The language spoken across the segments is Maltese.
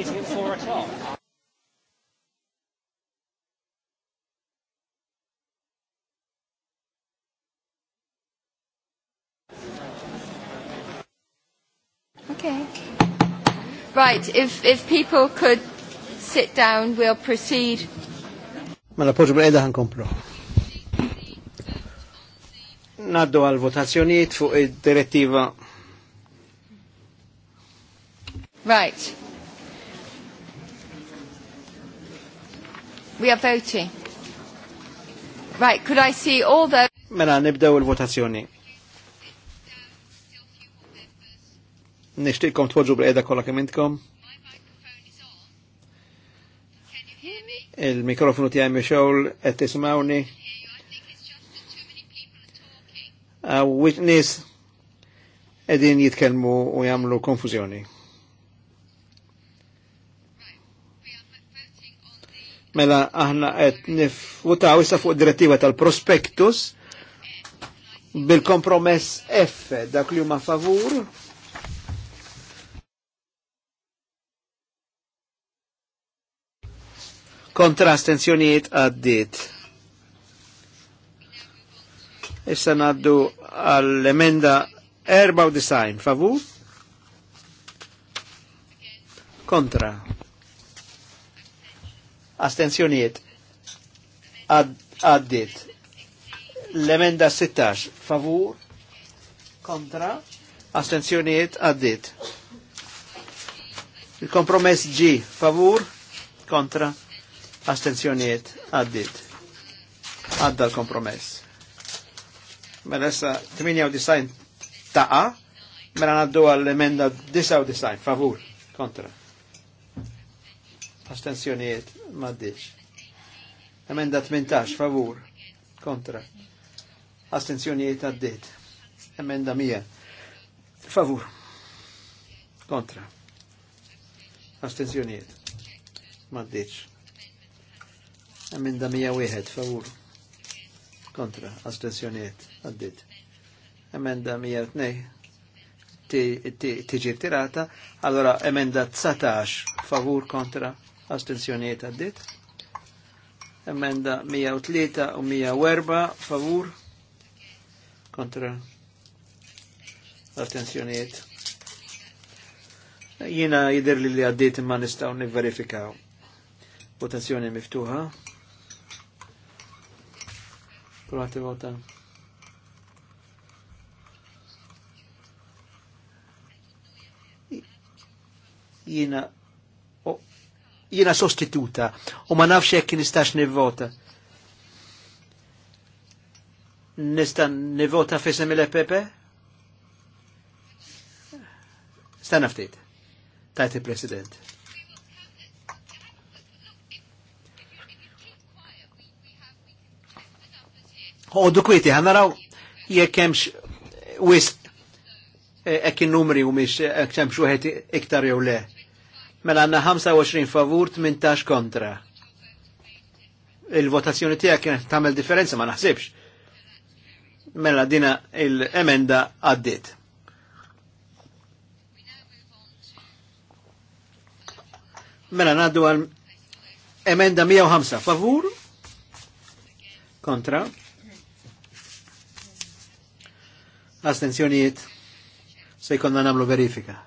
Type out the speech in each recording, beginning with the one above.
meeting at four o'clock. Okay. Right, if, if people could sit down, we'll proceed. Mela poġu bl-edha ħankomplu. Naddu għal votazzjoniet fuq id-direttiva. Right. We are voting. Right, could I see all the... Mela, nibdew il-votazzjoni. Nishtiqkom tfoġu bil eda kolla kemintkom. Il-mikrofonu ti għajmi xowl, għed tismawni. Għawit uh, nis edin jitkelmu u jamlu konfuzjoni. Mela aħna qed nifutaw issa fuq direttiva tal-prospektus bil-kompromess F dak li huma favur. Kontra astenzjonijiet għaddiet. Issa naddu għall-emenda 94 favur. Kontra astenzjoniet għaddit. L-emenda 16, favur, kontra, astenzjoniet għaddit. Il-kompromess G, favur, kontra, astenzjoniet għaddit. Għadda l-kompromess. Mela issa 98 taqa, mela għaddu għall-emenda 99, favur, kontra astensjonijiet maddiċ. Emenda 18 favur kontra astensjonijiet għaddit. Emenda 100 favur kontra astensjonijiet maddiċ. Emenda 101 favur kontra astensjonijiet għaddit. Emenda 102 tiġi tirata, allora emenda 19 favur kontra astenzjonijiet għaddit. Emenda 103 u 104 favur kontra astenzjonijiet. Jina jider li li għaddit imma nistaw nivverifikaw. Votazzjoni miftuħa. Provate vota. Jina jiena sostituta u ma nafx jekk nistax nivvota. Nista nivvota fisem il Pepe? Stanna ftit. Tajti President. Għoddu kwiti, għanaraw jekk hemmx wisq eh, hekk in-numri u mhix eh, hemmx wieħed iktar jew le. Mela għanna 25 favur, 18 kontra. Il-votazzjoni tijak kienet tamel differenza ma naħsibx. Mela dina il-emenda għaddit. Mela naddu għal emenda 105 favur, kontra, astenzjonijiet, se jkonna namlu verifika.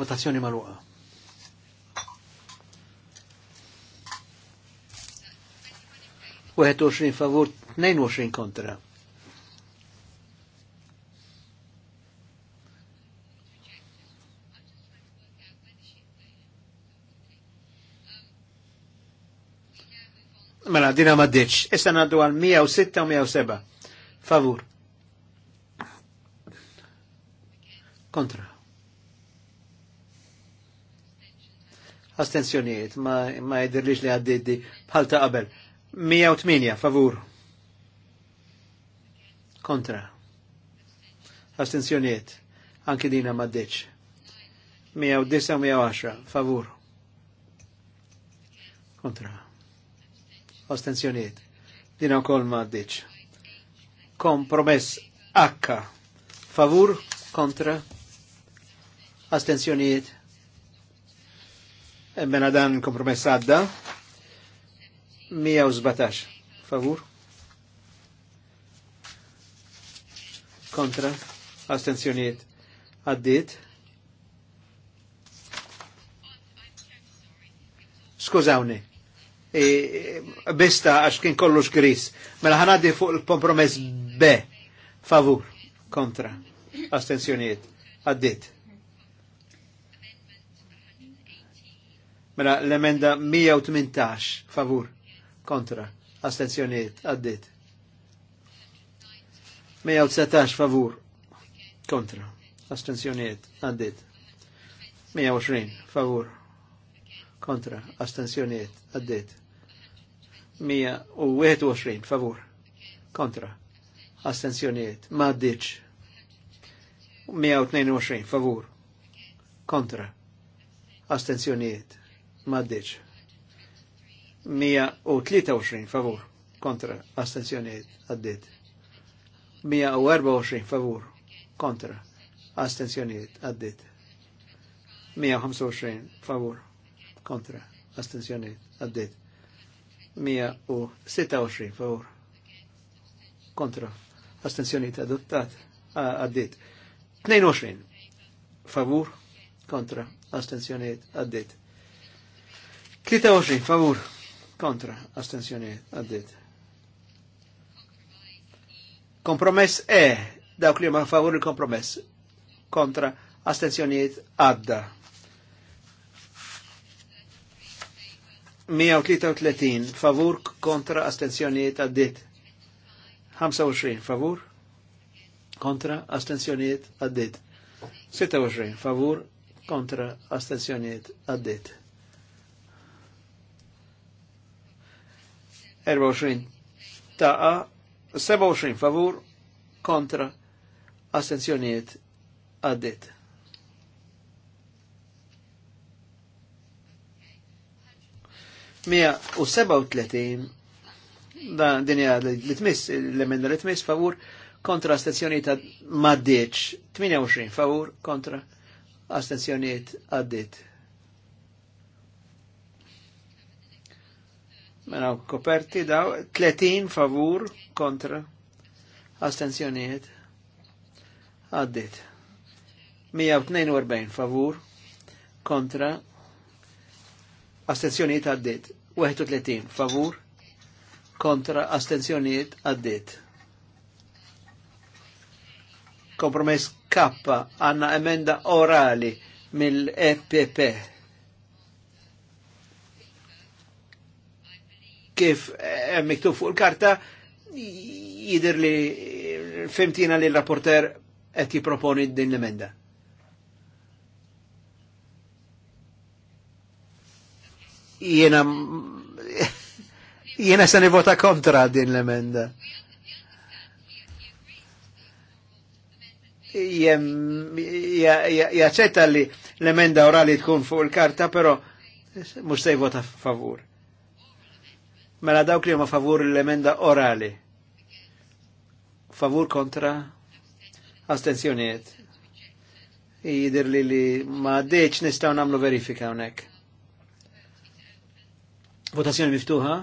Votazzjoni maluqa. Wieħed 21 favur, 22 kontra. Mela, dina ma ditx. Issa naddu għal 106 u 107. Favur. Kontra. astensjoniet, ma, ma jidirlix li għaddiddi bħal ta' qabel. 108 favur. Kontra. Astenzjoniet. Anki dina ma ddeċ. 109-110 favur. Kontra. Astenzjoniet. Dina u kol ma ddeċ. Kompromess H. Favur. Kontra. Astenzjoniet. Mena dan kompromess għadda. 117. Favur. Kontra. Astenzjoniet. Għaddit. Skużawni. E, e, besta għax kien kollox gris. Mela ħanaddi fuq il-kompromess B. Favur. Kontra. Astenzjoniet. Għaddit. Mela l-emenda 118 favur kontra astenzjoniet għaddit. 117, favur kontra astenzjoniet għaddit. 120 favur kontra astenzjoniet għaddit. 121 favur kontra astenzjoniet ma 122 favur kontra astenzjoniet maddeċ. 123 favur kontra astenzjoniet għaddit. 124 favur kontra astenzjoniet għaddit. 125 favur kontra astenzjoniet għaddit. 126 favur kontra astenzjoniet adottat għaddit. 22 favur kontra astenzjoniet għaddit. 23 favur kontra astensjoniet għaddit. Kompromess E, dawk li ma favur il-kompromess kontra astensjoniet għadda. 133 favur kontra astenzjoniet għaddit. 25 favur kontra astenzjoniet għaddit. 26 favur kontra astenzjoniet għaddit. 27, 24 taqa 27 favur kontra astenzjoniet għaddit. Mija u 37 dan din hija l-tmiss l-emenda l-tmiss favur kontra astenzjoniet maddiċ 28 favur kontra astenzjoniet għaddit. Mena koperti daw 30 favur kontra astenzjoniet. Għaddit. 142 favur kontra astenzjoniet għaddit. 31 favur kontra astenzjonijiet għaddit. Kompromess K għanna emenda orali mill-EPP kif eh, miktub fuq il-karta jidir li femtina li l-rapporter qed jiproponi din l-emenda. Jena jena se vota kontra din l-emenda. Jaċċetta li l-emenda orali tkun fuq il-karta, pero mux se jivota favur. Mela dawk li huma favur l-emenda orali. Favur kontra astenzjoniet. Jidir li li ma deċ nistaw namlu verifika unek. Votazzjoni miftuħa.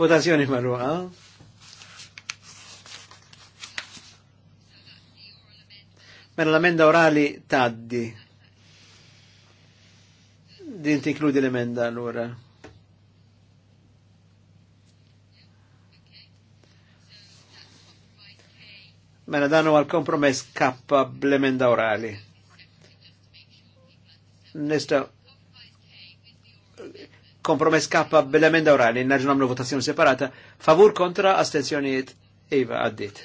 Votazzjoni marruħa. Mela l-emenda orali taddi. Din tinkludi l-emenda allura. Mela dan huwa l-kompromess kappa bl-emenda orali. Nista' kompromess kappa bil-emenda orali, nerġu namlu votazzjoni separata, favur kontra astenzjoniet, iva għaddit.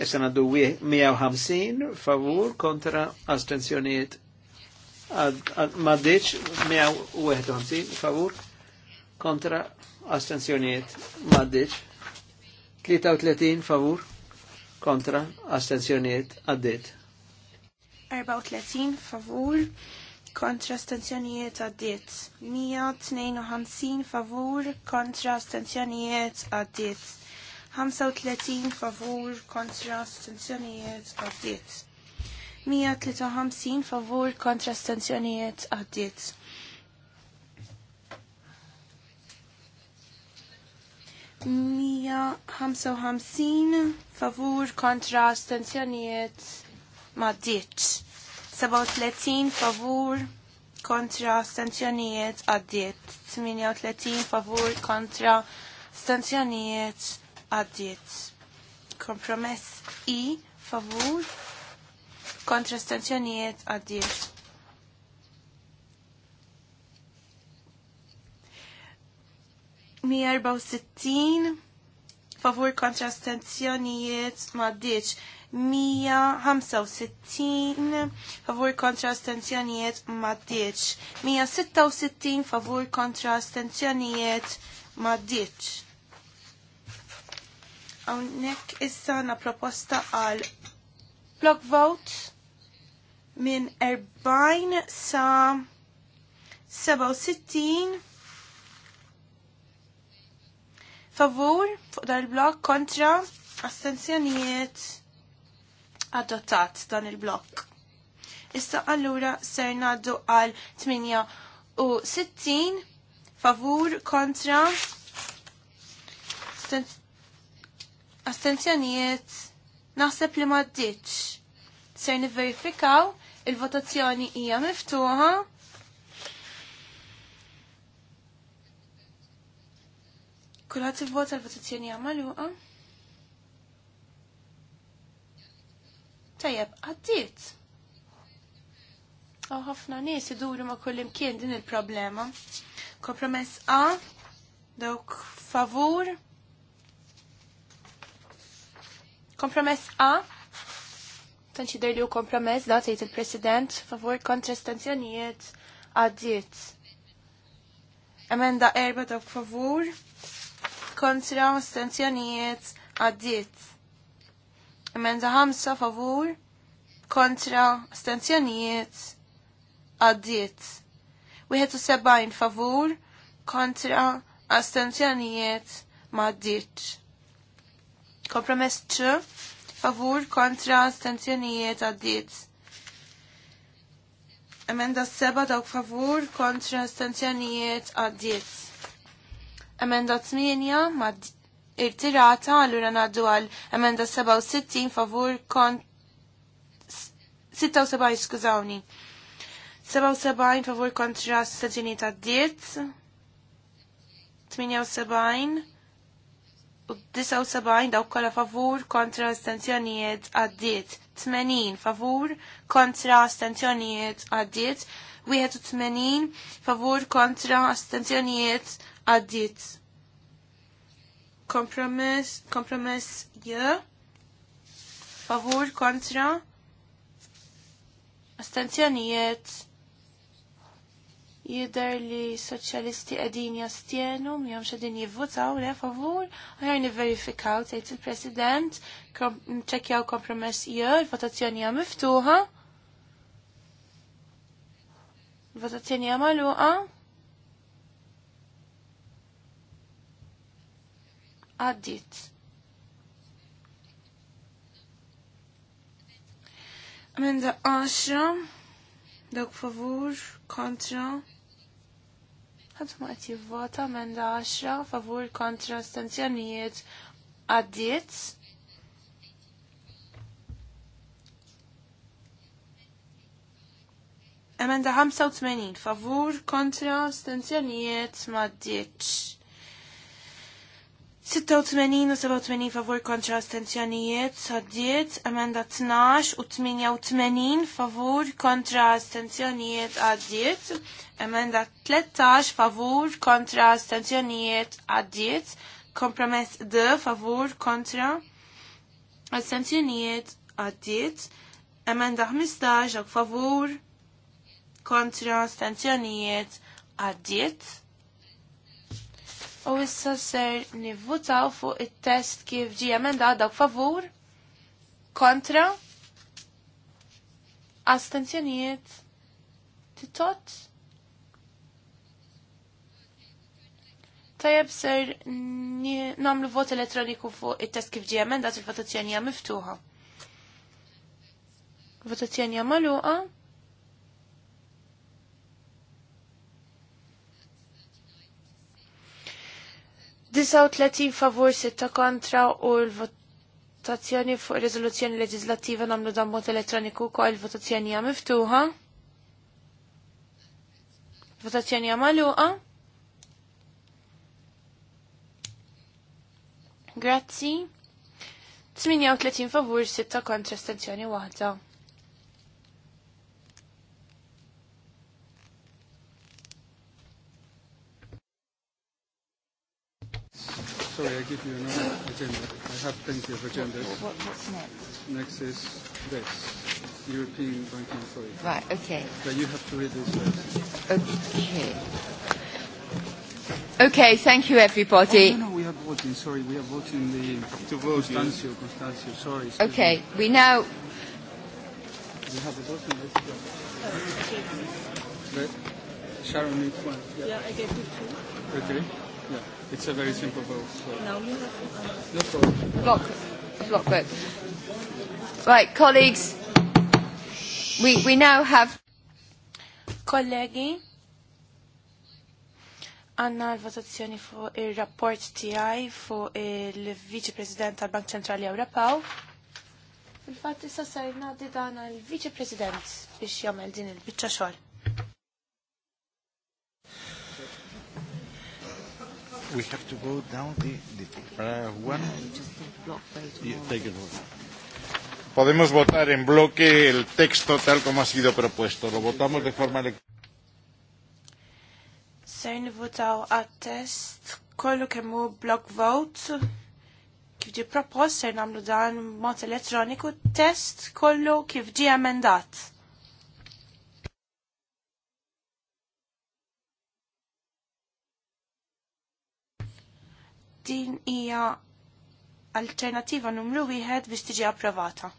Essan għaddu 150 favur kontra astenzjoniet Maddeċ 151 favur kontra astenzjoniet Maddeċ 33 favur kontra astenzjoniet għaddit. 34 favur kontra astenzjoniet għaddiet. 152 favur kontra astenzjoniet għaddiet. 35 favur kontra astenzjonijiet għaddiet. 153 favur kontra stanzjonijiet, għaddiet. Mija ħamsa favur kontra astenzjonijiet maddiet. 37 favur kontra astenzjonijiet għaddiet. 38 favur kontra astenzjonijiet għaddiet kompromess i favur kontra stanzjonijiet għaddiet. Mi 64 favur kontra stanzjonijiet ma għaddiet. sittin favur kontra astenzjonijiet maddiċ. sittin favur kontra stenzjonijiet maddiċ. Hawnhekk issa na proposta għal block vote minn 40 sa 67 favur fuq dan il-blok kontra astenzjonijiet adottat dan il-blok. Issa allura ser naddu għal 68. favur kontra astenzjonijiet naħseb li maddiċ. Ser niverifikaw il-votazzjoni hija miftuħa. Kulħadd ivvota l-votazzjoni hija magħluqa. Tajjeb, għaddiet. Għaw ħafna nies iduru ma' kullim kien din il-problema. Kompromess A, dawk favur, Kompromess A, tanċider li u kompromess da tejt il-President favur kontra stanzjonijiet għaddiet. Emenda erba ta' favor kontra stanzjonijiet għaddiet. Emenda ħamsa favur kontra stanzjonijiet għaddiet. 71 favur kontra astenzjonijiet ma' għaddiet. Kompromess ċ, favur kontra stenzjonijiet għaddit. Emenda seba dawk favur kontra stenzjonijiet għaddit. Emenda tminja ma irtirata għallura naddu għal emenda 67 favur kontra 76 skużawni. 77 favur kontra stazzjoni ta' diet. 78 u 79 daw kolla favur kontra astenzjonijiet għaddiet, 80 favur kontra astenzjonijiet għaddiet, 81 favur kontra astenzjonijiet għaddiet. Kompromess, kompromess j, favur kontra astenzjonijiet jider li soċjalisti għedin jastienu, mjom xedin jivvotaw, le favur, għajar verifikaw tejt il-president, ċekjaw kompromess jew, il-votazzjoni għam miftuħa, il-votazzjoni għam għaluqa, għaddit. Amenda 10, dawk favur, kontra, ħadd ma qed jivvota menda 10 favur kontra stanzjonijiet għaddiet. Emenda 85 favur kontra stanzjonijiet ma ddietx. 86 u 87 favur kontra astenzjonijiet, għaddiet, emenda 12 u 88 favur kontra astenzjonijiet għaddiet, emenda 13 favur kontra astenzjonijiet għaddiet, kompromess D favur kontra astenzjonijiet għaddiet, emenda 15 favur kontra astenzjonijiet għaddiet U issa ser nivvutaw fuq it-test kif ġi emenda għadaw favur, kontra, astenzjonijiet, titot. Tajab ser namlu vot elettroniku fuq it-test kif ġi emenda il-votazzjoni hija miftuħa. Votazzjoni hija magħluqa. 39 favur 6 kontra u l-votazzjoni fuq riżoluzzjoni leġislattiva namlu dan mod elettroniku kwa il-votazzjoni hija miftuħa. Votazzjoni hija magħluqa. Grazzi. 38 favur 6 kontra astenzjoni waħda. Sorry, I give you another agenda. I have plenty of agendas. What, what's next? Next is this, European Banking Authority. Right, okay. But you have to read this first. Okay. Okay, thank you everybody. Oh, no, no, we are voting, sorry, we are voting the... To vote, Constancio, Constancio, sorry. Okay, me. we now... We have a voting list. Sharon needs one. Yeah. yeah, I gave you two. Okay, yeah. It's a very simple vote. So. No, no problem. Block, block vote. Right, colleagues, we, we now have... Kollegi, għanna l-votazzjoni fuq il-rapport TI fuq il vice President tal-Bank Centrali Ewropew. Il-fatt issa sajna di dana il vice President biex jagħmel din il-biċċa xogħol. we have to go down the, the uh, one. Yeah, take it one. Podemos votar en bloque el texto tal como ha sido propuesto. Lo votamos de forma electrónica. Sejn votaw għat-test kollu kemmu block vote kif ġi propost ser namlu dan mod elettroniku test kollu kif ġi emendat. din hija alternativa numru wieħed biex tiġi approvata.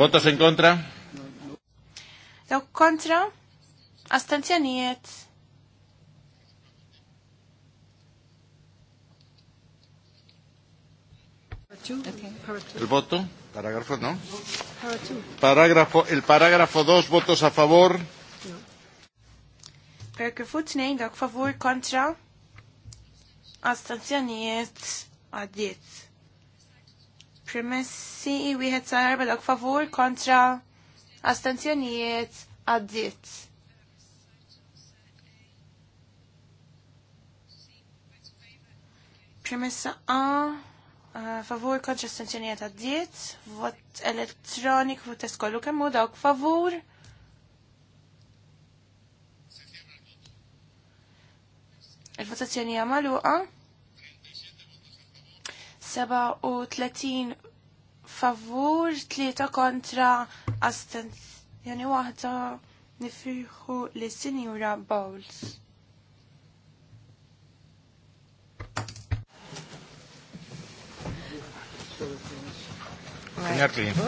Votos in kontra? Dawk kontra? Astenzjonijiet? Okay. voto? Paragrafo no? Paragrafo, il paragrafo 2, votos a favor. Paragrafu nejn dak favur kontra astanzjonijiet għaddiet. Premessi wieħed sa erba' dak favur kontra astanzjonijiet għaddiet. Premessa A eh, favur kontra sanzjonijiet għaddiet, vot elektronik vot eskollu kemmu dak favur Il-votazzjoni hija magħluqa. 37 favur, 3 kontra astenzjoni waħda nifirħu li Sinjura Bowles. Signor Clean.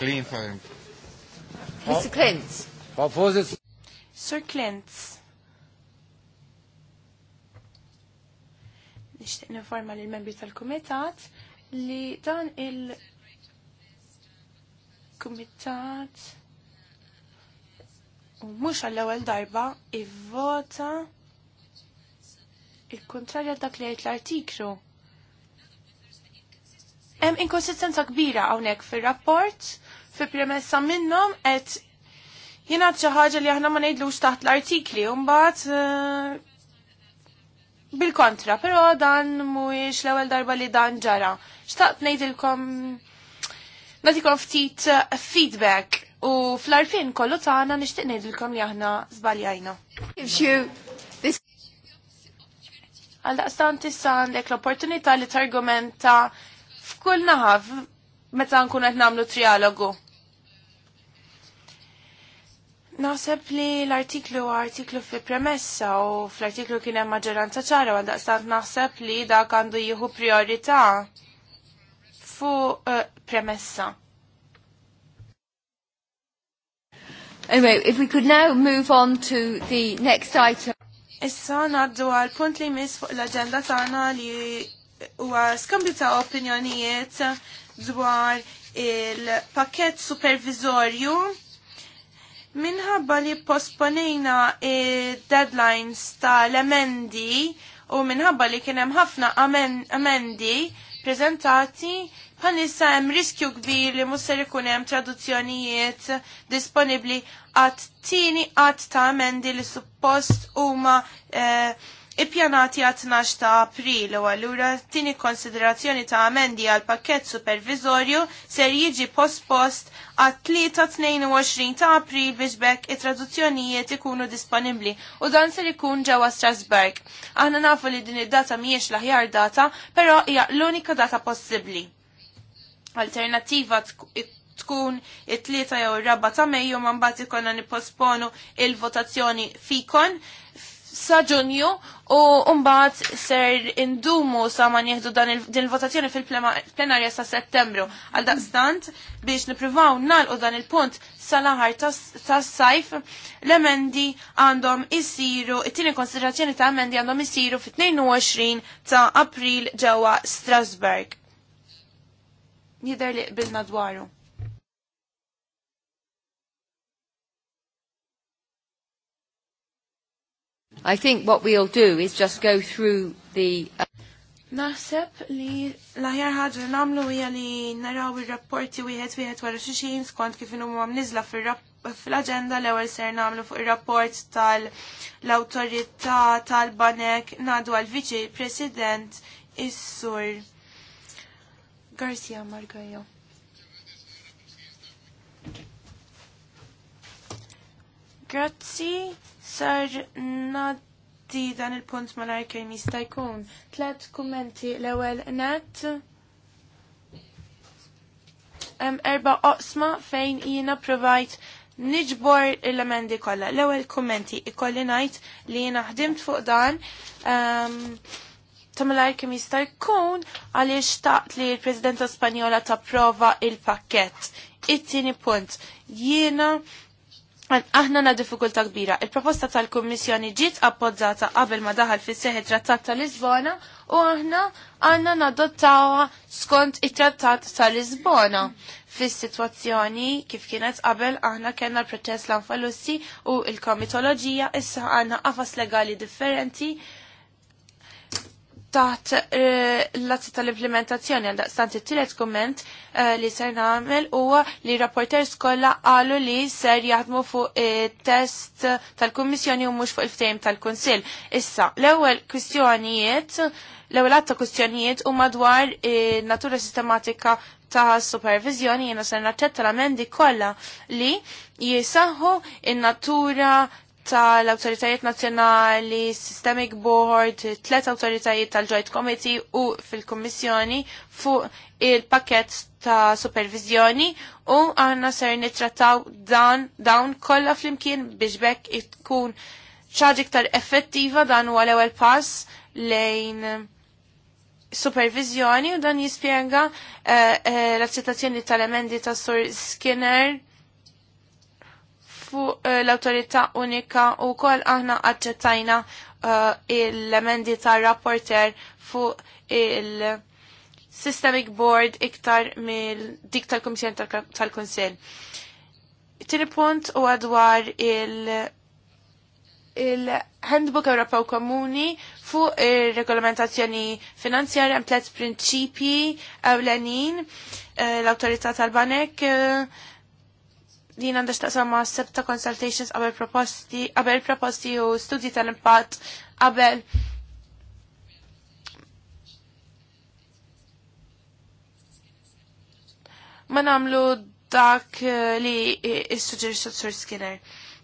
Clean for Mr. Clint. Sir Clint. Nixtieq informa lill membri tal-Kumitat li dan il-Kumitat u mhux għall-ewwel darba ivvota il-kontrarja dak li jgħid l-artiklu. Hemm inkonsistenza kbira hawnhekk fir-rapport fi premessa minnhom qed jingħad xi ħaġa li aħna ma ngħidlux taħt l-artikli u mbagħad eh, Bil-kontra, però dan mhuwiex l-ewwel darba li dan ġara. Xtaqt ngħidilkom nagħtikom ftit eh, feedback u fl-arfin kollu tagħna nixtieq ngħidilkom li aħna żbaljajna. Għaldaqstant daqstan għandek l-opportunità li targumenta f'kull naħav meta nkun qed nagħmlu trialogu. Naħseb li l-artiklu artiklu fi premessa u fl-artiklu kien hemm maġġoranza ċara għal daqstant naħseb li dak għandu jieħu priorità fuq uh, eh, premessa. Anyway, if we could now move on to the next item. Issa naddu għal punt li mis fuq l-agenda tagħna li huwa skambju ta' opinjonijiet dwar il-pakket supervizorju Minħabba li posponejna deadlines tal-emendi u minħabba li kienem ħafna emendi prezentati, bħalissa hemm riskju kbir li musser ikun hemm traduzzjonijiet disponibbli għat tini għat ta' emendi li suppost huma eh, ippjanati għat ta' april u għallura tini konsiderazzjoni ta' amendi għal pakket supervizorju ser jiġi post-post għat 3-22 ta' april biex bekk it-traduzzjonijiet ikunu disponibli u dan ser ikun ġewwa Strasburg. Aħna nafu li din id-data miex l-aħjar data, però hija l-unika data possibbli. Alternativa tkun it-tlieta jew ir-raba ta' Mejju man mbagħad ikonna nipposponu il-votazzjoni fikon sa ġunju u mbagħad ser indumu sa ma nieħdu dan din il-votazzjoni fil-plenarja sa settembru. Għal daqstant biex nippruvaw nalqu dan il-punt sal-aħar tas-sajf l-emendi għandhom isiru, it-tieni konsiderazzjoni ta' emendi għandhom isiru fit-22 ta' April ġewwa Strasburg. Jidher li qbilna dwaru. I think what we'll do is just go through the... Uh, Naħseb li l-ħjar ħagġa namlu hija li naraw ir-rapporti wieħed wieħed wara xi skont kif inhom huwa mniżla fil-aġenda l-ewwel ser namlu fuq ir-rapport tal-awtorità tal-banek nadu għal viċi President is-sur Garcia Margallo. Grazzi. Sar naddi dan il-punt mal-għar kejm jkun. Tlet kummenti l-ewwel net. Hemm erba' oqsma fejn jina provajt niġbor l amendi kollha. L-ewwel kummenti ikolli ngħid li jiena ħdimt fuq dan. Um, tamlaj kem jista' jkun għaliex taqt li l-Presidenta Spanjola tapprova il-pakket. It-tieni punt, jiena Aħna na diffikulta kbira. Il-proposta tal-Kommissjoni ġiet appoġġata qabel ma daħal fis seħi trattat tal-Lisbona u aħna għandna nadottawha skont it-trattat tal-Lisbona. Fis-sitwazzjoni kif kienet qabel aħna kellna l-proċess l-anfalussi u il-komitoloġija issa għandna qafas legali differenti taħt l-lazzi eh, tal-implementazzjoni għal daqstant it-tielet komment eh, li ser nagħmel huwa li rapporter kollha qalu li ser jaħdmu fuq eh, test tal-Kummissjoni u mhux fuq il ftejm tal-Kunsill. Issa, l-ewwel kwistjonijiet l-ewwel għatta kwistjonijiet huma dwar natura sistematika ta' supervizjoni jiena ser naċċetta l-amendi kollha li jisaħħu in-natura tal-autoritajiet nazjonali, Systemic Board, tlet autoritajiet tal-Joint Committee u fil-Kommissjoni fuq il-pakket ta' supervizjoni u għanna ser nitrataw dan dawn kollha flimkien biex bekk ikun ċaġi iktar effettiva dan huwa l-ewwel pass lejn supervizjoni u dan jispjenga uh, eh, uh, eh, l citazzjoni tal-emendi ta' Sur Skinner fuq eh, l-autorità unika u kol aħna accettajna uh, eh, il tar rapporter fuq il- Systemic Board iktar mill dik tal-Komissjon tal-Konsil. Tini punt u għadwar il- il-Handbook Ewropew Komuni fuq ir-regolamentazzjoni finanzjar hemm tliet prinċipji ewlenin eh, l-awtorità tal-banek uh, din għandha x'taqsam ma' septa consultations qabel proposti, qabel proposti u studji tal-impatt qabel ma namlu dak eh, li s-suġġerixxa Sur Skinner.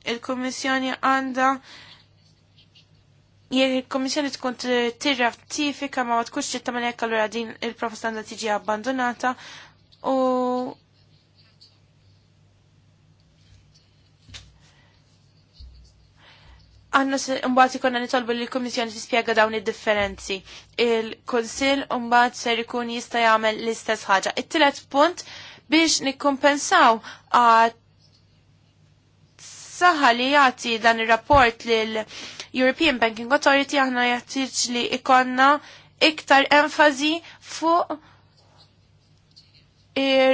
Il-Kummissjoni għandha jekk il-Kommissjoni tkun tirratifika ma tkunx ġitta minn hekk allura din il-proposta għandha tiġi abbandonata u Għanna mbagħad ikonna nitolbu li l-Kummissjoni tispjega dawn id-differenzi. Il-Kunsill mbagħad ser ikun jista' jagħmel l-istess ħaġa. It-tielet punt biex nikkompensaw għat saħħa li jagħti dan ir-rapport l European Banking Authority aħna jgħatiċ li ikonna iktar enfasi fuq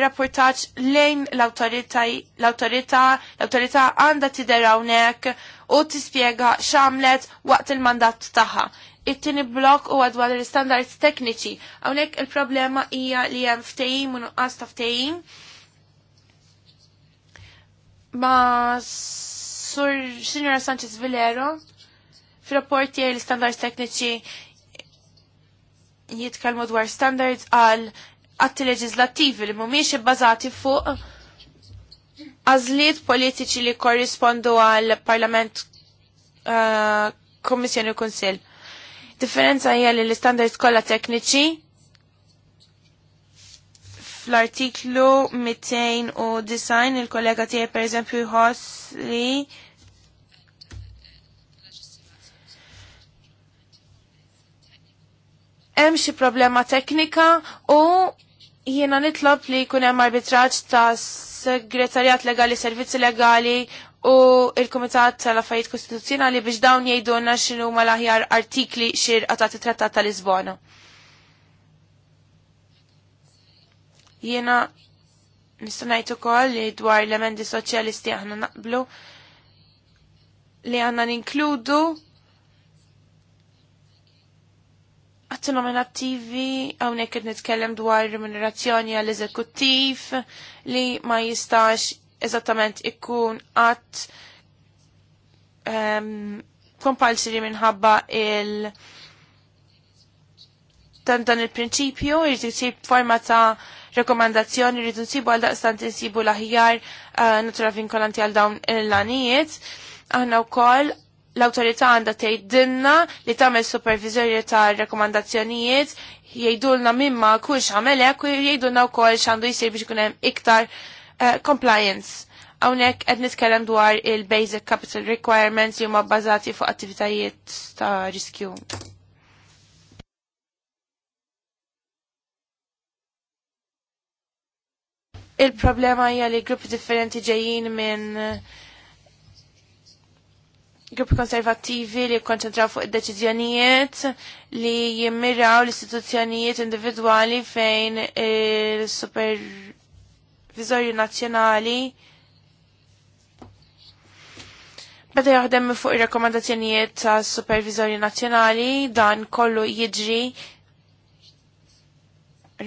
rapportaċ lejn l autorita l-autorità għanda t hawnhekk u tispjega x'għamlet waqt il-mandat tagħha. It-tieni blok huwa dwar l-istandards tekniċi. Hawnhekk il-problema hija li hemm ftehim u nuqqas ta' ftehim. Ma Sur Sinjora Sanchez Villero fir-rapporti l-istandards tekniċi jitkellmu dwar standards għal atti leġislattivi li mhumiex ibbażati fuq Għazliet politiċi li korrispondu għal Parlament uh, Kommissjoni u Differenza hija li l standard kollha tekniċi fl-artiklu 200 u design il-kollega tiegħi pereżempju jħoss li hemm xi problema teknika u jiena nitlob li jkun hemm arbitraġġ ta' segretarjat legali, servizzi legali u il-Kumitat tal-Affarijiet Kostituzzjonali biex dawn jgħidulna x'inhu l aħjar artikli xirqa ta' trattat ta' Lisbona. Jiena nista' ngħid ukoll li dwar l-emendi soċjalisti aħna naqblu li għandna ninkludu għattu nominattivi, għawnek id nitkellem dwar remunerazzjoni għall-eżekuttiv li ma jistax eżattament ikkun għat um, ehm, kompalsiri minħabba il- dan dan il-prinċipju, irrid isib forma ta' rekomandazzjoni, irrid isibu għal daqstant insibu l-aħjar uh, natura vinkolanti għal dawn il-lanijiet. Aħna wkoll l-autorità għandha tgħidilna li tagħmel supervizorju ta' rekomandazzjonijiet jgħidulna mimma kulx għamel hekk u jgħidulna wkoll x'għandu jsir biex kunem hemm iktar uh, compliance. Hawnhekk qed nitkellem dwar il-basic capital requirements li huma bbażati fuq attivitajiet ta' riskju. Il-problema hija li gruppi differenti ġejjin minn grupp konservativi li jikkonċentraw fuq id deċiżjonijiet li jimmiraw l-istituzzjonijiet individwali fejn il-supervizorju nazzjonali Beda jaħdem fuq il-rekomendazzjonijiet ta' supervizorju nazzjonali, dan kollu jiġri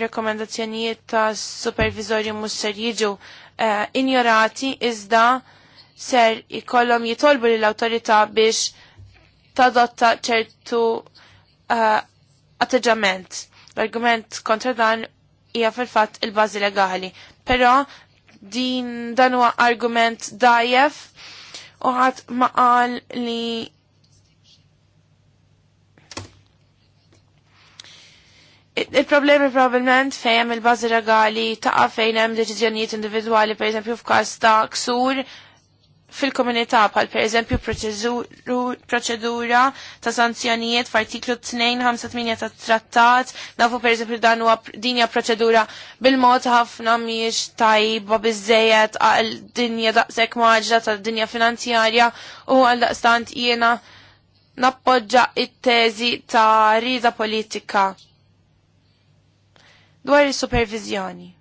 rekomendazzjonijiet ta' supervizorju musser jiġu uh, injorati iżda ser ikollhom jitolbu lill awtorità biex tadotta ċertu uh, atteġġament. L-argument kontra dan hija fil-fatt il-bażi legali. Però din dan huwa argument dajjef u ħadd ma qal li Il-problemi probabbilment fejn il-bażi legali ta' fejn hemm deċiżjonijiet individwali, pereżempju f'każ ta' ksur, fil-komunità bħal per eżempju proċedura ta' sanzjonijiet f'artiklu 258 ta' trattat, nafu per eżempju dan huwa dinja proċedura bil-mod ħafna miex tajba biżejjed għal dinja daqshekk maġra ta' dinja finanzjarja u għal daqstant jiena nappoġġa it-teżi ta' riża politika dwar is-supervizjoni.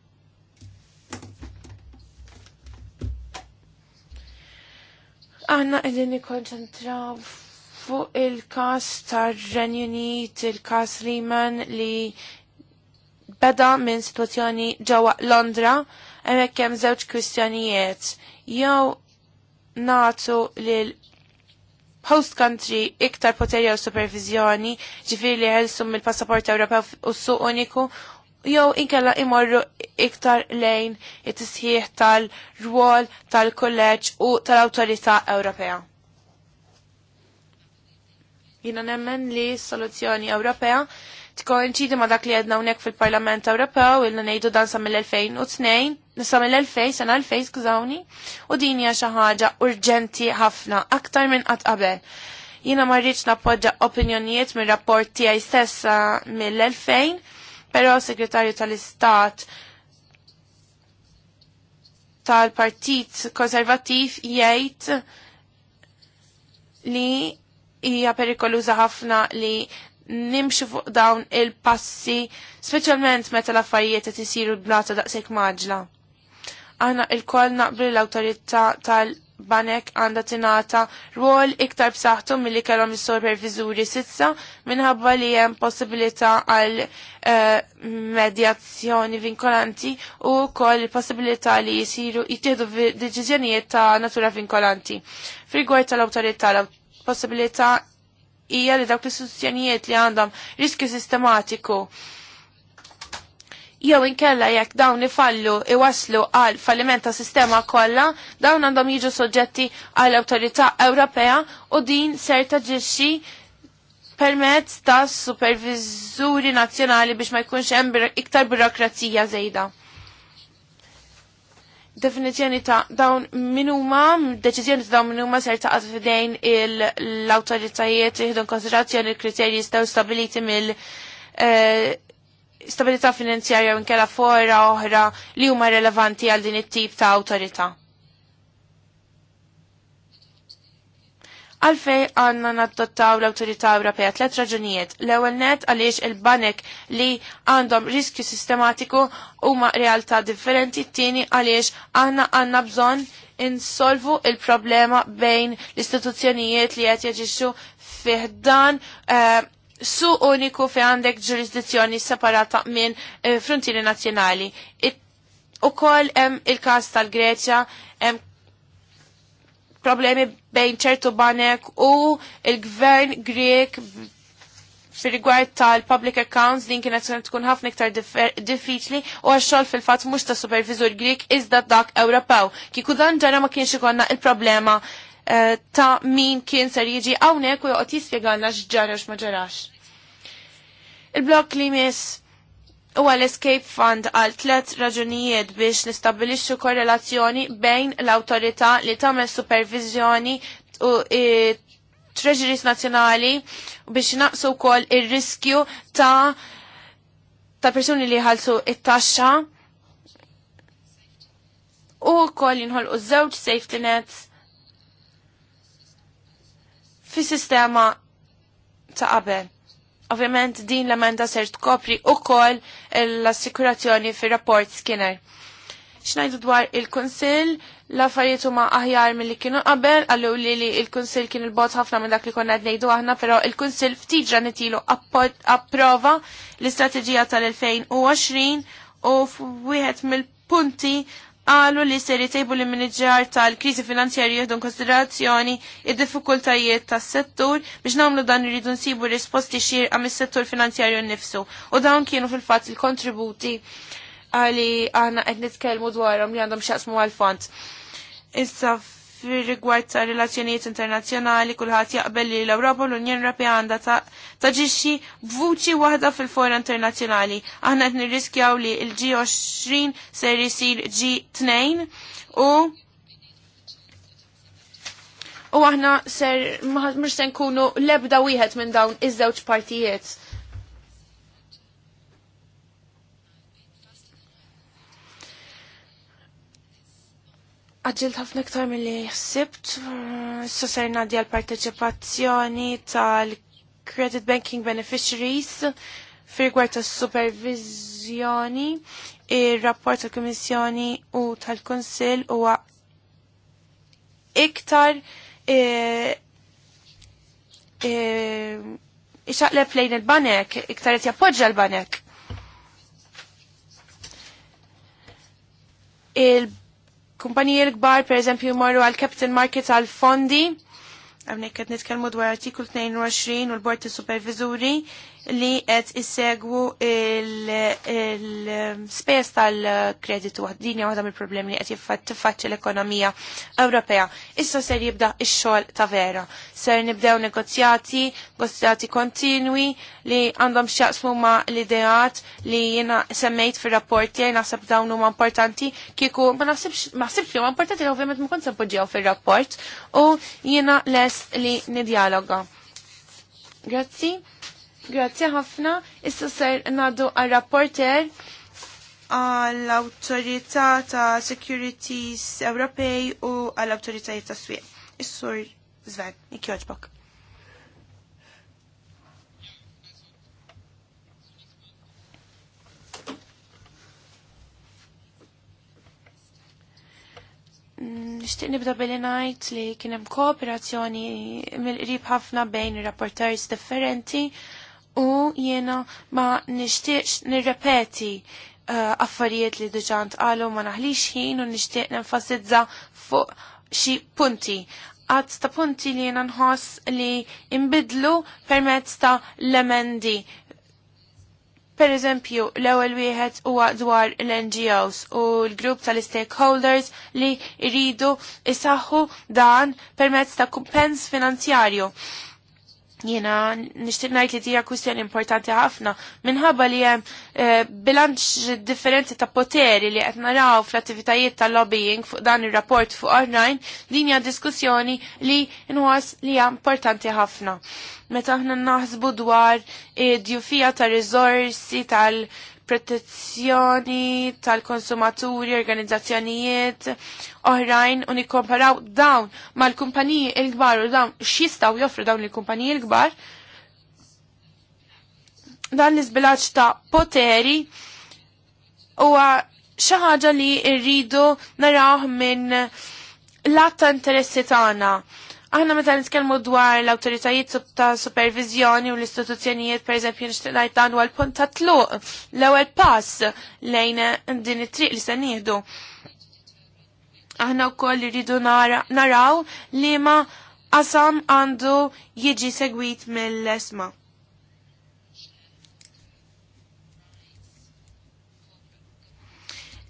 Għanna għedin nikonċentraw fuq il-kas tar-Renju Unit, il-kas Riemann li beda minn situazzjoni ġewwa Londra, hemmhekk hemm żewġ kwistjonijiet. Jew natu lil host country iktar poteri u supervizjoni ġifiri li ħelsu mill-passaport Ewropew u s-suq uniku jew inkella imorru iktar lejn it-tisħiħ tal-rwol tal-kolleġġ u tal-Awtorità Ewropea. Jina nemmen li soluzzjoni Ewropea tkoinċidi ma dak li għedna unek fil-Parlament Ewropew ilna nejdu dan sa mill-2002, nisa mill-2000, sena 2000, skużawni, u din hija xi ħaġa urġenti ħafna, aktar minn qatt qabel. Jiena ma rridx nappoġġa opinjonijiet mir rapport tiegħi stessa mill-2000, Pero segretarju tal-Istat tal-Partit Konservativ jgħid li hija perikoluża ħafna li nimxu fuq dawn il-passi, speċjalment meta l-affarijiet qed isiru blata daqshekk maġla. Aħna il-koll naqblu l-awtorità tal banek għanda tinata rwol iktar b'saħħtu milli kellhom is-supervizuri sissa minħabba li hemm possibilità għal eh, medjazzjoni vinkolanti u wkoll possibilità li jisiru jittieħdu deċiżjonijiet ta' natura vinkolanti. Frigwar tal-awtorità la possibilità hija li dawk l-istituzzjonijiet li għandhom riskju sistematiku jew inkella jekk dawn ifallu iwaslu għal falliment ta' sistema kollha, dawn għandhom jiġu soġġetti għall Awtorità Ewropea u din ser taġixxi permezz ta' supervizuri nazzjonali biex ma jkunx hemm iktar burokrazija żejda. Definizjoni ta' dawn minuma, deċizjoni ta' dawn minuma ser ta' fidejn l-autoritajiet jihdu konsiderazzjoni l-kriterji staw stabiliti mill- eh, stabilità finanzjarja u kella fora oħra li huma relevanti għal din it-tip ta' awtorità. Għalfej għanna naddottaw l-autorità Ewropea tlet raġunijiet. L-ewwel net għaliex il-banek li għandhom riskju sistematiku huma realtà differenti, t-tieni għaliex aħna għandna bżonn insolvu il-problema bejn l-istituzzjonijiet li qed jaġixxu fih dan uh, su uniku fe għandek ġurisdizzjoni separata minn eh, frontieri nazjonali. U koll il-kas tal-Greċja, problemi bejn ċertu banek u il-gvern Grek fil-rigward tal-public accounts din kienet tkun ħafna iktar diffiċli u għax-xogħol fil-fatt mhux ta' supervizur Grik iżda dak Ewropew. Kieku dan ġara ma kienx ikonna il-problema Eh, ta' min kien ser jiġi hawnhekk u jgħot jispiegħalna x'ġara x'ma ġarax. Il-blok li mis u għal-Escape Fund għal tlet raġunijiet biex nistabilixxu korrelazzjoni bejn l-autorità li tagħmel supervizjoni u treasuries nazzjonali biex naqsu wkoll ir-riskju ta' ta' persuni li ħalsu it-taxxa u wkoll jinħolqu żewġ safety nets fi sistema ta' qabel. Ovvjament din l-emenda ser tkopri u koll l-assikurazzjoni fi rapport Skinner. Xnajdu dwar il-Konsil, l-affarijiet huma aħjar mill-li kienu qabel, għallu li li il-Konsil kien il-bot ħafna minn dak li konna ngħidu aħna, però il-Konsil ftiġra nitilu approva l-istrateġija tal-2020 u f'wieħed mill-punti għalu li seri jitejbu li miniġġar tal-krizi finanzjarju jieħdu konsiderazzjoni id-diffikultajiet tas-settur biex nagħmlu dan irridu nsibu risposti għam mis-settur finanzjarju nnifsu. U dawn kienu fil-fatt il-kontributi għali għana qed nitkellmu dwarhom li għandhom xaqsmu għal-fond. Issa fir rigward ta' relazzjonijiet internazzjonali kulħadd jaqbel li l-Ewropa l-Unjoni Ewropea għandha taġixxi b'vuċi waħda fil-fora internazzjonali. Aħna qed nirriskjaw li l-G20 ser isir G2 u u aħna ser mhux se nkunu lebda wieħed minn dawn iż-żewġ partijiet Għadġilt ħafna ktar mill-li jħsibt, s-sosar nadi għal-parteċipazzjoni tal-Credit Banking Beneficiaries fil-gwar tas-supervizjoni, il-rapport tal-Komissjoni u tal-Konsil u iktar e, e, iċaqleb lejn il-banek, iktar qed jappoġġa l-banek. il kumpaniji l-kbar, per eżempju, morru għal Capital Market għal fondi, għamnek għed nitkelmu dwar artikul 22 u l-Bord ta' Supervizuri li qed issegwu il-spes um, tal-kreditu din hija waħda mill-problemi li qed tiffaċċi l-ekonomija Ewropea. Issa ser jibda x-xogħol ta' vera. Ser nibdew negozjati, negozjati kontinwi li għandhom x'jaqsmu huma l-ideat li jiena semmejt fir-rapport tiegħi naħseb dawn huma importanti kieku ma naħsibx ma ħsibx li huma importanti li ovvjament ma kontx appoġġjaw fir-rapport u jiena lest li nidjaloga. Grazzi. Grazzi ħafna. Issa ser nadu għal-rapporter għall-autorità ta' securities Ewropej u għall autorità ta' swieq. Is-sur Zven, ikjoġbok. Nishtiq nibda billi najt li kienem kooperazzjoni mill-qrib ħafna bejn rapporters differenti u jiena ma nishtiqx nirrepeti uh, affarijiet li diġant għalu ma naħlix ħin u nishtiq nenfasizza fuq xi punti għad ta' punti li jena nħoss li imbidlu permezz ta' l-emendi. Per eżempju, l-ewel wieħed huwa dwar l-NGOs u l-grupp tal-stakeholders li jridu isaħħu dan permezz ta' kumpens finanzjarju. Jena nishtiq najt li tija kwistjoni importanti ħafna minħabba li hemm eh, bilanċ differenti ta' poteri li qed naraw fl-attivitajiet ta' lobbying fuq dan ir-rapport fuq online din hija diskussjoni li nwas li hija importanti ħafna. Meta aħna naħsbu dwar id-djufija eh, ta' rizorsi tal- protezzjoni tal-konsumaturi, organizzazzjonijiet oħrajn u nikkomparaw dawn mal-kumpaniji il-kbar u dawn x'jistgħu joffru dawn il-kumpaniji il-kbar. Dan l-iżbilanċ ta' poteri huwa xi ħaġa li rridu naraw minn l-att ta' interessi tagħna Aħna meta nitkellmu dwar l-awtoritajiet ta' supervizjoni u l-istituzzjonijiet perżempju nixtieq ngħid dan huwa l-punt ta' tluq l-ewwel pass lejn din it-triq li se nieħdu. Aħna wkoll iridu naraw li ma qasam għandu jiġi segwit mill-esma.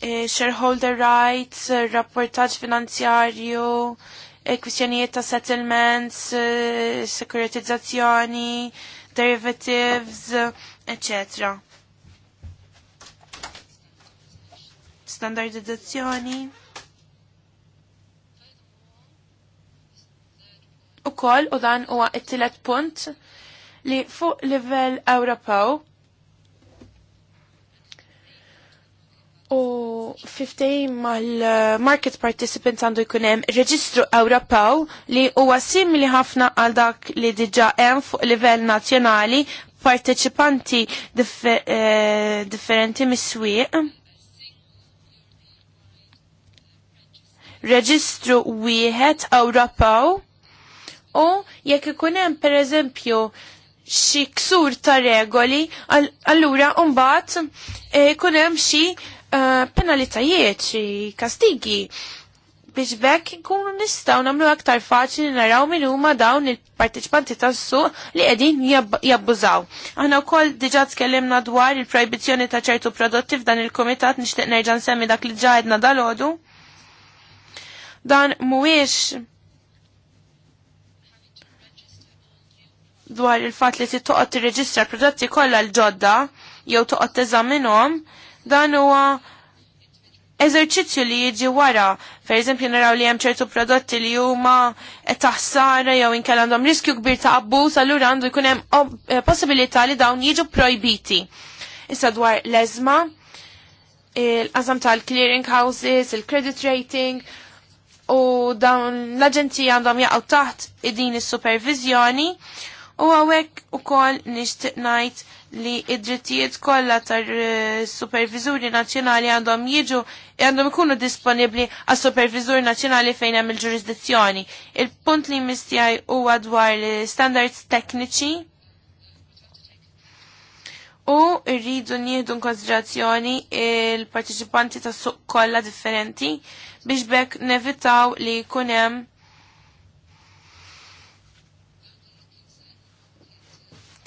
Eh, shareholder rights, rapportaġġ finanzjarju, Eh, kwistjonijiet ta' settlements, eh, securitizzazzjoni, derivatives, etc. Standardizzazzjoni. U koll u dan huwa it-tielet punt li fuq livell Ewropew U fiftej mal-market participants għandu jkun hemm reġistru Ewropew li huwa simili ħafna għal dak li diġà hemm fuq livell nazzjonali parteċipanti eh, differenti mis-swieq. Reġistru wieħed Ewropew u jekk ikun hemm pereżempju xi ksur ta' regoli, allura mbagħad eh, ikun hemm xi Eh, penalizzajiet xi kastigi biex bekk nkunu nistaw namlu aktar faċli naraw min huma dawn il-partiċipanti tas-suq li qegħdin jabbużaw. Aħna wkoll diġà tkellimna dwar il-projbizzjoni ta' ċertu prodotti f'dan il-kumitat nixtieq nerġa' nsemmi dak li ġaħedna dal-għodu. Dan mhuwiex dwar il-fatt li titoqgħod tirreġistra prodotti kollha l-ġodda jew toqgħod teżaminhom Dan huwa eżerċizzju li jiġi wara. Per eżempju, naraw li hemm ċertu prodotti li huma taħsara jew inkella għandhom riskju kbir ta' abbuż, allura għandu jkun hemm eh, possibilità li dawn jiġu projbiti. Issa dwar l-eżma, il-qasam tal-clearing houses, il-credit rating, u dawn l-aġenti għandhom jaqgħu taħt id-din is-supervizjoni u għawek u kol nishtiq najt li id-drittijiet kollha tar-supervizuri nazzjonali għandhom jiġu għandhom ikunu disponibbli għas supervizuri nazzjonali fejn hemm il-ġurisdizzjoni. Il-punt li mistjaj huwa dwar standards tekniċi u rridu nieħdu konsiderazzjoni il-partiċipanti ta' suq kollha differenti biex bekk nevitaw li jkun hemm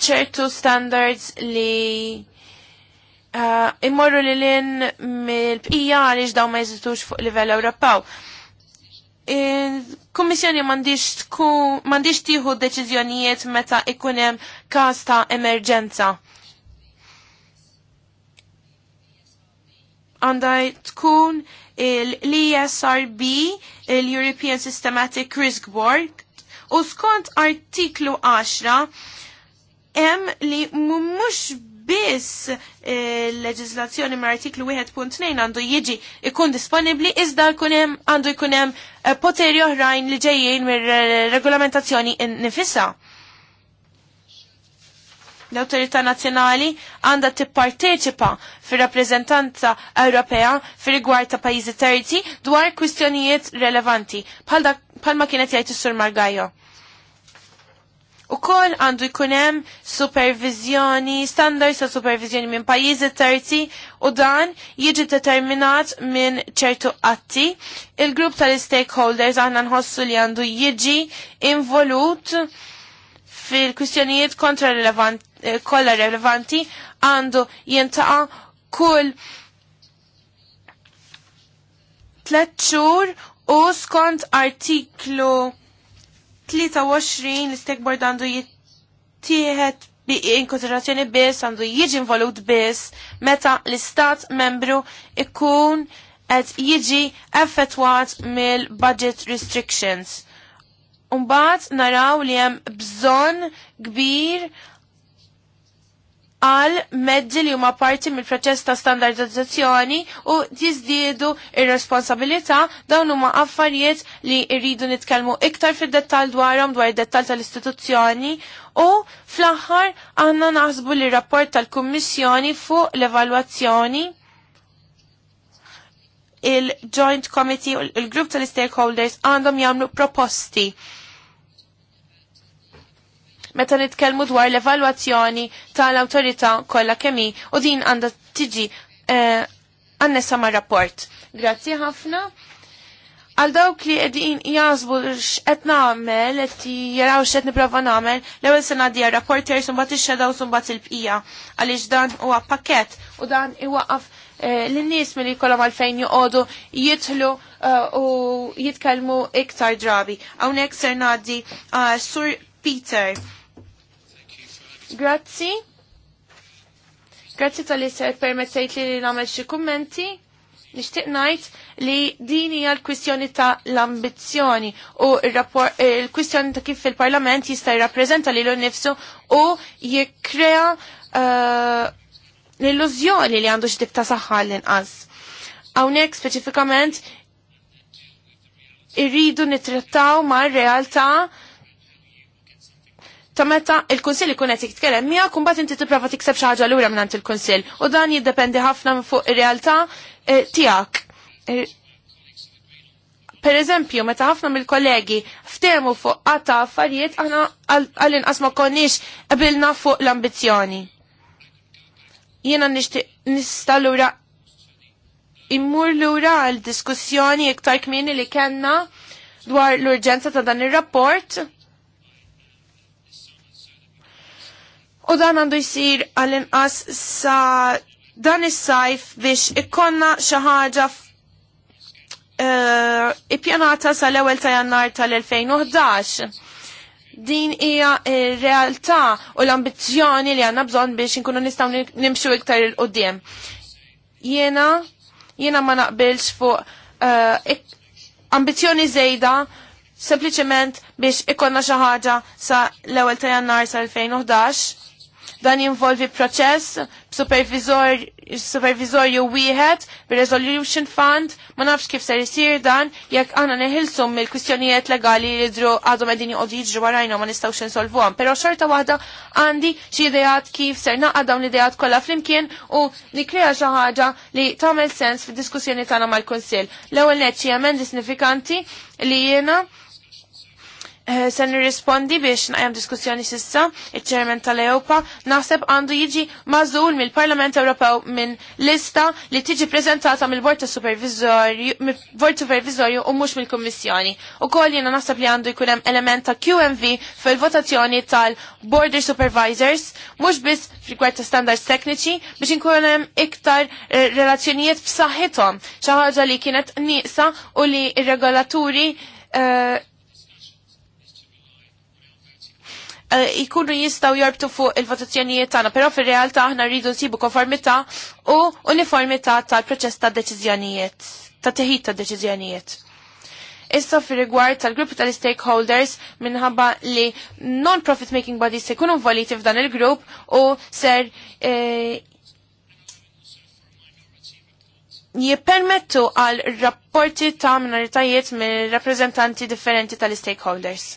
ċertu standards li uh, immorru li l-in mil bqija għalix daw ma jizitux fuq livell Ewropew. Kummissjoni mandiġ tiħu deċizjonijiet meta ikunem kas ta' emerġenza. Għandaj tkun l-ESRB, l-European Systematic Risk Board, u skont artiklu 10 hemm li mhux biss il-leġislazzjoni eh, mar artiklu 1.2 għandu jiġi ikun disponibli iżda kunem għandu jkun hemm eh, poteri oħrajn li ġejjin mir-regolamentazzjoni eh, nifissa. L-Autorità Nazzjonali għandha tipparteċipa fir-rappreżentanza Ewropea fi rigward ta' pajjiżi terzi dwar kwistjonijiet relevanti bħalma kienet jgħid is-Sur Margajo. U kol għandu jkunem supervizjoni, standards ta' supervizjoni minn pajizi terzi u dan jiġi determinat minn ċertu atti. Il-grupp tal-stakeholders aħna nħossu li għandu jiġi involut fil-kwistjonijiet kontra relevanti, eh, kolla relevanti għandu jintaqa kull tlet u skont artiklu 23 l-istek għandu jittieħed bi inkonsiderazzjoni biss għandu jiġi involut biss meta l-istat membru ikun qed jiġi effettwat mill-budget restrictions. Umbat naraw li hemm bżonn kbir għal mezzi li huma parti mill-proċess ta' standardizzazzjoni u jiżdiedu ir-responsabilità dawn huma affarijiet li rridu nitkellmu iktar fid-dettall dwarhom dwar id-dettall tal-istituzzjoni u fl-aħħar għandna naħsbu li rapport tal-Kummissjoni fuq l-evalwazzjoni il-Joint Committee u il-Grupp tal-Stakeholders għandhom jagħmlu proposti meta nitkellmu dwar l-evalwazzjoni tal-awtorità kollha kemmi u din għandha tiġi għannessa eh, ma' rapport. Grazzi ħafna. Għal dawk li qegħdin jazbu x'qed nagħmel, qed jaraw x'qed nipprova nagħmel, l-ewwel se ngħaddi rapporter sumbat ix-xedaw sumbat il-bqija għaliex dan huwa pakkett u dan iwaqaf eh, l-nies milli jkollhom għalfejn joqogħdu jidħlu eh, u jitkellmu iktar drabi. Hawnhekk ser ngħaddi Sur Peter Grazzi. Grazzi tal-li se permettejt li namel xi kummenti. Nixtieq ngħid li din hija l-kwistjoni ta' l-ambizzjoni u l-kwistjoni ta' kif il-Parlament jista' jirrappreżenta lilu nnifsu u jikkrea uh, l-illużjoni li għandu x'tib ta' saħħa l-inqas. Hawnhekk speċifikament irridu nitrattaw ma' realtà ta' meta il konsil ikun qed jitkellem miegħek kumbagħad inti tipprova tikseb xi ħaġa lura mingħand il-Kunsill u dan jiddependi ħafna fuq ir-realtà eh, tiegħek. Eh, per eżempju, meta ħafna mill-kollegi ftehmu fuq qatta affarijiet aħna għall-inqas ma konniex qabilna fuq l-ambizzjoni. Jiena nista' lura immur lura għal diskussjoni iktar kmini li kellna dwar l-urġenza ta' dan ir-rapport U dan għandu jisir għal inqas sa dan is-sajf biex ikkonna xi ħaġa uh, ippjanata l ewwel ta' Jannar tal-2011. Din hija r-realtà u l-ambizzjoni li għandna bżonn biex inkunu nistgħu nimxu iktar il qoddim Jiena jiena ma naqbilx fuq uh, ambizzjoni żejda sempliċement biex ikkonna xi ħaġa sa l-ewwel ta' Jannar sa' 2011 Dan jinvolvi proċess supervizorju wieħed bir-Resolution Fund, ma nafx kif ser isir dan jekk għana neħilsu mill-kwistjonijiet legali li jidru għadhom qegħdin joqogħdu jiġru warajna ma nistgħux insolvuhom. Però xorta waħda għandi xi ideat kif ser naqa' dawn l-ideat kollha flimkien u nikkrea xi ħaġa li tagħmel sens fid-diskussjoni tagħna mal-Kunsill. L-ewwel nett xi emendi li jiena Eh, se nirrispondi biex naqjem diskussjoni sissa, il-ċermen tal-Eopa naħseb għandu jiġi mażul mill-Parlament Ewropew minn lista li tiġi prezentata mill-Bord Supervizorju u mhux mill-Kummissjoni. U koll jiena naħseb li għandu jkun hemm QMV fil-votazzjoni tal-Border Supervisors, mhux biss frikwart ta' standards tekniċi biex inkun hemm iktar eh, relazzjonijiet b'saħħithom, xi ħaġa li kienet nieqsa u li ir-regolaturi eh, jikunu eh, jistaw jorbtu fuq il-votazzjonijiet tagħna, però fir-realtà aħna rridu nsibu konformità u uniformità tal-proċess ta' deċiżjonijiet, ta' teħid ta' deċiżjonijiet. Issa fi rigward tal-grupp tal-stakeholders minħabba li non-profit making bodies se jkunu voliti f'dan il-grupp u ser eh, jippermettu għal rapporti ta' minoritajiet minn rappresentanti differenti tal-stakeholders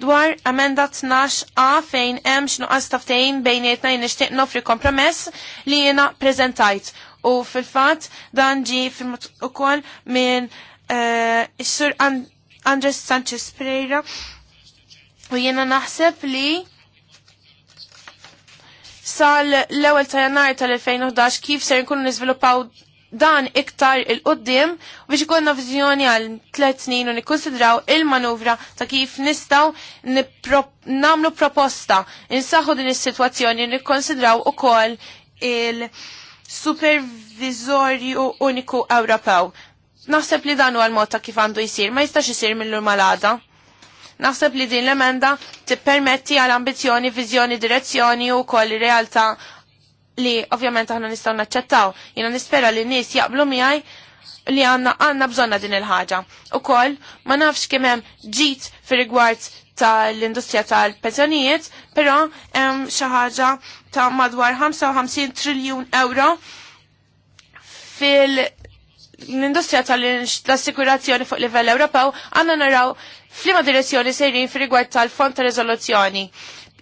dwar amenda 12 a fejn hemm x'nuqas taftejn bejnietna jien nixtieq nofri kompromess li jiena preżentajt. U fil-fatt dan ġi ukoll minn eh, is-sur Andres Sanchez Pereira u jiena naħseb li sal l-ewwel ta' jannar tal-2011 kif ser nkunu niżviluppaw dan iktar il-qoddim biex ikonna vizjoni għal tlet snin u nikkonsidraw il-manuvra ta' kif nistaw namlu proposta insaħu din is-sitwazzjoni nikkonsidraw ukoll il-supervizorju uniku Ewropew. Naħseb li dan huwa l-mod ta' kif għandu jsir, ma jistax isir mill malada. Naħseb li din l-emenda tippermetti għal ambizjoni, viżjoni, direzzjoni u koll realtà li ovvjament aħna nistgħu naċċettaw. Jiena nispera li nies jaqblu miegħi li għanna għanna bżonna din il-ħaġa. U koll, ma nafx kemem ġit fi rigward tal-industrija tal-pensjonijiet, pero hemm xi ħaġa ta' madwar 55 triljun euro fil- l-industrija tal-assikurazzjoni fuq livell Ewropew għanna naraw flima direzzjoni sejrin fi rigward tal-fond ta' rezoluzzjoni.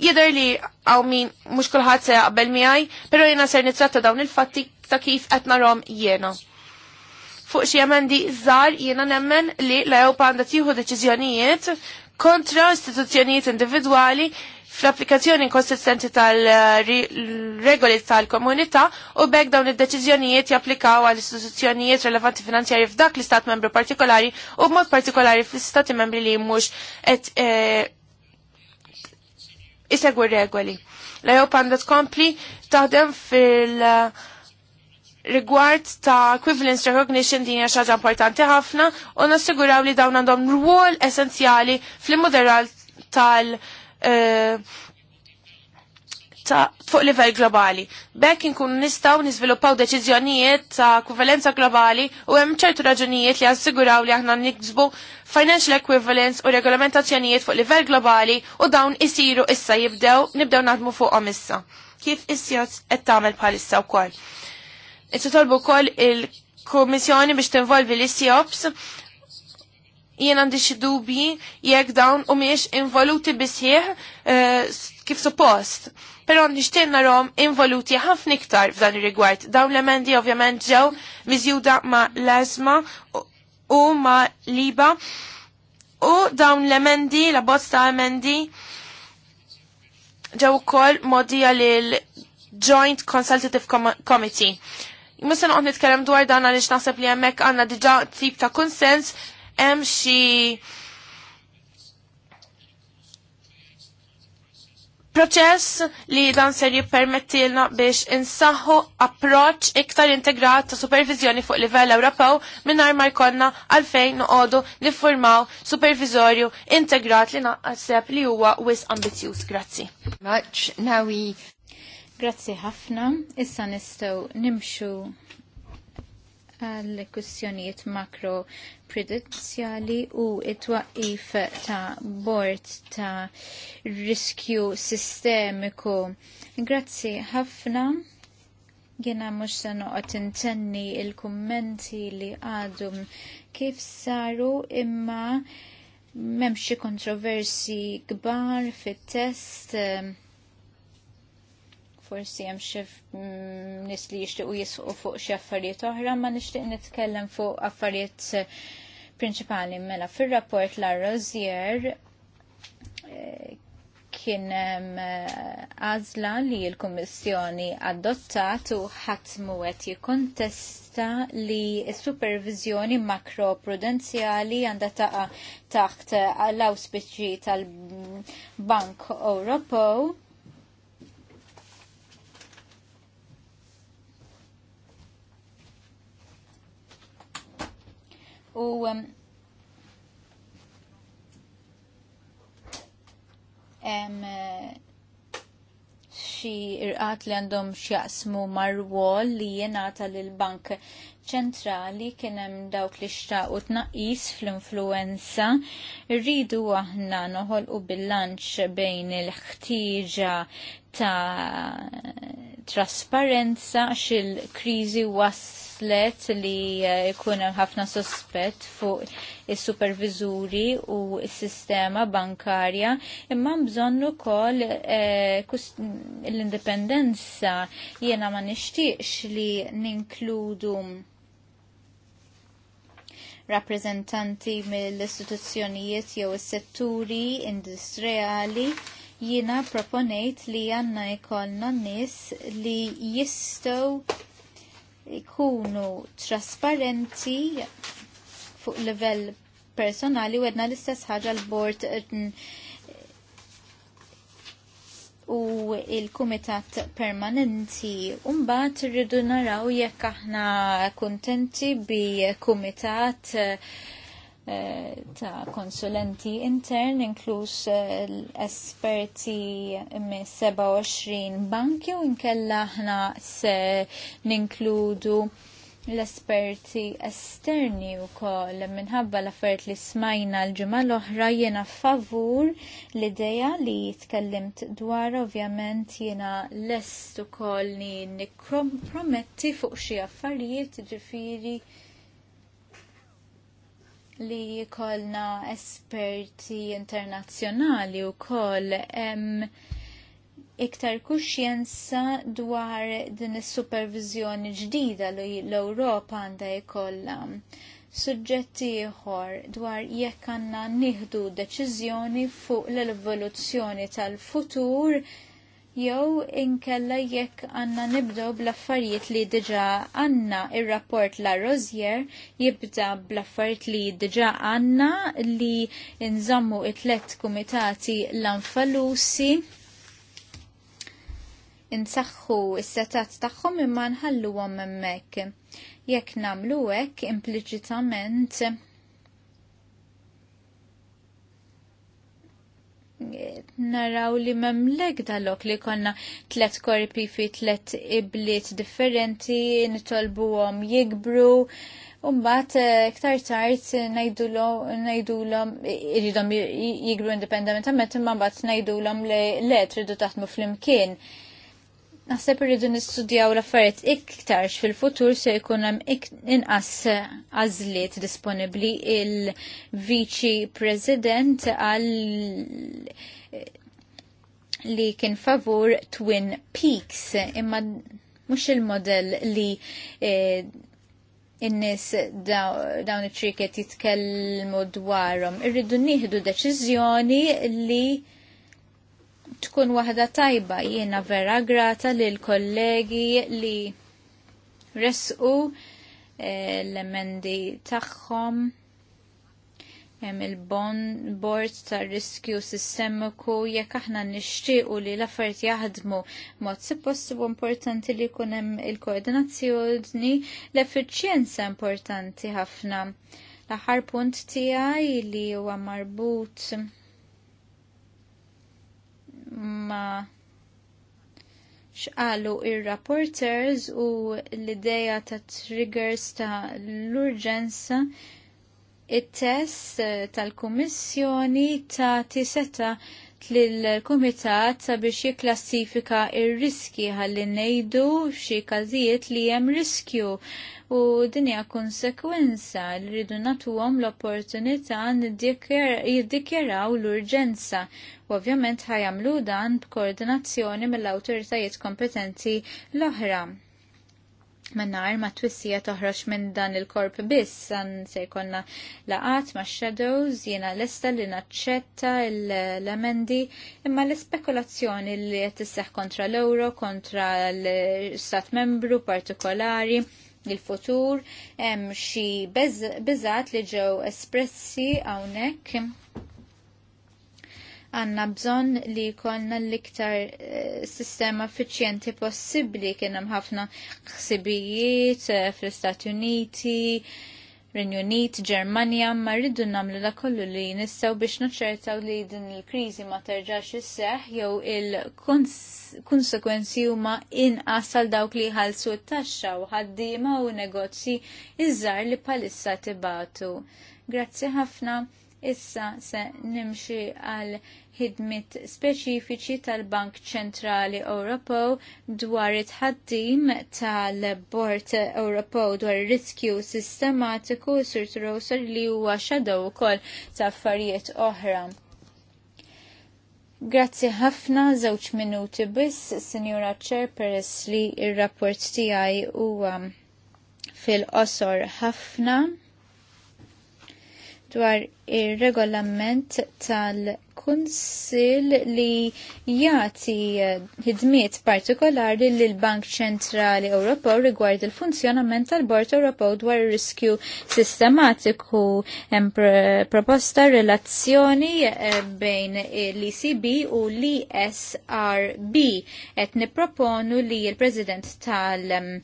Jidher li għaw min mux kullħat se jaqbel miħaj, pero jena ser nitratta dawn il-fatti ta' kif qed narhom jiena. Fuq xi emendi żgħar jiena nemmen li l-Ewpa għandha tieħu deċiżjonijiet kontra istituzzjonijiet individwali fl-applikazzjoni konsistenti tal-regoli tal-komunità u bekk dawn id-deċiżjonijiet japplikaw għal istituzzjonijiet relevanti finanzjarji f'dak l-istat membru partikolari u b'mod partikolari fl-istati membri li mhux qed eh, isegwi regoli. L-Ewropa għandha tkompli taħdem fil- uh, rigward ta' equivalence recognition din hija xaġa importanti ħafna u nassiguraw li dawn għandhom rwol essenzjali fl moderal tal- uh, ta' fuq livell globali. Bekk inkun nistaw niżviluppaw deċiżjonijiet ta' kuvalenza globali u hemm ċertu raġunijiet li assiguraw li aħna niksbu financial equivalence u regolamentazzjonijiet fuq livell globali u dawn isiru issa jibdew nibdew naħdmu fuqhom issa. Kif is-sjot qed tagħmel bħalissa wkoll. Issa tolbu wkoll il-Kummissjoni biex tinvolvi l-ISIOPS jien għandi xi dubji jekk dawn u miex involuti bisħieħ eh, kif suppost. Pero nishtiq narom involuti ħafna iktar f'dan ir-rigward. Dawn l-emendi ovvjament ġew miżjuda ma' l u ma' liba. U dawn l-emendi, la bozz ta' emendi, ġew ukoll modija lil Joint Consultative Com Committee. Musa noqgħod nitkellem dwar dan għaliex naħseb li hemmhekk għandna diġà tip ta' konsens hemm xi Proċess li dan ser jippermettilna biex insaħħu approċ iktar integrat ta' supervizjoni fuq livell Ewropew mingħajr ma jkollna għalfejn noqogħdu niffurmaw supervizorju integrat li naqseb li huwa wis ambizjuż. Grazzi. Grazzi ħafna. Issa nistgħu nimxu Għal kwistjonijiet makro prudenzjali u it-twaqif ta' bord ta' riskju sistemiku. Grazzi ħafna. Jena mux se noqgħod intenni il-kummenti li għadum kif saru imma memxie kontroversi kbar fit-test um, forsi hemm xi mm, nies li jixtiequ jisqu fuq xi affarijiet oħra, ma nixtieq nitkellem fuq affarijiet eh, prinċipali mela fir-rapport la Rozier eh, kien eh, għażla li l-Kummissjoni adottat u ħadd qed jikkontesta li s-supervizjoni makroprudenzjali għandha taqa' taħt l-auspiċi tal-Bank Ewropew u um, em, eh, xi irqat li għandhom xjaqsmu marwol li jingħata lil bank ċentrali kien hemm dawk li xtaqu tnaqqis fl-influenza, rridu aħna noħolqu bilanċ bejn il-ħtieġa ta' trasparenza għax il-kriżi waslet li jkun eh, hemm ħafna sospett fuq is-superviżuri u s-sistema bankarja imma bżonn ukoll eh, l-indipendenza jiena ma nixtieqx li ninkludu rappreżentanti mill-istituzzjonijiet jew is-setturi industrijali Jiena proponejt li għanna jkollna nis li jistow ikunu trasparenti fuq livell personali u għedna l-istess ħaġa l-bord u il-Kumitat Permanenti. Umbat rridu naraw jekk aħna kontenti bi Kumitat uh, Eh, ta' konsulenti intern inkluż eh, esperti minn 27 banki u nkella aħna se ninkludu l-esperti esterni u koll minħabba l-affert li smajna l-ġimma l-oħra jena favur l-ideja li jitkellimt dwar ovvjament jena lest u koll li nikrometti fuq xie affarijiet ġifiri li kolna esperti internazzjonali u koll iktar kuxjenza dwar din is-supervizjoni ġdida li l-Ewropa għandha jkollha. Suġġetti ieħor dwar jekk għandna nieħdu deċiżjoni fuq l-evoluzzjoni tal-futur jew inkella jekk għanna nibdow bl-affarijiet li diġa għanna ir-rapport la Rozier jibda bl-affarijiet li diġa għanna li nżammu it-tlet kumitati l-anfalusi insaxħu s-setat tagħhom imma nħallu hemmhekk. Jekk nagħmlu hekk impliċitament naraw li memlek dalok li konna tlet korpi fi tlet ibliet differenti, nitolbu għom jikbru, Umbat, eh, ktar tart najdulom, iridom jikbru independentament, imma bat najdulom li le tridu taħtmu fl-imkien naħseb irridu nistudjaw l-affarijiet iktarx fil-futur se jkun hemm inqas għażliet disponibbli il-Viċi President għal li kien favur Twin Peaks imma mhux il-modell li eh, in-nies dawn it-triket jitkellmu dwarhom. Irridu nieħdu deċiżjoni li tkun waħda tajba jiena vera grata lil kollegi li resqu eh, l-emendi tagħhom hemm il-bord tar riskju sistemiku jekk aħna nixtiequ li l-affarijiet jaħdmu mod suppost possibu importanti li jkun hemm il-koordinazzjoni l-effiċjenza importanti ħafna. L-aħħar punt tiegħi li huwa marbut ma xqalu ir-rapporters u l-ideja ta' triggers ta' l-urġenza it-test tal-Kummissjoni ta' tiseta lill-Kumitat sabiex jiklassifika ir-riski ħalli ngħidu f'xi każijiet li hemm riskju u dinja konsekwenza li rridu natuhom l-opportunità jiddikjeraw l-urġenza u ovvjament ħajamlu dan b'koordinazzjoni mill-awtoritajiet kompetenti l-oħra. Mennar ma twissija toħroġ minn dan il-korp biss, san se jkollna laqat ma shadows, jiena l-esta li naċċetta l-emendi, imma l spekulazzjoni li tisseħ kontra l-euro, kontra l-stat membru partikolari, il-futur, hemm xi biżgħat li ġew espressi hawnhekk għanna bżon li konna l-iktar eh, sistema effiċjenti possibli kien hemm ħafna ħsibijiet eh, fl-Istati Uniti, Renju Unit, Ġermanja, ma rridu namlu la kollu li nistaw biex naċċertaw li din il-kriżi ma terġax isseħħ, jew il-konsekwenzi huma inqas għal dawk li ħalsu t-taxxa u ħaddiema u negozji żar li palissa tibatu. Grazzi ħafna Issa se nimxi għal ħidmit speċifiċi tal-Bank Ċentrali Ewropew dwar it-ħaddim tal-Bord Ewropew dwar riskju sistematiku sur Rosar li huwa xadow ukoll ta' affarijiet oħra. Grazzi ħafna, żewġ minuti biss, Signora Ċer, peress li ir rapport tiegħi huwa fil-qosor ħafna dwar ir-regolament tal-Kunsil li jagħti ħidmiet partikolari lill Bank Ċentrali Ewropew rigward il-funzjonament tal-Bord Ewropew dwar ir-riskju sistematiku hemm proposta relazzjoni eh, bejn l-ECB u l-ESRB qed nipproponu li l-President tal-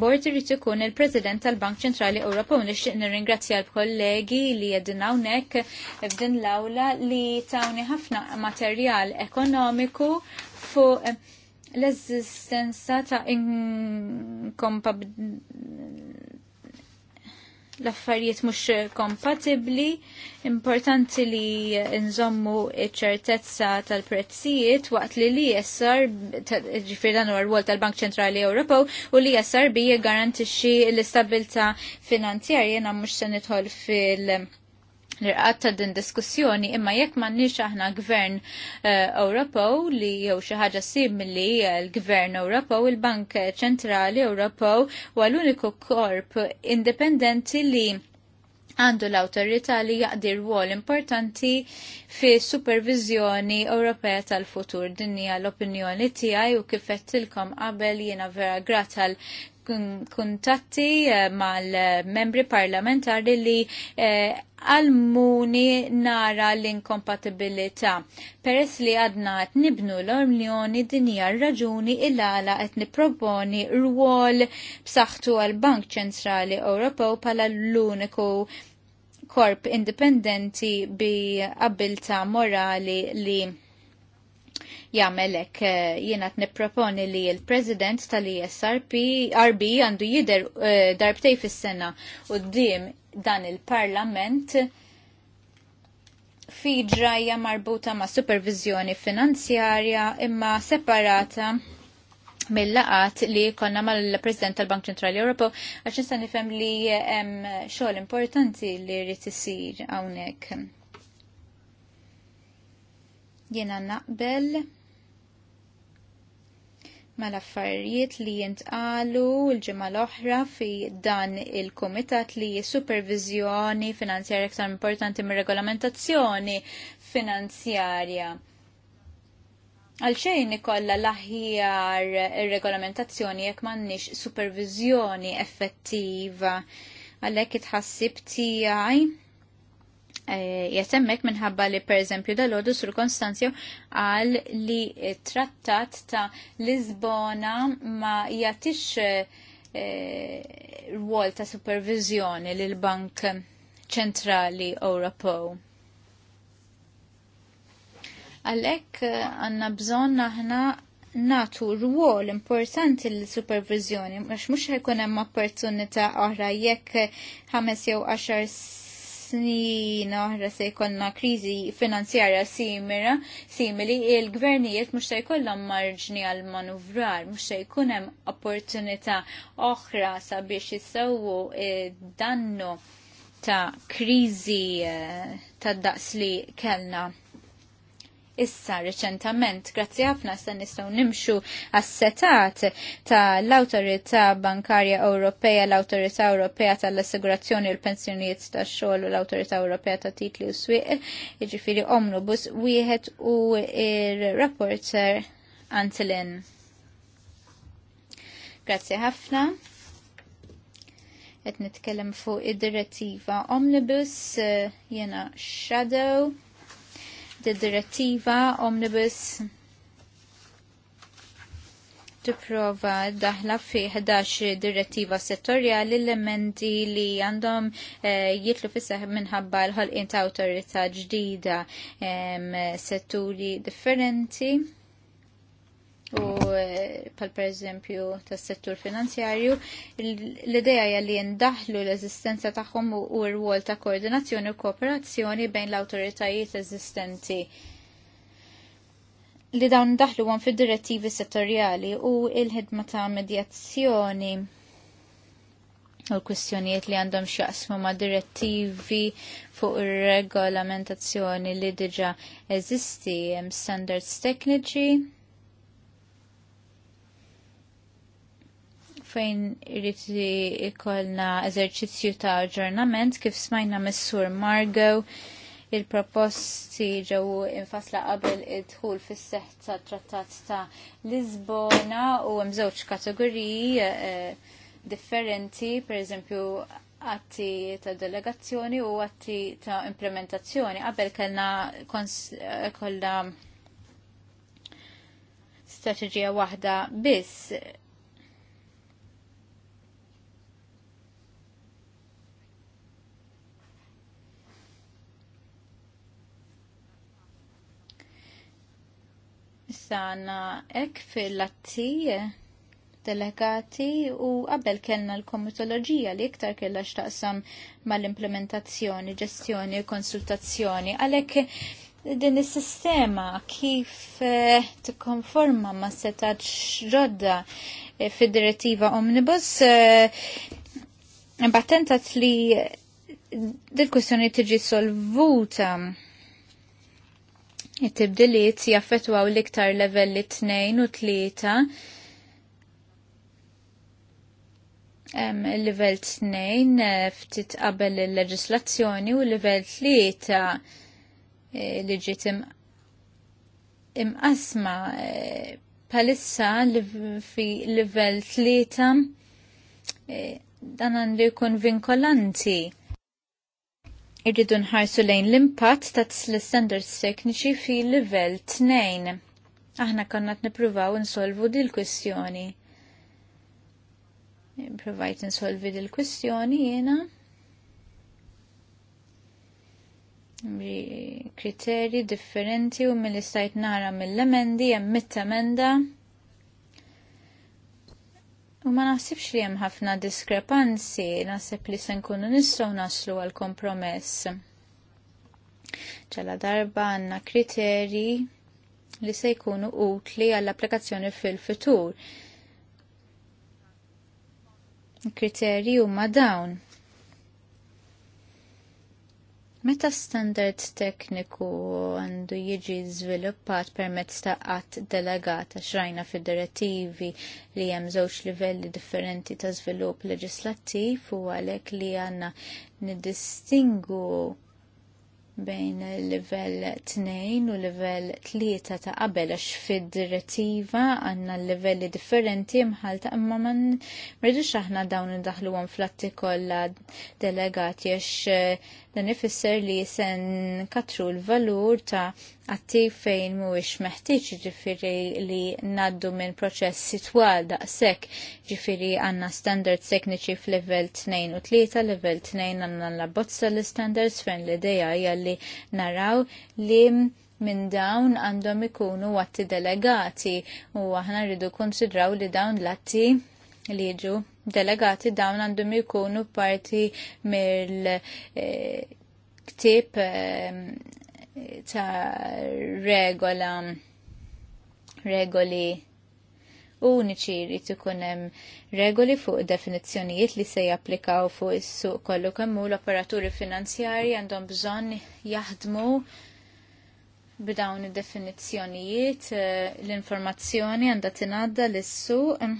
bord irid ikun il-President tal-Bank Ċentrali Ewropew nixtieq nirringrazzja l-kollegi li qegħdin hawnhekk f'din l-awla li tawni ħafna materjal ekonomiku fuq l-eżistenza ta' inkompab l-affarijiet mhux kompatibbli, importanti li nżommu ċertezza tal-prezzijiet waqt li li jessar, ġifir dan huwa rwol tal-Bank Ċentrali Ewropew, u li jessar bi garantixi l-istabilta finanzjarja jiena mhux se nidħol fil- l-irqat ta' din diskussjoni imma jekk m'għandniex aħna gvern eh, Ewropew li jew xi ħaġa simili eh, l-gvern Ewropew il-Bank Ċentrali Ewropew huwa l-uniku korp indipendenti li għandu l-autorità li jaqdi rwol importanti fi supervizjoni Ewropea tal-futur. Din hija l-opinjoni tiegħi u kif qedtilkom qabel jiena vera grat għal kuntatti eh, mal-membri parlamentari li eh, għalmuni nara l-inkompatibilità. Peress li għadna għet nibnu l-Unjoni dinja raġuni il-għala għet niproponi rwol b'saħħtu għal-Bank Ċentrali Ewropew pala l-uniku korp indipendenti bi abilta morali li Jamelek hekk eh, jiena nipproponi li l-President tal-ISRP RB għandu jidher eh, darbtej fis-sena quddiem dan il-Parlament fi ġrajja marbuta ma' supervizjoni finanzjarja imma separata mill-laqat li konna mal-President tal-Bank Ċentrali Ewropew għax nista' nifhem li hemm xogħol importanti li jrid isir hawnhekk. Jiena naqbel mal-affarijiet li jintqalu l-ġimgħa l-oħra fi dan il-kumitat li supervizjoni finanzjarja iktar importanti mir regolamentazzjoni finanzjarja. Għalxejn ikolla l-aħjar regolamentazzjoni jekk m'għandniex supervizjoni effettiva għalhekk it tiegħi Eh, jasemmek minħabba li per eżempju dal-ordu sur Konstanzio għal li trattat ta' Lisbona ma jatix eh, rwol ta' supervizjoni l bank ċentrali Europo. Għalek eh, għanna bżon naħna natu rwol importanti l-supervizjoni, għax mux ħajkun hemm opportunità oħra jekk ħames jew 10 snin oħra se jkollna kriżi finanzjarja simira, simili, il-gvernijiet mhux se jkollhom marġni għal manuvrar, mhux se jkun hemm opportunità oħra sabiex jissewwu eh, dannu ta' kriżi eh, ta' daqs li kellna issa reċentament. Grazzi ħafna se nistgħu nimxu għas ta' l-Awtorità Bankarja Ewropea, l-Awtorità Ewropea tal-Assigurazzjoni l pensjonijiet tax-xogħol u l-Awtorità Ewropea ta' Titli u Swieq, jiġifieri omnibus wieħed u ir-rapporter Antelin. Grazzi ħafna qed nitkellem fuq id-direttiva Omnibus, eh, jena Shadow Direttiva Omnibus tipprova daħla fi 11 direttiva settorjali l-emendi li għandhom eh, jitlu fissaħ minħabba l-ħolqin ta' autorita ġdida setturi differenti u eh, pal per eżempju tas settur finanzjarju, l-ideja jalli ndaħlu l-eżistenza tagħhom u r-wol ta' koordinazzjoni u kooperazzjoni bejn l-autoritajiet eżistenti li dawn daħlu għan fid direttivi settorjali u il-ħidma ta' medjazzjoni u l-kwistjonijiet li għandhom xaqsmu ma' direttivi fuq ir regolamentazzjoni li diġa eżisti standards tekniċi fejn li ikollna eżerċizzju ta' aġġornament kif smajna mis-sur Margo il-proposti ġew infasla qabel id-dħul fis-seħħ tat-Trattat ta' Lisbona u hemm żewġ kategoriji eh, differenti, pereżempju atti ta' delegazzjoni u atti ta' implementazzjoni. Qabel kellna kollha strateġija waħda biss sana ek fil-latti delegati u qabel kellna l-komitoloġija li iktar kellha xtaqsam mal-implementazzjoni, ġestjoni, konsultazzjoni. Għalhekk din is-sistema kif eh, tikkonforma ma setax ġodda eh, fid-direttiva Omnibus eh, battentat li dil-kwestjoni tiġi solvuta it-tibdiliet jaffetwaw l-iktar livelli 2 u 3 Um, level 2 ftit qabel il-leġislazzjoni u level 3 eh, li ġiet imqasma eh, palissa fi level 3 eh, dan għandu jkun vinkolanti irridu nħarsu lejn l-impatt ta' l-standards tekniċi fi livell 2. Aħna konna t-nipruvaw insolvu dil kwistjoni Provajt insolvi dil kwistjoni jena. Kriteri differenti u mill-istajt nara mill-emendi, jemmitt emenda. U ma naħsibx li hemm ħafna diskrepanzi, naħseb li se nkunu nistgħu naslu għal kompromess. Ġala darba għandna kriterji li se jkunu utli għall-applikazzjoni fil-futur. Kriterji huma dawn. Meta standard tekniku għandu jiġi żviluppat permezz ta' qatt delegata xrajna federativi li hemm żewġ livelli differenti ta' żvilupp leġislattiv u għalhekk li għandna niddistingu bejn il-level 2 u level 3 ta' qabel għax fid-direttiva għanna livelli differenti mħalta imma man mridux aħna dawn indaħluhom fl-atti kollha delegati għax Dan ifisser li sen katru l-valur ta' attiv fejn mhuwiex meħtieġ ġifiri li naddu minn proċess sitwal daqshekk ġifiri għandna standards tekniċi f'level 2 u 3, level 2 għandna la bozza l-standards fejn l ideja hija li naraw li minn dawn għandhom ikunu atti delegati u aħna rridu konsidraw li dawn l-atti li jiġu delegati dawn għandhom jkunu parti mill eh, ktib eh, ta' regola regoli uniċi jrid ikun hemm regoli fuq definizzjonijiet li se japplikaw fuq is-suq kollu kemm hu l-operaturi finanzjarji għandhom bżonn jaħdmu b'dawn id-definizzjonijiet eh, l-informazzjoni għandha tingħadda lis-suq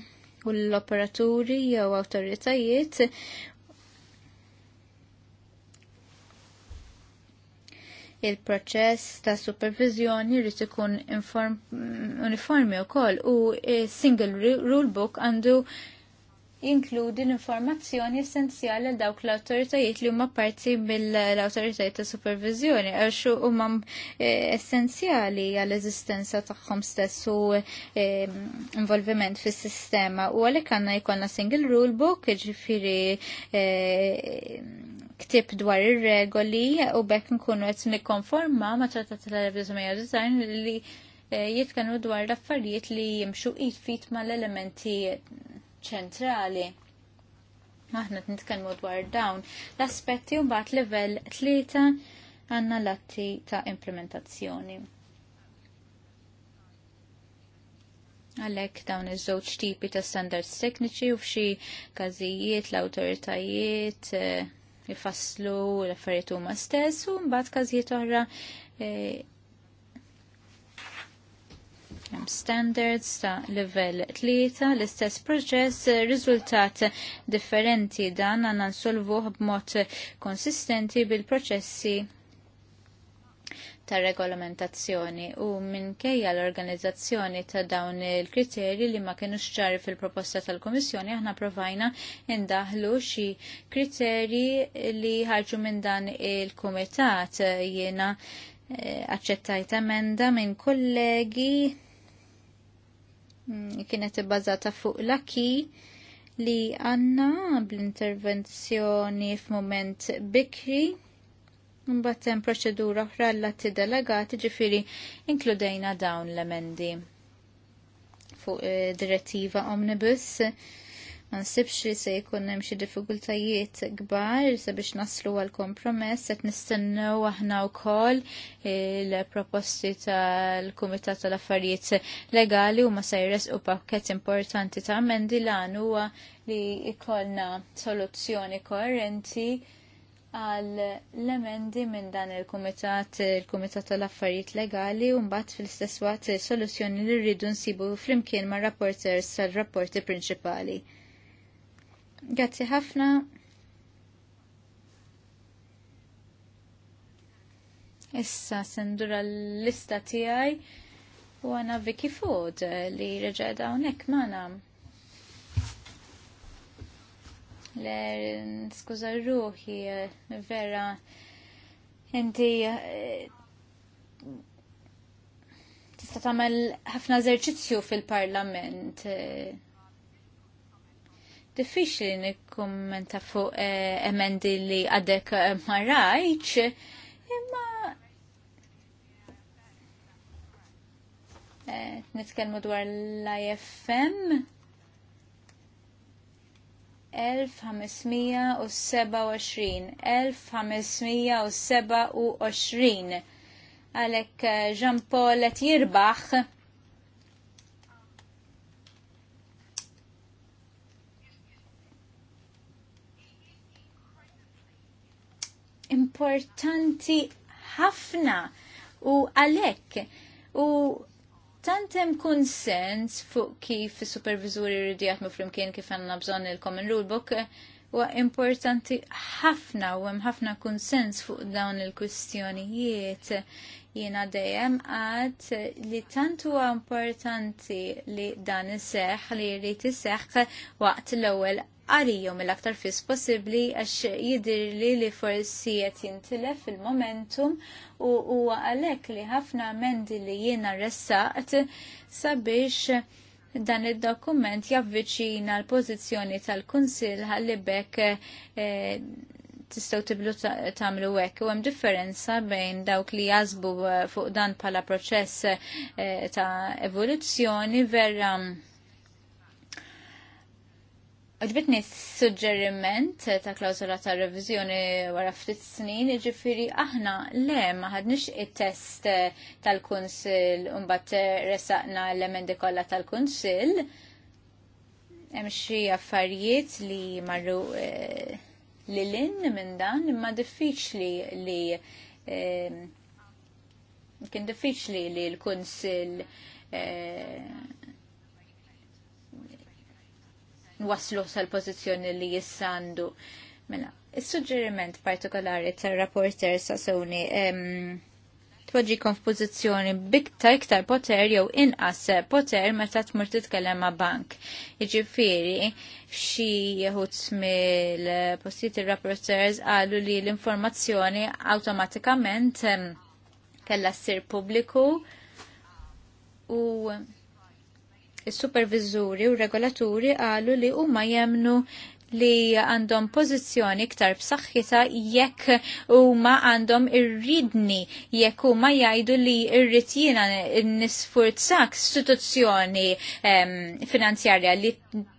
u l-operaturi jew awtoritajiet il-proċess ta' supervizjoni rrit ikun uniformi u koll u single rule book għandu jinkludi l-informazzjoni essenzjali għal dawk l-autoritajiet li huma parti mill-autoritajiet ta' supervizjoni għax huma eh, essenzjali għall eżistenza tagħhom stess u eh, involviment fis-sistema u għalhekk għandna jkollna single rule book ġifieri eh, ktib dwar ir-regoli u bekk nkunu qed nikkonforma ma' trattat tal Design li jitkanu dwar l-affarijiet li jimxu id fit mal-elementi ċentrali. Aħna t-nitkelmu dwar dawn l-aspetti u bat level 3 għanna l-atti ta' implementazzjoni. Għalek dawn iż-żewġ tipi ta' standards tekniċi u f'xi każijiet l-awtoritajiet eh, ifasslu l-affarijiet huma stess u mbagħad każijiet oħra eh, Hemm standards ta' livell tlieta, l-istess proċess, eh, riżultat differenti dan għandna nsolvuh b'mod konsistenti bil-proċessi ta' regolamentazzjoni u minkejja l-organizzazzjoni ta' dawn il-kriterji li ma kienu ċari fil-proposta tal-Komissjoni aħna provajna indaħlu xi kriterji li ħarġu minn dan il-Kumitat jiena e, aċċettajt emenda minn kollegi Mm, kienet ibbażata fuq laki li għanna bl-intervenzjoni f-moment bikri mbagħad hemm proċedura oħra l-atti delegati ġifieri inkludejna dawn l-emendi fuq eh, direttiva omnibus Ma nsibx li se jkun hemm xi diffikultajiet kbar sabiex naslu għal kompromess qed nistennew aħna wkoll il-proposti tal-Kumitat tal-Affarijiet Legali u ma se jresqu pakkett importanti ta' emendi lan huwa li jkollna soluzzjoni koerenti għal l-emendi minn dan il-Kumitat il-Kumitat tal-Affarijiet Legali u mbagħad fl-istess waqt soluzzjoni li rridu nsibu flimkien ma' rapporters tal-rapporti prinċipali. Grazzi ħafna. Issa sendura l-lista tiegħi u għana Vicky Food eh, li reġa' da unek mana. Ler, skuza ruħi, eh, vera, inti eh, tista' tagħmel ħafna eżerċizzju fil-parlament diffiċli nikkumenta fuq eh, emendi li għadek eh, ma rajtx, imma eh, nitkellmu dwar l-IFM 1527 1527 għalek Jean Paul qed jirbaħ importanti ħafna u għalek u tantem konsens fuq kif supervizuri rridu jaħdmu flimkien kif għandna bżonn il-Common Rule Book huwa importanti ħafna u hemm ħafna kunsens fuq dawn il-kwistjonijiet. Jiena dejjem għad li tant huwa importanti li dan iseħħ li jrid iseħħ waqt l-ewwel għalijom l-aktar fis possibli għax jidirli li li forsi qed jintilef il-momentum u huwa għalhekk li ħafna mendi li jiena ressaqt sabiex dan id-dokument javviċina l-pożizzjoni tal-Kunsill ħalli bekk eh, tistaw tiblu tamlu hekk u hemm differenza bejn dawk li jazbu eh, fuq dan pala proċess eh, ta' evoluzzjoni verra. Għadbitni suġġeriment ta' klawzola ta' revizjoni wara ftit snin, ġifiri aħna le maħadnix il-test tal-kunsil unbat resaqna l-emendi kollha tal-kunsil. Hemm xi affarijiet li marru eh, lilin minn dan imma diffiċli li eh, kien diffiċli li l-kunsil eh, waslu sal-pozizjoni li jissandu. Mela, il-sugġeriment partikolari tal-rapporter sasoni tpoġġikom f'pożizzjoni biktar iktar poter jew inqas poter meta tmur titkellem ma' bank. Jiġifieri xi jeħut mill-postijiet ir-rapporters qalu li l-informazzjoni awtomatikament kellha ssir pubbliku u il-supervizuri u regolaturi għalu li huma jemnu li għandhom pożizzjoni iktar b'saħħita jekk huma għandhom irridni jekk huma jgħidu li rrid jiena nisfurzak istituzzjoni finanzjarja li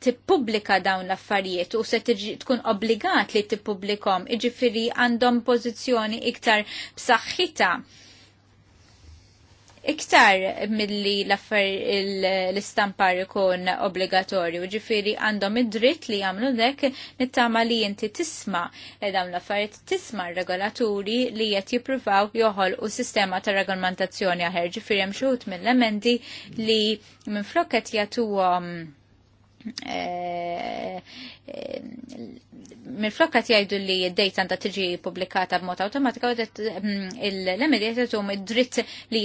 tippubblika dawn l-affarijiet u se tkun obbligat li tippubblikom, iġifieri għandhom pożizzjoni iktar b'saħħita iktar milli l laffer l-istampar ikun obbligatorju. Ġifiri għandhom id-dritt li jagħmlu dek nittama li inti tisma eh, dawn l-affarijiet tisma regolaturi li qed jippruvaw joħol u sistema ta' regolamentazzjoni aħer. Ġifiri hemm mill-elementi li minflok qed jagħtuhom um, Eh, eh, mill-flokka jgħidu li d-dejt għanda tiġi publikata b'mod automatika u mm, l-emediet għetum id-dritt li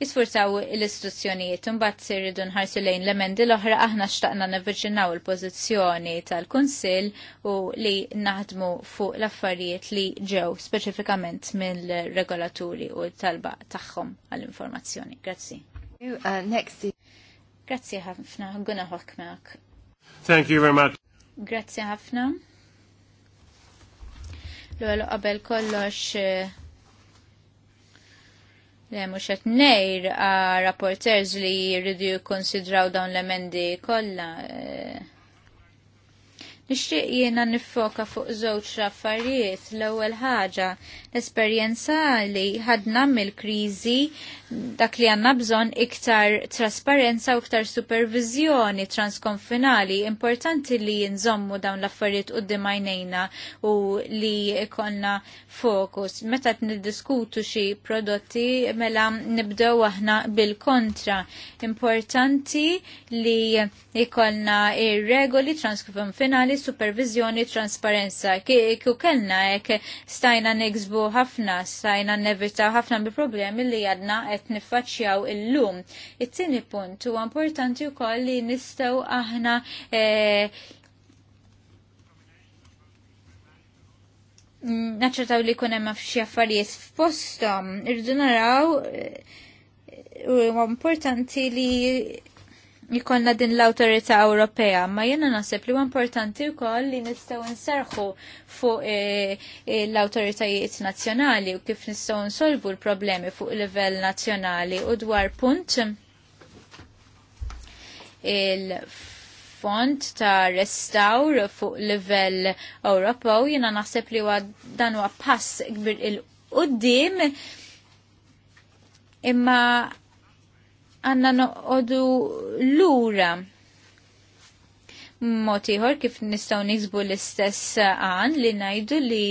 jisfurtaw l-istituzzjonijiet imbagħad se jridu nħarsu lejn l-emendi l-oħra aħna xtaqna nivvirġinaw il-pożizzjoni tal-Kunsill u li naħdmu fuq l-affarijiet li ġew speċifikament mill-regolaturi u talba tagħhom għall-informazzjoni. Grazzi. Uh, next Grazzi ħafna, għuna ħokmak. Thank you very much. Grazzi ħafna. L-għal qabel kollox eh, le mux nejr rapporters li rridu konsidraw dawn l-emendi kolla. Eh, Nixtieq jiena nifoka fuq żewġ raffarijiet l-ewwel ħaġa l-esperjenza li ħadna mill-kriżi dak li għandna bżonn iktar trasparenza u iktar supervizjoni transkonfinali. Importanti li nżommu dawn l-affarijiet qudiem għajnejna u li ikonna fokus. Meta niddiskutu xi prodotti mela nibdew aħna bil-kontra. Importanti li jkollna ir-regoli transkonfinali li supervizjoni, trasparenza. Kieku kellna ek stajna niksbu ħafna, stajna nevita ħafna bi problemi li jadna et qed il-lum. it tini punt u importanti u koll li nistaw aħna eh, naċċertaw li kunem f'xi affarijiet f'postom, Irdu naraw eh, u importanti li jikonna din l-autorita Ewropea, ma jena nasib li importanti wkoll li nistgħu nserħu fuq e, e, l-autoritajiet nazzjonali u kif nistgħu nsolvu l-problemi fuq livell nazzjonali u dwar punt il fond ta' restaur fuq livell Ewropew jiena naħseb li huwa dan huwa pass kbir il-qudiem imma għanna noqodu l-ura motiħor kif nistaw nizbu l-istess għan li najdu li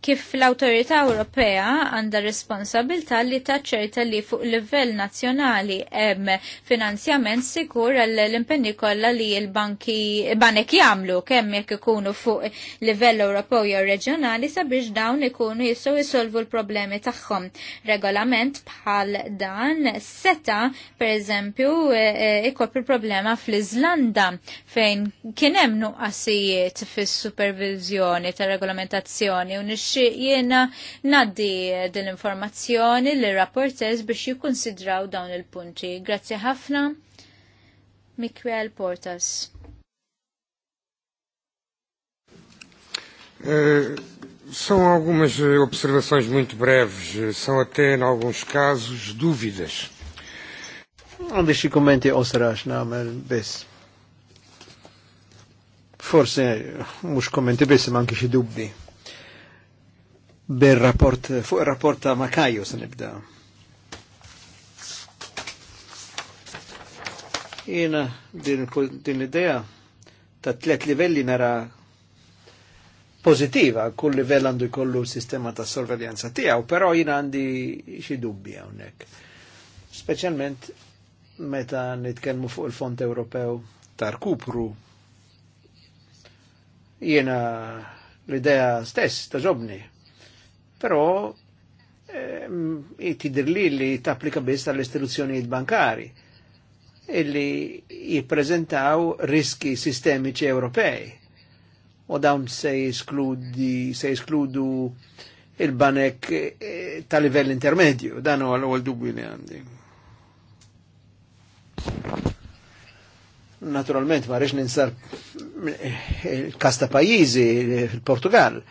kif l-Autorità Ewropea għandha responsabilità li taċċerta li fuq livell nazzjonali hemm finanzjament sikur għall impenni kollha li l-banki banek jagħmlu kemm jekk ikunu fuq livell Ewropew jew reġjonali sabiex dawn ikunu jistgħu jsolvu l-problemi tagħhom. Regolament bħal dan seta pereżempju e, e, ikopri problema fl-Iżlanda fejn kien hemm nuqqasijiet fis-supervizjoni tar-regolamentazzjoni u nix jiena naddi din l-informazzjoni li rapportez biex jikkonsidraw dawn il-punti. Grazzi ħafna. Mikwel Portas. Eh, são algumas eh, observações muito breves, eh, são até, em alguns casos, dúvidas. Għandi xi kummenti não, mas bem. Forse mhux kommenti biss se anke xi dubbi bil-rapport, fuq il-rapport ta' Makaju se nibda. Jena din, din l-idea ta' tlet livelli nara pozitiva, kull livell għandu jkollu sistema ta' sorveljanza tiegħu, però jina għandi xi dubbi għonek. Specialment meta nitkellmu fuq il-Fond Ewropew tar kupru jiena l-idea stess ta' ġobni però ehm, e, tidir li e li t-applika bis tal-istituzzjonijiet bankari illi jippreżentaw riski sistemiċi Ewropej. U dawn se jiskludi, se jiskludu il-banek e, eh, ta' livell intermedju, dan u għal dubju li għandi. Naturalment ma rex ninsar eh, il kasta pajizi il portugal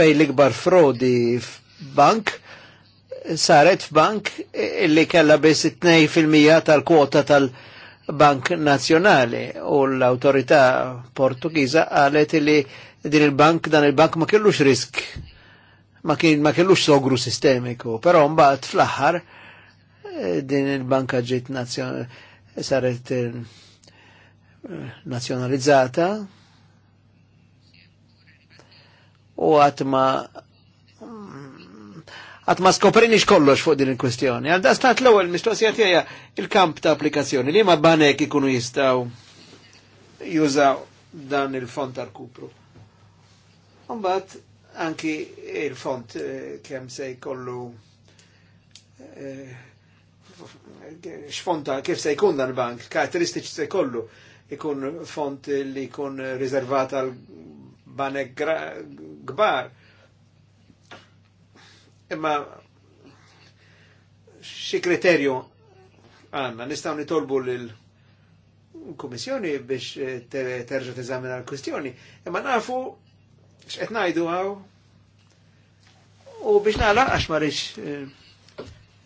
fej l-ikbar frodi f-bank, saret Bank illi kella biss 2% tal-kwota tal-Bank Nazzjonali u l-autorità Portugiża qalet li din il-bank dan il-bank ma kellux risk ma kien ma kellux sogru sistemiku, però mbagħad fl-aħħar din il-banka ġiet saret eh, nazjonalizzata u għatma għatma skoprini xkollox fuq din il-kwestjoni. Għadda stat l ewwel mistoqsija tiegħi il-kamp ta' applikazzjoni li ma banek ikunu jistaw jużaw dan il-font tal-kupru. Umbat anki il-font eh, kemm se jkollu eh, xfonta kif se jkun dan bank, karakteristiċi se jkollu ikun font li jkun riservata għal banek kbar. Imma xi kriterju għanna, nistaw nitolbu lil kummissjoni biex eh, terġa teżamina l-kwistjoni, imma nafu x'qed ngħidu għaw u biex nagħlaq għax ma rridx eh,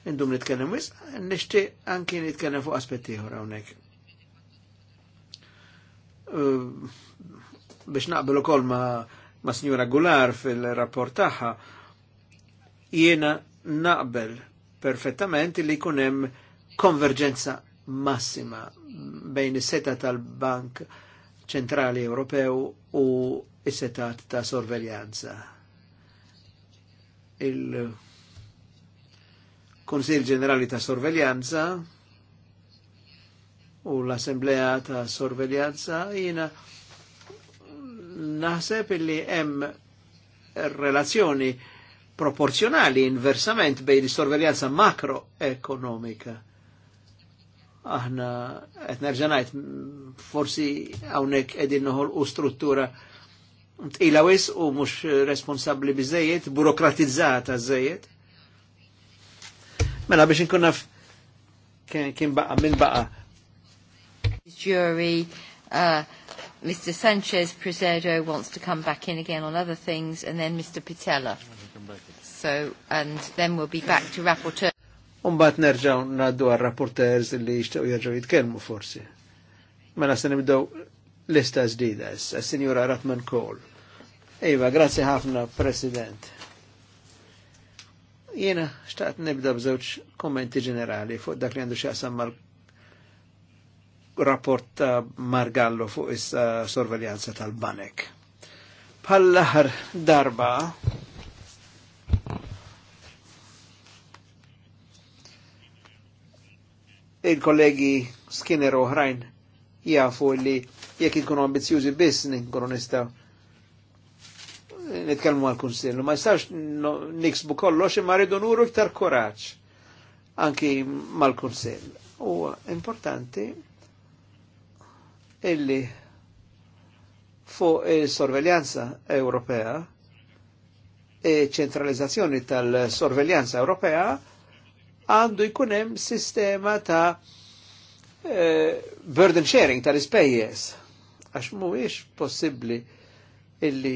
indum nitkellem wis, nixtieq anki nitkellem fuq aspetti ieħor hawnhekk. Eh, biex naqbel ukoll ma' ma' Signora Gular fil-rapport taħħa, jiena naqbel perfettament li jkun hemm konverġenza massima bejn is-seta tal-Bank Ċentrali Ewropew u is seta ta' sorveljanza. Il-Konsil Ġenerali ta' Sorveljanza u l-Assemblea ta' Sorveljanza jiena naħseb illi hemm relazzjoni proporzjonali inversament bejn is-sorveljanza makroekonomika. Aħna qed ngħid forsi hawnhekk qegħdin noħolqu struttura tqila wis u mhux responsabbli biżejjed, burokratizzata żejjed. Mela biex inkun naf kien baqa' min baqa'. Jury, uh, Mr. Sanchez Prezedo wants to come back in again on other things, and then Mr. Pitella. So, and then we'll be back to rapporteur. Umbat nerġaw naddu għal rapporteurs li jishtaw jirġaw jitkelmu forsi. Mela se nibdow lista ġdida, s-senjura Ratman Kohl. Iva, grazie ħafna, President. Jena xtaqt nibda bżewċ kommenti ġenerali fuq dak li għandu xaqsam mal rapport ta' Margallo fuq is sorveljanza tal-banek. pall darba il-kollegi Skinner oħrajn jafu li jekk inkunu ambizjużi biss ninkunu nistaw nitkellmu għal-Kunsill. Ma jistax niksbu kollox imma rridu nuru iktar koraġġ anki mal-Kunsill. Huwa importanti illi fuq il-sorveljanza Ewropea, ċentralizzazzjoni tal-sorveljanza Ewropea, għandu jkunem sistema ta' eh, burden sharing tal-ispejjeż. Għax mu mhuwiex possibli illi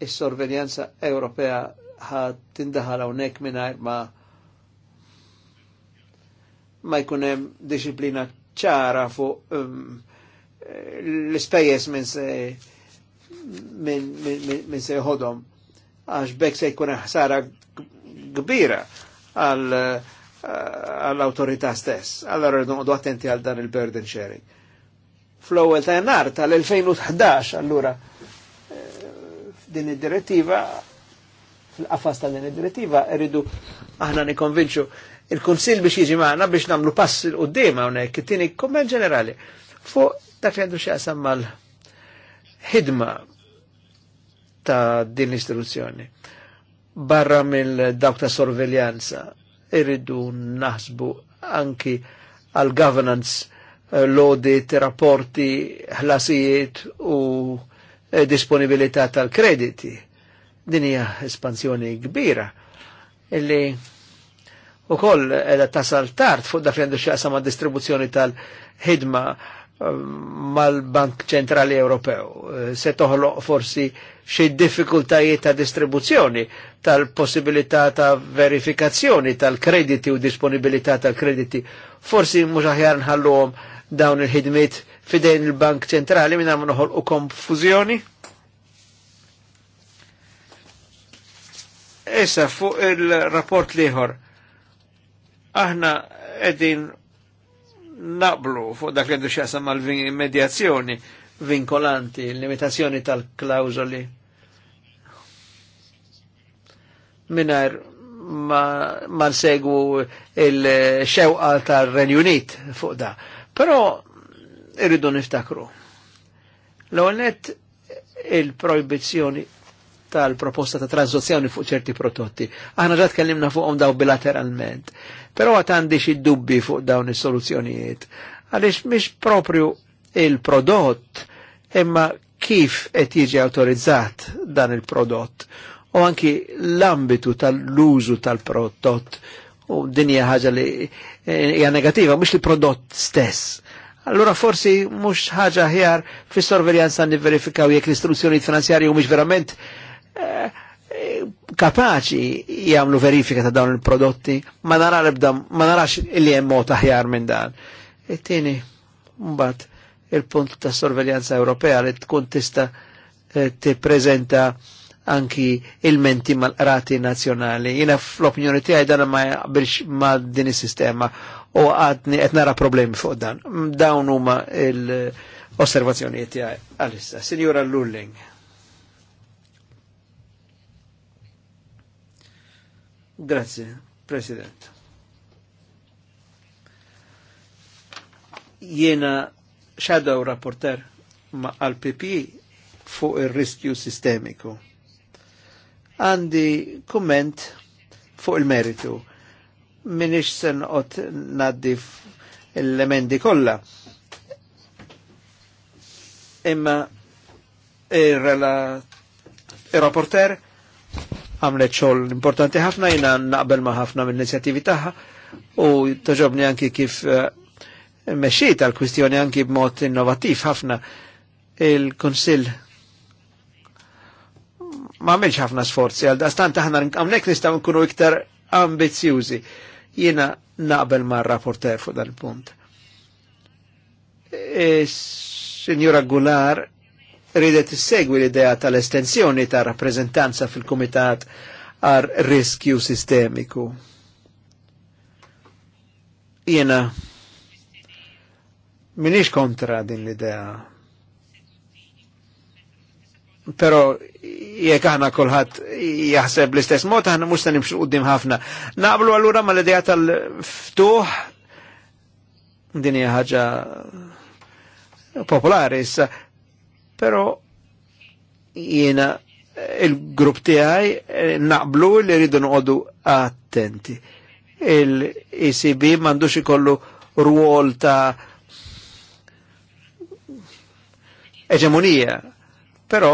il sorveljanza il Ewropea ħad tindaħal hawnhekk mingħajr ma' ma jkunem hemm disciplina ċara fuq um, l-ispejjeż minn se minn min, min se jħodhom għax bekk se jkun ħsara kbira għall-autorità stess. Allora rridu attenti għal dan il-burden sharing. Fl-ewwel ta' jannar tal-2011 allura eh, din id-direttiva fil-qafas ta' din id-direttiva rridu aħna nikonvinċu il-Kunsill biex jiġi maħna biex nagħmlu pass il-qoddim hawnhekk it-tieni kumment ġenerali fuq Dak li għandu xaqsam mal-ħidma ta' din l-istruzzjoni. Barra mill-dawk ta' sorveljanza, irridu naħsbu anki għal-governance, eh, l-audit, rapporti, ħlasijiet u eh, disponibilità tal-krediti. Din hija espansjoni kbira illi u koll edha tasal tard fuq dak li għandu xaqsam distribuzzjoni tal-ħidma mal-Bank Ċentrali Ewropew. Eh, se toħloq forsi xi diffikultajiet ta' distribuzzjoni tal-possibilità ta' verifikazzjoni tal-krediti u disponibilità tal-krediti. Forsi mhux aħjar nħalluhom dawn il-ħidmiet fidejn il-Bank Ċentrali minn għamlu u konfużjoni? Issa fuq il-rapport liħor. Aħna qegħdin naqblu fuq dak li għandu xjaqsam mal medjazzjoni vinkolanti, limitazzjoni tal-klawżoli minar ma, ma nsegwu il-xewqa tal-Renjunit fuq da. Pero irridu niftakru. L-għonet il-proibizjoni tal-proposta ta' transazzjoni fuq ċerti prodotti. Aħna ġa tkellimna fuqhom daw bilateralment. Però għat għandi xi dubbi fuq dawn is-soluzzjonijiet. Għaliex mhix propju il-prodott imma kif qed jiġi autorizzat dan il-prodott u anki l-ambitu tal-użu tal-prodott u dinja ħaġa li eh, hija negativa mhux il prodott stess. Allora forsi mhux ħaġa ħjar fis-sorveljanza niverifikaw jekk l-istruzzjoni finanzjarji mhux verament Eh, kapaċi jgħamlu verifika ta' dawn il-prodotti ma nara ebda ma narax li jemmo mod aħjar minn dan. It-tieni mbagħad il-punt ta' sorveljanza Ewropea li tkun tista' eh, prezenta anki il-menti mal-rati nazjonali. Jina fl-opinjoni tiegħi dan ma jaqbilx ma' din is-sistema u għadni etnara problemi fuq dan. Dawn huma l-osservazzjonijiet tiegħi għalissa. signora Lulling. Grazie, President. Jena shadow rapporter ma għal PP fuq il-riskju sistemiku. Għandi komment fuq il-meritu. Minix sen ot naddi l-emendi kolla. Imma il-rapporter il għamlet xogħol importanti ħafna jiena naqbel ma' ħafna mill-inizjattivi tagħha u toġobni anki kif eh, mexxiet għal kwistjoni anki b'mod innovativ ħafna il-Kunsill ma għamilx ħafna sforzi għal dastan aħna hawnhekk nistgħu nkunu iktar ambizjużi. jina naqbel ma' rapporter fuq dal-punt. E, Signora Gular ridet issegwi l-idea tal-estensjoni ta' rappreżentanza fil-Kumitat għar riskju sistemiku. Jena minix kontra din l-idea. Pero jek aħna kolħat jaħseb l-istess mod, aħna mux ta' nimxu qoddim ħafna. Naqblu għallura ma l-idea tal-ftuħ, din hija ħaġa popolari issa, Pero jiena il-grupp tiegħi eh, naqblu li rridu noqogħdu attenti. Il-ECB m'għandux ikollu rwol ta' eġemonija, però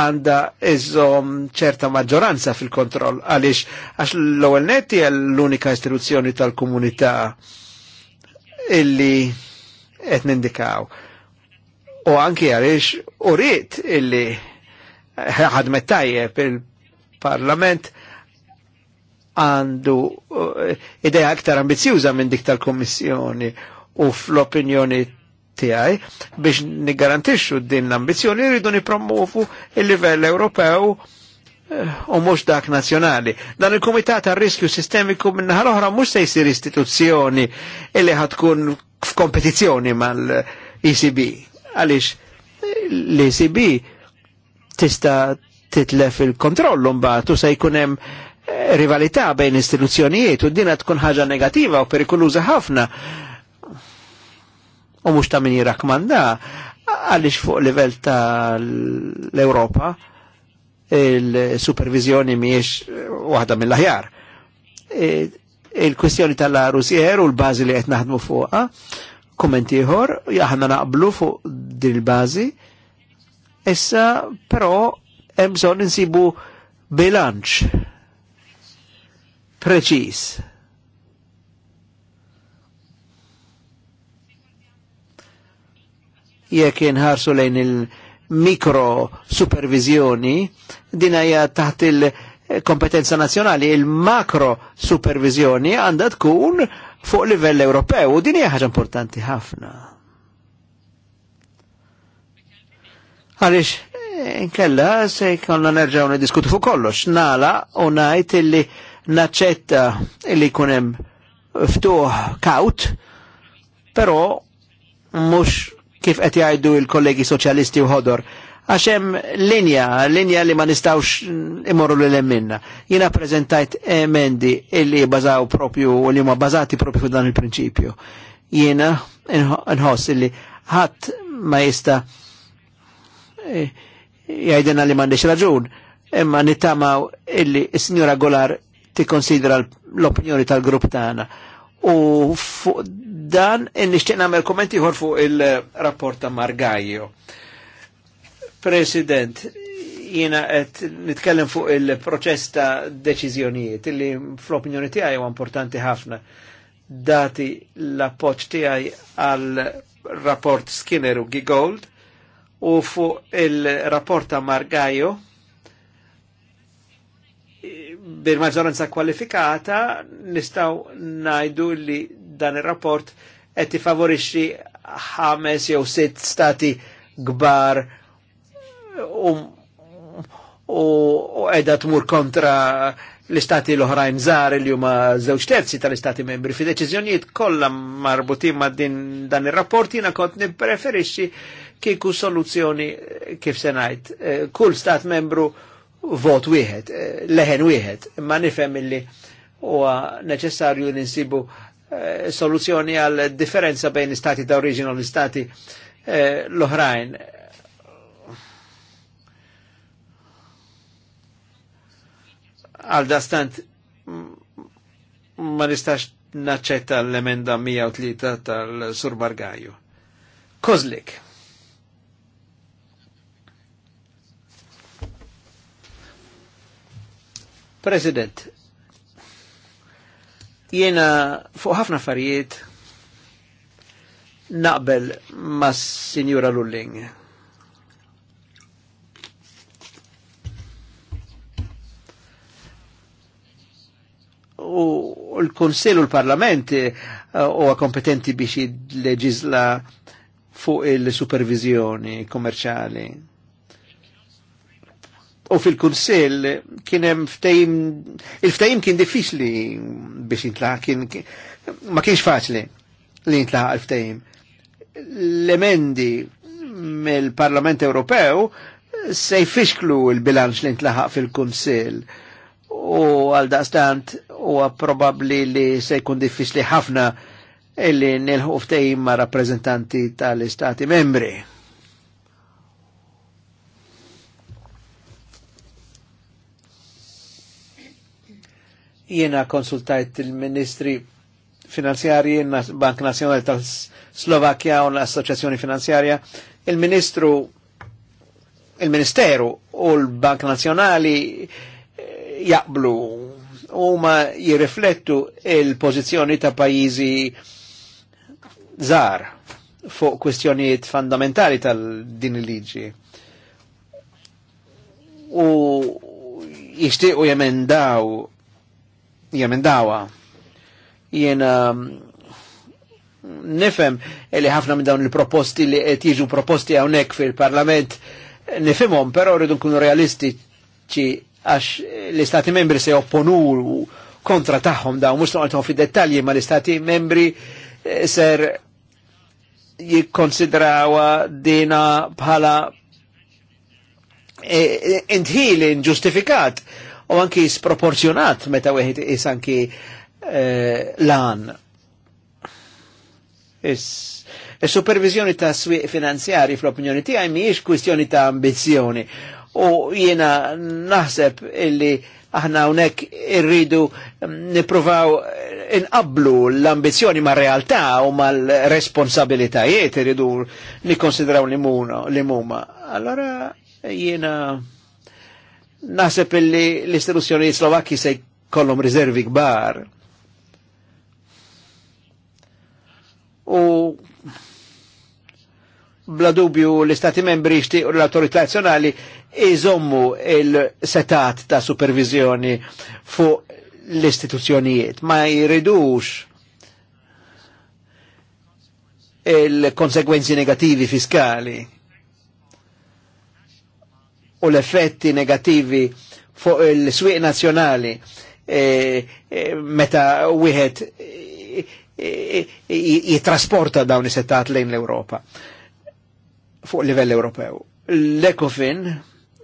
għanda iżom ċerta maġġoranza fil-kontroll, għalix għax l-ewwel netti l-unika istituzzjoni tal-komunità illi qed nindikaw u anki għaliex u rrit illi ħadmet tajjeb il-parlament għandu uh, ideja aktar ambizjuża minn dik tal-Kommissjoni u fl-opinjoni tiegħi biex niggarantixxu din l-ambizzjoni rridu nipromuvu il-livell Ewropew uh, u mhux dak nazzjonali. Dan il-Kumitat għar riskju sistemiku minn l-oħra mhux se jsir istituzzjoni illi ħatkun f'kompetizzjoni mal-ECB għaliex l-ECB tista' titlef il-kontroll mbagħad u se jkun hemm eh, rivalità bejn istituzzjonijiet u dina tkun ħaġa negativa u perikoluża ħafna. U mhux ta' min jirakmanda għaliex fuq livell tal-Ewropa il-supervizjoni miex waħda mill-aħjar. E, il-kwestjoni tal rusijer u l-bażi li qed naħdmu fuqha Kumment ieħor, aħna naqblu fuq din il-bażi, issa però emżon insibu bilanċ preċis. Jek jenħarsu lejn il-mikro supervizjoni, din hija taħt il- kompetenza nazjonali, il-makro supervizjoni għanda tkun fuq livell Ewropew u din hija ħaġa importanti ħafna. Għaliex eh, inkella se jkollna nerġgħu niddiskutu fuq kollox, nala u ngħid illi naċċetta illi jkun hemm ftuħ kaut, però mhux kif qed jgħidu il-kollegi soċjalisti u ħodor għax hemm linja, linja li ma nistawx imorru l minna. Jina prezentajt emendi illi bazaw propju u li ma bazati propju fuq dan il-prinċipju. Jina nħoss illi ħadd ma jista eh, jajdena li m'għandix raġun, imma nittamaw illi s signora Golar tikkonsidra l-opinjoni tal-grupp tagħna. U fuq dan eh, nixtieq nagħmel kommenti fuq il-rapport ta' Margajo. President, jina għet nitkellem fuq il-proċess ta' deċiżjonijiet illi fl-opinjoni tiegħi huwa importanti ħafna. Dati l-appoġġ tiegħi għal rapport Skinner u Gigold u fuq il-rapport ta' Margajo bil-maġġoranza kwalifikata nistaw najdu li dan ir-rapport qed favorixi ħames jew sitt stati gbar u edha tmur kontra l-istati l-oħrajn zar li huma żewġ terzi tal-istati membri fi deċiżjonijiet kollha marbutin ma' din dan ir-rapport jina kont nippreferixxi kiku soluzzjoni kif se ngħid. Eh, kull stat membru vot wieħed, eh, leħen wieħed, Ma nifhem illi u neċessarju ninsibu nsibu eh, soluzzjoni għal differenza bejn l-istati ta' original l-istati l-oħrajn Għal dastant ma nistax naċċetta l-emenda 103 tal-Sur Bargaju. Kozlik. President, jena fuq ħafna affarijiet naqbel ma Sinjura Lulling u l-Konsil u l-Parlament eh, huwa kompetenti biex leġizla fuq il-supervizjoni kommerċali. U fil-Kunsil kien hemm ftehim il-ftehim kien diffiċli biex jintlaħ kien ma kienx faċli li jintlaħ il-ftehim. L-emendi mill-Parlament Ewropew se jfixklu il-bilanċ li jintlaħaq fil-Kunsil. fil kunsil u għal daqstant u probabli li se jkun diffiċli ħafna illi nilħu ftejim ma' rappresentanti tal-istati membri. Jiena konsultajt il-ministri finanzjarji, il-Bank Nazjonali tal Slovakkja u l-Assoċjazzjoni Finanzjarja, il-Ministru, il-Ministeru u l-Bank Nazjonali jaqblu huma jirriflettu il-pożizzjoni ta' pajjiżi żgħar fuq kwestjonijiet fundamentali tal-din il-liġi. U u jemendaw, jemendawa. Jena mm, nifem li ħafna minn dawn il-proposti li qed proposti hawnhekk fil-Parlament nifhimhom, però rridu nkunu realistiċi għax l-istati membri se opponuru kontra taħħom da, mux noqgħodhom fi dettalji ma l-istati membri eh, ser jikkonsidrawa dina bħala eh, intħil inġustifikat u anki sproporzjonat meta weħit is anki eh, lan. Is-supervizjoni ta' swieq finanzjari fl-opinjoni tiegħi mhijiex kwistjoni ta' ambizzjoni u jiena naħseb illi aħna unek irridu mm, niprofaw inqablu l-ambizjoni ma' realtà u ma' l-responsabilitajiet irridu nikonsidraw li muma. Allora jiena naħseb illi l istituzjoni slovakki se kollom riservi kbar. U bla dubju l-Istati membri xtiq u l-autorità nazjonali iżommu il-setat ta' supervizjoni fuq l-istituzzjonijiet, ma jiridux il-konsekwenzi negativi fiskali u l-effetti negativi fuq il swiq nazjonali e, e, meta wieħed jitrasporta dawn is-settat lejn l-Ewropa fuq livell Ewropew. L-Ecofin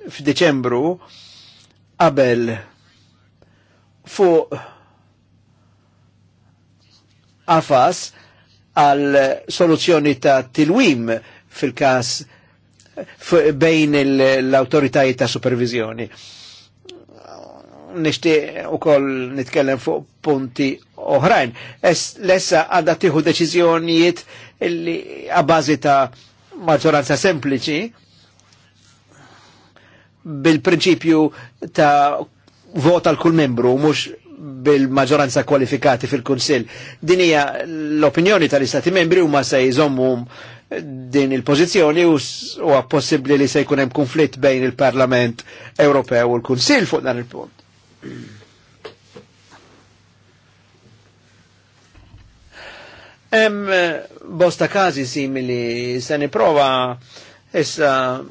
f'Deċembru qabel fuq afas għal soluzzjoni ta' tilwim fil-kas bejn l-autoritajiet ta' supervizjoni. Nishti u koll nitkellem fuq punti oħrajn. Lessa għadda tiħu li għabazi ta' maġġoranza sempliċi bil-prinċipju ta' vota l-kull membru, mux bil-maġoranza kwalifikati fil-Kunsil. Din hija l-opinjoni tal-Istati membri huma se jżommu din il-pożizzjoni u huwa possibbli li se jkun hemm konflitt bejn il-Parlament Ewropew u l-Kunsil fuq dan il-punt. Em, eh, bosta kazi simili se prova essa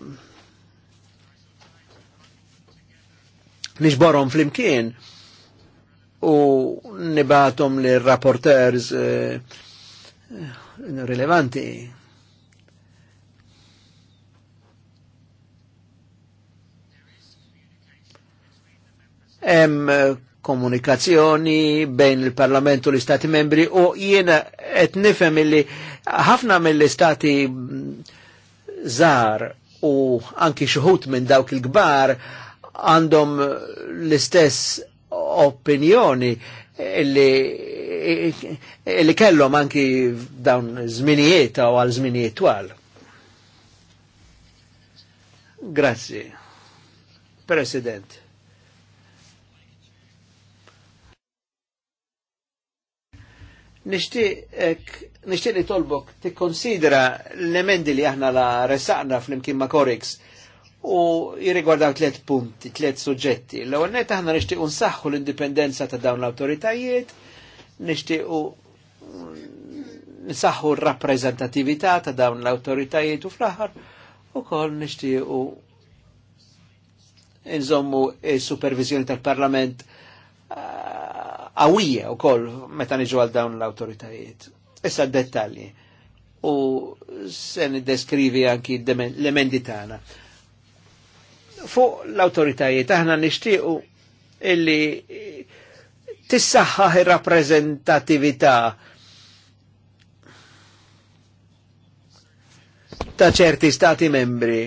nixborhom flimkien u nibatom li rapporters eh, rilevanti. em, eh, komunikazzjoni bejn il-Parlament u l-Istati membri u jiena qed nifhem illi ħafna mill-Istati żar u anki xuħut minn dawk il-kbar għandhom l-istess opinjoni illi illi kellhom anki dawn żminijiet u għal żminijiet twal. Grazie President. Nishtiq li tolbok tikkonsidra l-emendi li aħna la resaqna fl-imkien ma' Korix u jirrigwardaw tliet punti, tliet suġġetti. L-ewwel net aħna nixtiequ nsaħħu l-indipendenza ta' dawn l-awtoritajiet, nixtiequ nsaħħu r-rappreżentatività ta' dawn l-awtoritajiet u fl-aħħar ukoll nixtiequ inżommu s-supervizjoni tal-Parlament għawija u koll meta niġu għal dawn l-autoritajiet. Issa dettalji. U sen deskrivi anki l-emendi tana. Fuq l-autoritajiet aħna nixtiequ illi tissaħħaħ ir-rappreżentatività ta' ċerti stati membri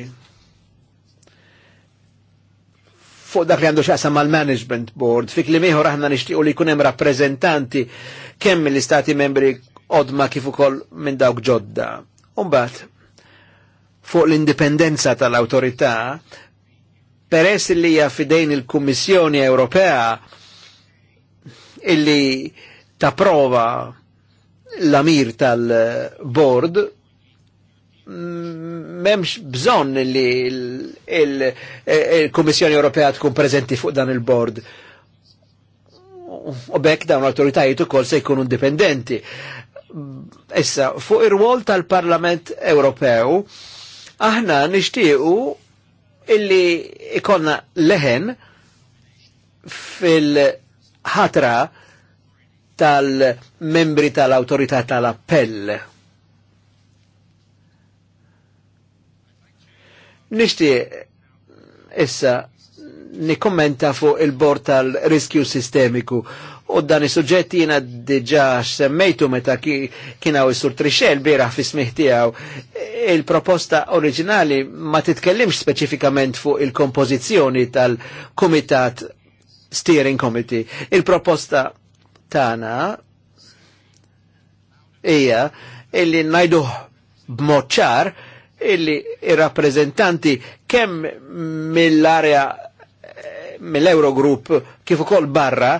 fuq dak li għandu xaqsam mal-management board, fik li miħor aħna nishtiqu li kunem rappresentanti kemm mill-istati membri odma kif ukoll minn dawk ġodda. Umbat, fuq l-indipendenza tal-autorità, peress li hija fidejn il-Kummissjoni Ewropea illi ta' prova l-amir tal-board, memx bżon li il eh, komissjoni Ewropea tkun prezenti fuq dan il-bord. U bekk dawn l-autoritajiet ukoll se jkunu indipendenti. Issa, fuq ir-wol tal-Parlament Ewropew, aħna nixtiequ illi ikonna leħen fil-ħatra tal-membri tal-autorità tal-appell Nixtieq issa nikkommenta fuq il-bord tal-riskju sistemiku u dan is-suġġett jiena diġà semmejtu meta kienaw is-sur Trixel bieraħ fi smih tiegħu. Il-proposta oriġinali ma titkellimx speċifikament fuq il-kompożizzjoni tal-Kumitat Steering Committee. Il-proposta tagħna hija illi ngħiduh b'mod ċar illi il rappresentanti kemm mill-area mill-Eurogroup kif ukoll barra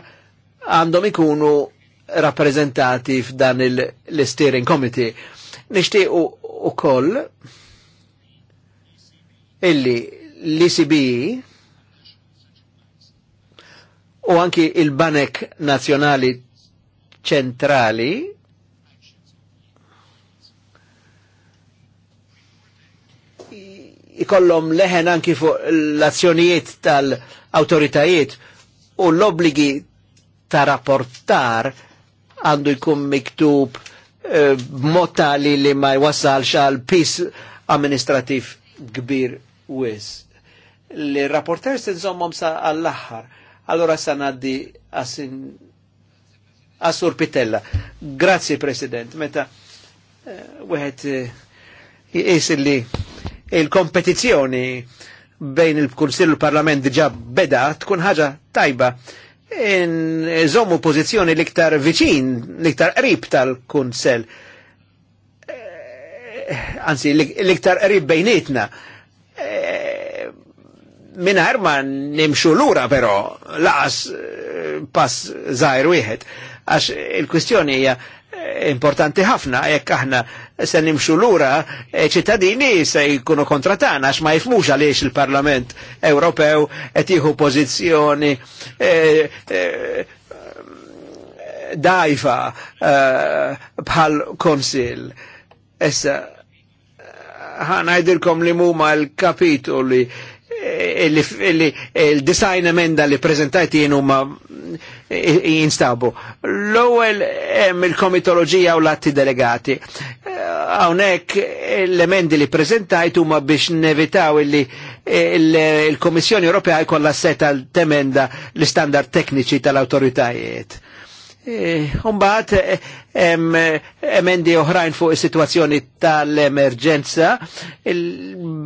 għandhom ikunu rappresentati f'dan l-steering committee. Nixtiequ ukoll illi l-ECB u anki il-banek nazjonali ċentrali ikollhom leħen anki fuq l-azzjonijiet tal autoritajiet u l-obligi ta' rapportar għandu jkun miktub eh, b'mod li li ma jwassal xal pis amministrativ kbir wis. Li rapporter se nżommhom sa għall-aħħar. Allora sa għasin Assur Pitella. Grazzi President, meta uh, wieħed uh, eh, jqis li il kompetizjoni bejn il-Kunsill u l-Parlament diġa beda tkun ħaġa tajba nżommu pożizzjoni l-iktar viċin, liktar qrib tal-Kunsell. Eh, anzi, liktar qrib bejnietna. Eh, Minna ma nimxu l-ura però laqas eh, pass zaħir wieħed. Għax il-kwistjoni hija importanti ħafna jekk aħna se nimxu l-ura, e ċittadini se jkunu kontratana għax ma jifmux għaliex il-Parlament Ewropew et jihu pozizjoni e, e, dajfa bħal konsil. Issa ħanajdilkom li muma l-kapitoli il-design emenda li prezentajti jenu ma jinstabu. L-ewwel hemm il-komitoloġija u l-atti delegati. Eh, hawnhekk l-emendi li preżentajt huma biex nevitaw illi eh, il-Komissjoni Ewropea jkollha seta temenda l-istandard tekniċi tal-awtoritajiet Eh, Umbaħt, eh, eh, emendi oħrajn fuq situazzjoni tal-emerġenza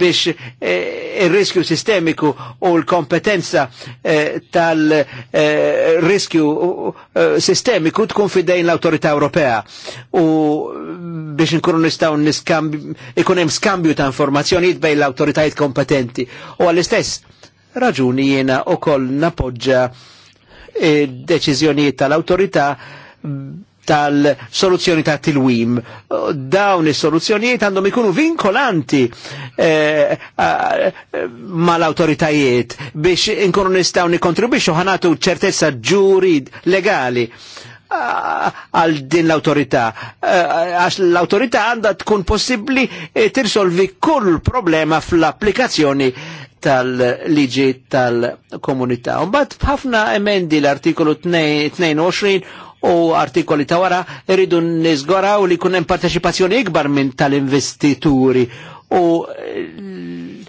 biex il-riskju sistemiku u l-kompetenza tal-riskju sistemiku tkun fidejn l autorita Ewropea u biex nkunu nistaw ikun hemm skambju ta' informazzjonijiet bejn l-autoritajiet kompetenti u għall-istess raġuni jena u koll napoġġa deċiżjonijiet tal-autorità tal-soluzzjoni ta' tilwim. Dawn is-soluzzjonijiet għandhom ikunu vinkolanti eh, eh mal-autoritajiet biex inkunu nistaw nikontribixxu ħanatu ċertezza ġurid legali għal din l-autorità. Eh, għax l-autorità għandha tkun possibbli eh, tirsolvi kull problema fl-applikazzjoni tal-liġi tal-komunità. Mbagħad b'ħafna emendi l-artikolu 22 u artikoli ta' wara irridu nizgoraw li kunem parteċipazzjoni ikbar minn tal-investituri u eh,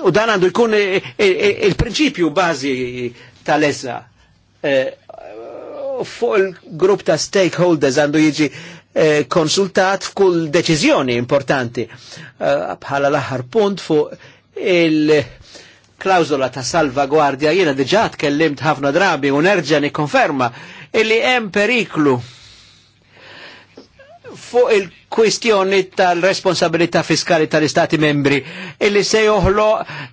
u dan għandu jkun eh, eh, il-prinċipju bazi tal-essa fuq il-grupp ta' stakeholders għandu jiġi konsultat f'kull deċiżjoni importanti bħala l-aħħar punt fuq il-klawzola ta' salvaguardja jiena diġà tkellimt ħafna drabi u nerġa' konferma illi hemm periklu fuq il-kwistjoni tal-responsabilità fiskali tal-Istati membri illi se joħlo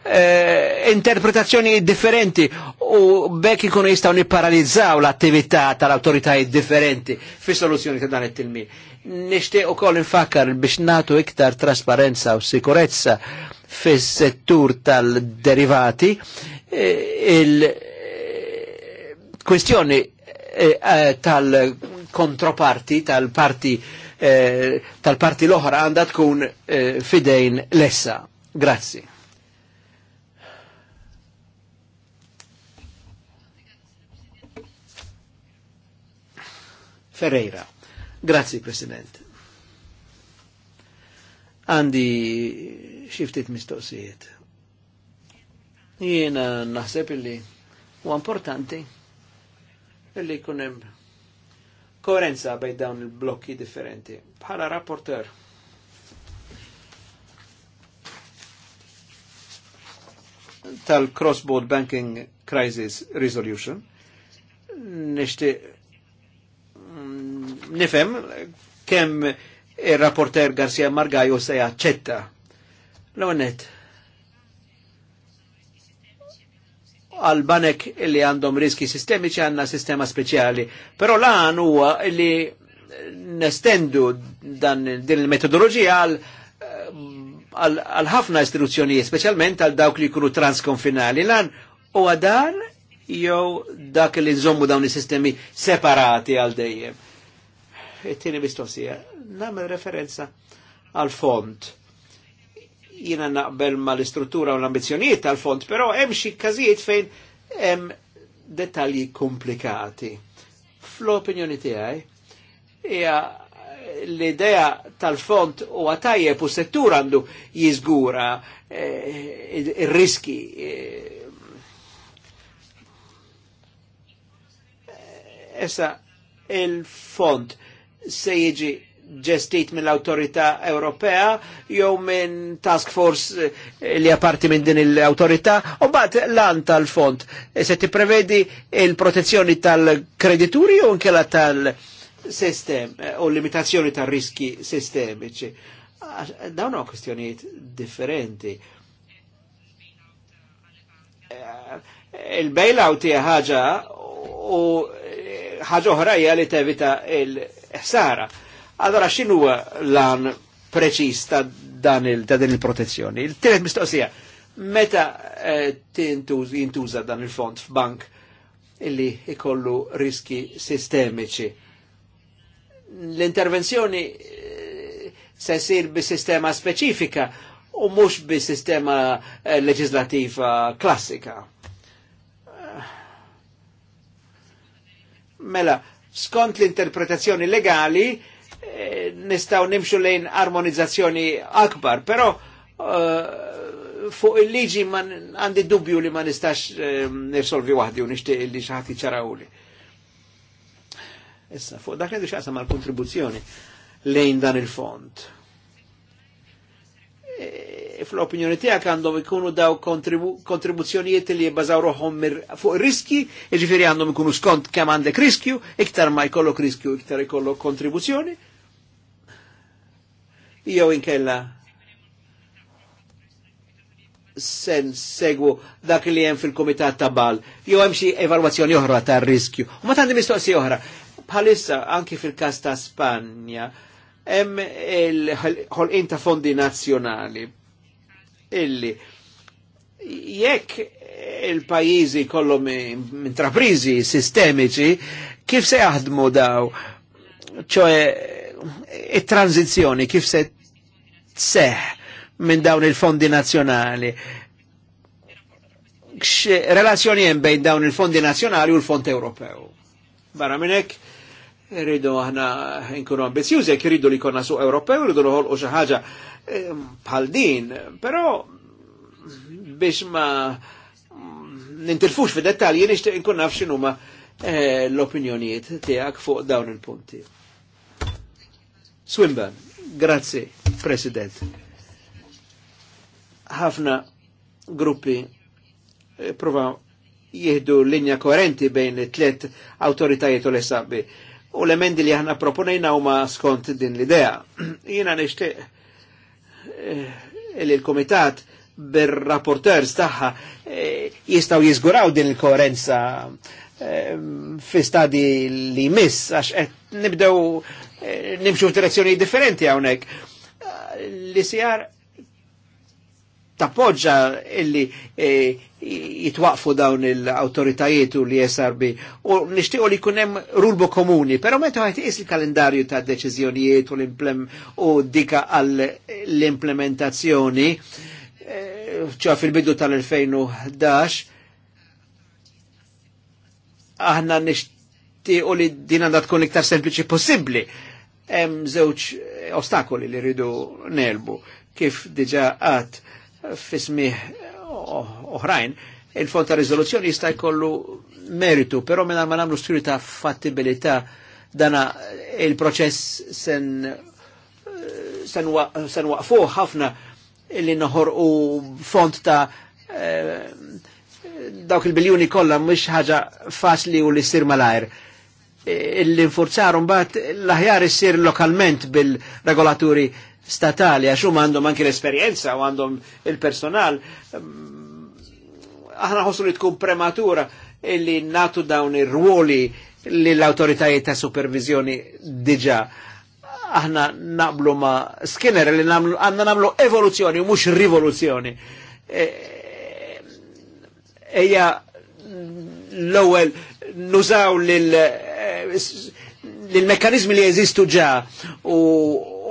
eh, interpretazzjoni differenti u bekk ikunu jistaw niparalizzaw l-attività tal-autoritajiet differenti fi soluzzjoni ta' dan it tilmi Nishtiq ukoll infakkar biex natu iktar trasparenza u sikurezza fis-settur tal-derivati e, il-kwestjoni e, e, tal-kontroparti, tal-parti tal-parti l-oħra għandha tkun fidejn lessa. Grazzi. Ferreira. Grazie Presidente. Andi xiftit mistoqsijiet. Jiena naħseb illi u importanti illi kunem koerenza bej dawn il-blokki differenti. Bħala rapporter. tal-Cross-Board Banking Crisis Resolution. Nishti mm, nifem kem il-rapporter Garcia Margajo se jaċċetta L-għonet, għal-banek illi għandhom riski sistemiċi għanna sistema speċjali, pero lan huwa illi nestendu dan din il-metodologija għal għal ħafna istituzzjonijiet, specialment għal dawk li jkunu transkonfinali, lan u għadan jew dak li nżommu dawn is-sistemi separati għal dejjem. It-tieni e mistoqsija, nagħmel referenza għal font jina naqbel ma l-istruttura u l-ambizjoniet tal-fond, pero hemm xi każijiet fejn hemm dettalji komplikati. Fl-opinjoni tiegħi hija l-idea tal-fond u għatajjeb u settur għandu jizgura eh, il-riski eh, Essa il-font se jieġi ġestit mill-autorità Ewropea jew minn task force eh, li apparti minn din l-autorità u bat lan tal-fond e se ti prevedi il-protezzjoni tal-kredituri u nkela tal-sistem eh, u limitazzjoni tal-riski sistemici ah, Dawn huwa kwestjonijiet differenti. Eh, il-bailout hija ħaġa u ħaġa oħra hija li tevita il-ħsara. il ħsara Allora x'inhu lan preċis ta' dan il din il-protezzjoni? il tiret mistoqsija, meta eh, intuza dan il-fond f'bank illi ikollu riski sistemiċi? L-intervenzjoni eh, se sir bi sistema specifika u mhux bi sistema eh, leġislativa klassika. Mela, skont l-interpretazzjoni legali, Eh, nistaw nimxu lejn armonizzazzjoni akbar, pero eh, fuq il-liġi għandi dubju li ma nistax eh, nirsolvi wahdi u nishtiq li xaħti ċarawli. Issa, fuq dak li xaħsa ma l kontribuzzjoni lejn dan il-fond. Fl-opinjoni tijak għandhom ikunu daw kontribuzzjonijiet li jibbazaw roħom fuq riski, iġifiri għandhom ikunu skont kem għandek riskju, iktar ma jkollok riskju, iktar jkollok kontribuzzjoni jew inkella sen segwu dak li hemm fil-kumitat ta' bal, jew hemm xi evalwazzjoni oħra ta' riskju. U ma tandi mistoqsi oħra. Bħalissa anki fil-każ ta' Spanja hemm il-ħolqien ta' fondi nazzjonali illi jekk il-pajjiżi kollhom intraprizi sistemiċi, kif se jaħdmu daw? ċoe it-tranzizjoni kif se seħ minn dawn il-fondi nazjonali. Relazzjoni hemm bejn dawn il-fondi nazjonali u l-fond Ewropew. Barra minnek, rridu aħna nkunu ambizjużi jekk rridu li konna suq Ewropew irridu noħolqu xi ħaġa ehm, bħal din, però biex ma nintilfux fi dettalji nixtieq nkun naf x'inhuma eh, l-opinjonijiet tiegħek fuq dawn il-punti. Swinburne. Grazzi, President. Ħafna gruppi eh, prova jihdu linja koerenti bejn it-tlet autoritajiet u l esabbi U l-emendi li aħna proponejna huma skont din l-idea. Jina nixtieq eh, li l-komitat bir-rapporteurs tagħha eh, jistgħu jiżguraw din il-koerenza fi stadi li miss għax qed nibdew Eh, nimxu f'direzzjoni differenti hawnhekk. Eh, L-ICR tappoġġa illi eh, jitwaqfu dawn l-autoritajiet u l-ISRB u nishtiqo li kunem rulbo komuni, pero meta għajt is il-kalendarju ta' deċizjonijiet u l-implem u dika għall-implementazzjoni, ċa fil-bidu tal-2011, aħna nishtiqo li din għandha tkun iktar sempliċi possibli hemm żewġ eh, ostakoli li rridu nelbu kif diġa għat fismih oħrajn, il-fond ta' rizoluzzjoni jista' jkollu meritu, però minn ma nagħmlu studju ta' fattibilità dana eh, il-proċess sen eh, sen waqfu ħafna illi noħor u font ta' dawk il-biljuni kollha mhux ħaġa faċli u li ssir malajr l-infurzar bat l-aħjar issir lokalment bil-regolaturi statali għaxum għandhom anke l-esperjenza u għandhom il-personal. Ehm, aħna ħossu li tkun prematura illi natu dawn ir-ruoli li l-autoritajiet ta' supervizjoni diġa. Aħna naqblu ma Skinner li għanna namlu evoluzzjoni, mux rivoluzzjoni. E, ehm, eja l-ewwel nużaw lil Eh, l-mekkanizmi li jeżistu ġa u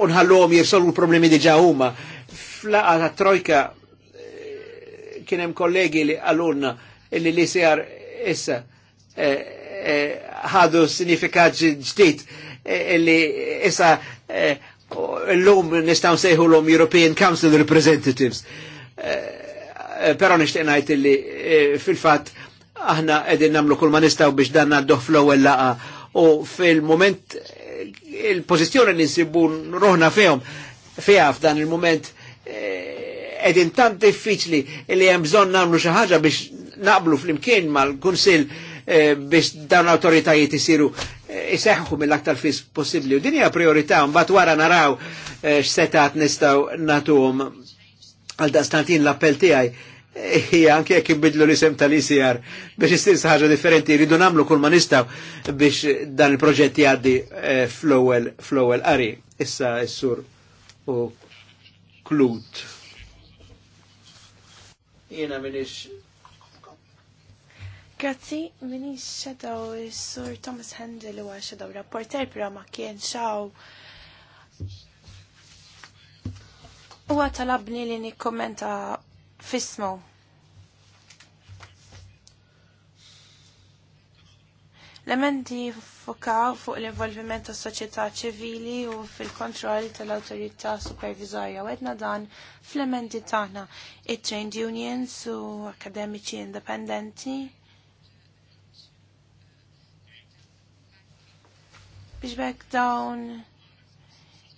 unħallom jirsolvu problemi diġa huma. Flaqa ta' trojka eh, kienem kollegi li għalunna illi li sejar issa eh, ħadu s sinifikat ġdijt illi issa l-lum nistaw sejhu l-lum European Council Representatives. Pero nishtiqnajt illi fil-fat aħna edin namlu kull ma nistaw biex dan għaddoħ fl-ewwel laqa u fil-moment il-pożizzjoni li nsibu roħna fihom fiha f'dan il-moment edin eh, tant diffiċli li hemm bżonn nagħmlu xi ħaġa biex naqblu fl-imkien mal-Kunsill eh, biex dawn l-autoritajiet isiru eh, iseħħu mill-aktar fis possibbli. U dinja priorità, mbagħad wara naraw x'setat nistgħu nagħtuhom għal dastantin l-appell tiegħi hija anke jekk ibidlu l-isem tal-ICR biex istis ħaġa differenti jridu namlu kull ma nistgħu biex dan il-proġett jgħaddi flowel, eh, flowel ewwel fl-ewwel qari. Issa s-sur u klut. Jiena minix Grazzi, minix xedaw sur Thomas Handel u xedaw rapporter, pero ma kien xaw U għatalabni li nikkommenta fismu. L-emendi fokaw fuq l-involviment tas soċjetà ċivili u fil-kontroll tal-autorità supervizorja u dan fl-emendi tagħna it-trained unions u akademiċi indipendenti. Biex back dawn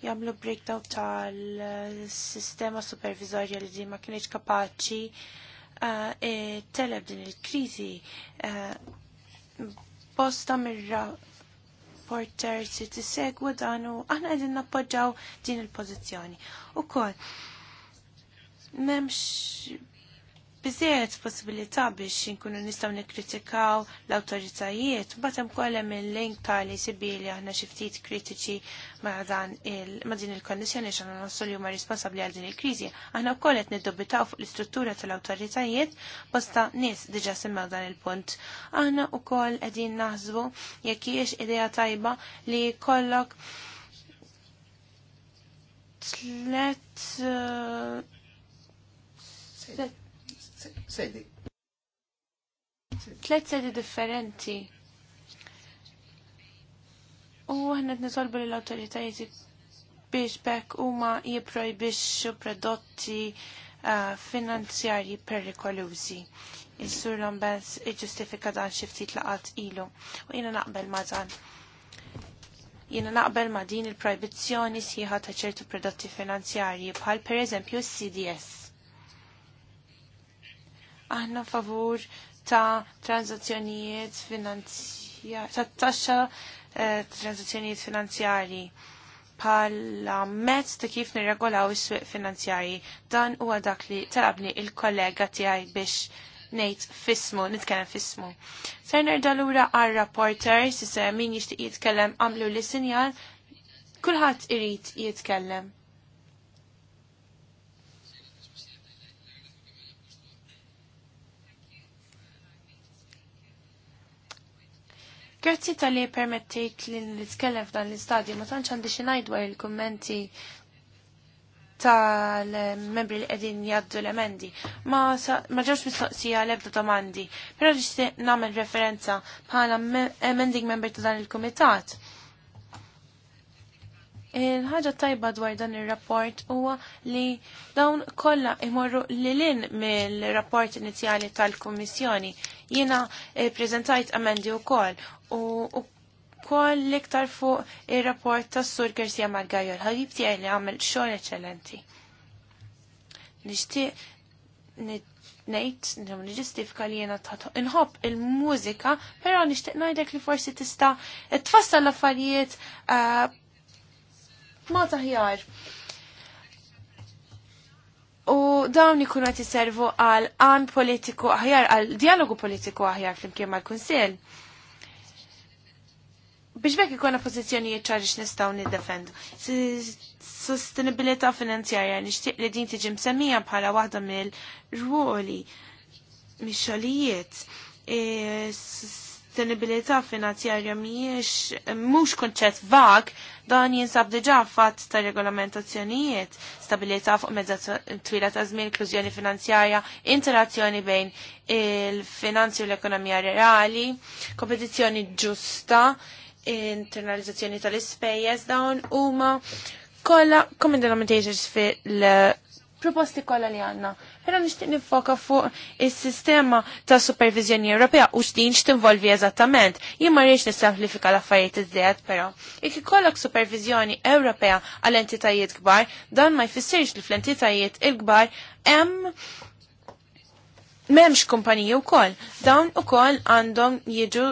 Jamlu breakdown tal-sistema supervizorja li di ma kienx kapaċi eh, teleb din il-kriżi posta eh, bosta mir si t dan u aħna qegħdin nappoġġaw din il-pożizzjoni. kol, memx bizziet possibilità biex inkunu nistaw nikritikaw l-autoritajiet, batem kollem il-link tali sibili aħna xiftit kritiċi ma' din il-kondizjoni xan nassu li huma responsabli għal din il-krizi. Aħna wkoll qed niddubitaw fuq l-istruttura tal-awtoritajiet bosta nies diġà semmew dan il-punt. Aħna wkoll qegħdin naħsbu jekk hiex idea tajba li kollok tlet uh, sedi. Tlet sedi differenti. U għanna t-nisolbu l-autoritajiet biex bekk huma jipprojbixxu prodotti finanzjari uh, finanzjarji perikolużi. Is-sur Lombens iġustifika dan xi ftit laqat ilu u jiena naqbel ma' dan. Jiena naqbel ma' din il-projbizzjoni sħiħa ta' ċertu prodotti finanzjarji bħal pereżempju s-CDS aħna favur ta' tranzazzjonijiet finanzjari, ta' taxxa eh, tranzazzjonijiet finanzjari pala mezz ta' kif nirregolaw is-swieq finanzjari. Dan huwa dak li talabni il-kollega tiegħi biex ngħid fismu, nitkellem fismu. Ser nerda lura għar rapporter sisa min jixtieq jitkellem għamlu li sinjal, kulħadd irid jitkellem. Grazzi tal-li permettejt li nitkellem f'dan l-istadju, ma tantx għandi xi ngħid dwar il-kummenti tal-membri li qegħdin jgħaddu l-emendi. Ma, ma ġewx mistoqsija l-ebda domandi, però nixtieq nagħmel referenza bħala amending member ta' dan il-kumitat. Il-ħaġa tajba dwar dan il-rapport huwa li dawn kollha imorru lilin mill-rapport inizjali tal-Kummissjoni. Jiena eh, prezentajt amendi wkoll u koll liktar fuq il-rapport ta' Sur Garcia Margajor, ħabib tijaj li għamil xogħol eċellenti. Nishtiq nejt, nġistifka li jena taħtu inħobb il-mużika, pero nishtiq najdek li forsi tista' tfassal l-affarijiet eh, ma taħjar. U dawn ikun qed iservu għal għan politiku aħjar, għal dialogu politiku aħjar flimkien mal konsil biex bekk pozizjoni pozizjonijiet ċarix nistaw niddefendu. Sostenibilità finanzjarja nixtieq li din tiġi msemmija bħala waħda mill ruoli mix Sustenibilita e, Sostenibilità finanzjarja mhijiex mhux konċet vag dan jinsab diġà fatt ta' regolamentazzjonijiet, stabilità fuq mezza twila ta' żmien, inklużjoni finanzjarja, interazzjoni bejn il-finanzi u l-ekonomija reali, kompetizzjoni ġusta, internalizzazzjoni tal-ispejjeż dawn huma kollha common denominators fil-proposti kollha li għandna. Però nixtieq nifoka fuq is-sistema ta' supervizjoni Ewropea u x'din x'tinvolvi eżattament. Jien ma rridx nissemplifika l-affarijiet iżjed però. Jekk ikollok supervizjoni Ewropea għal entitajiet kbar, dan ma jfissirx li fl-entitajiet il-kbar hemm memx kumpaniji wkoll. Dawn ukoll għandhom jiġu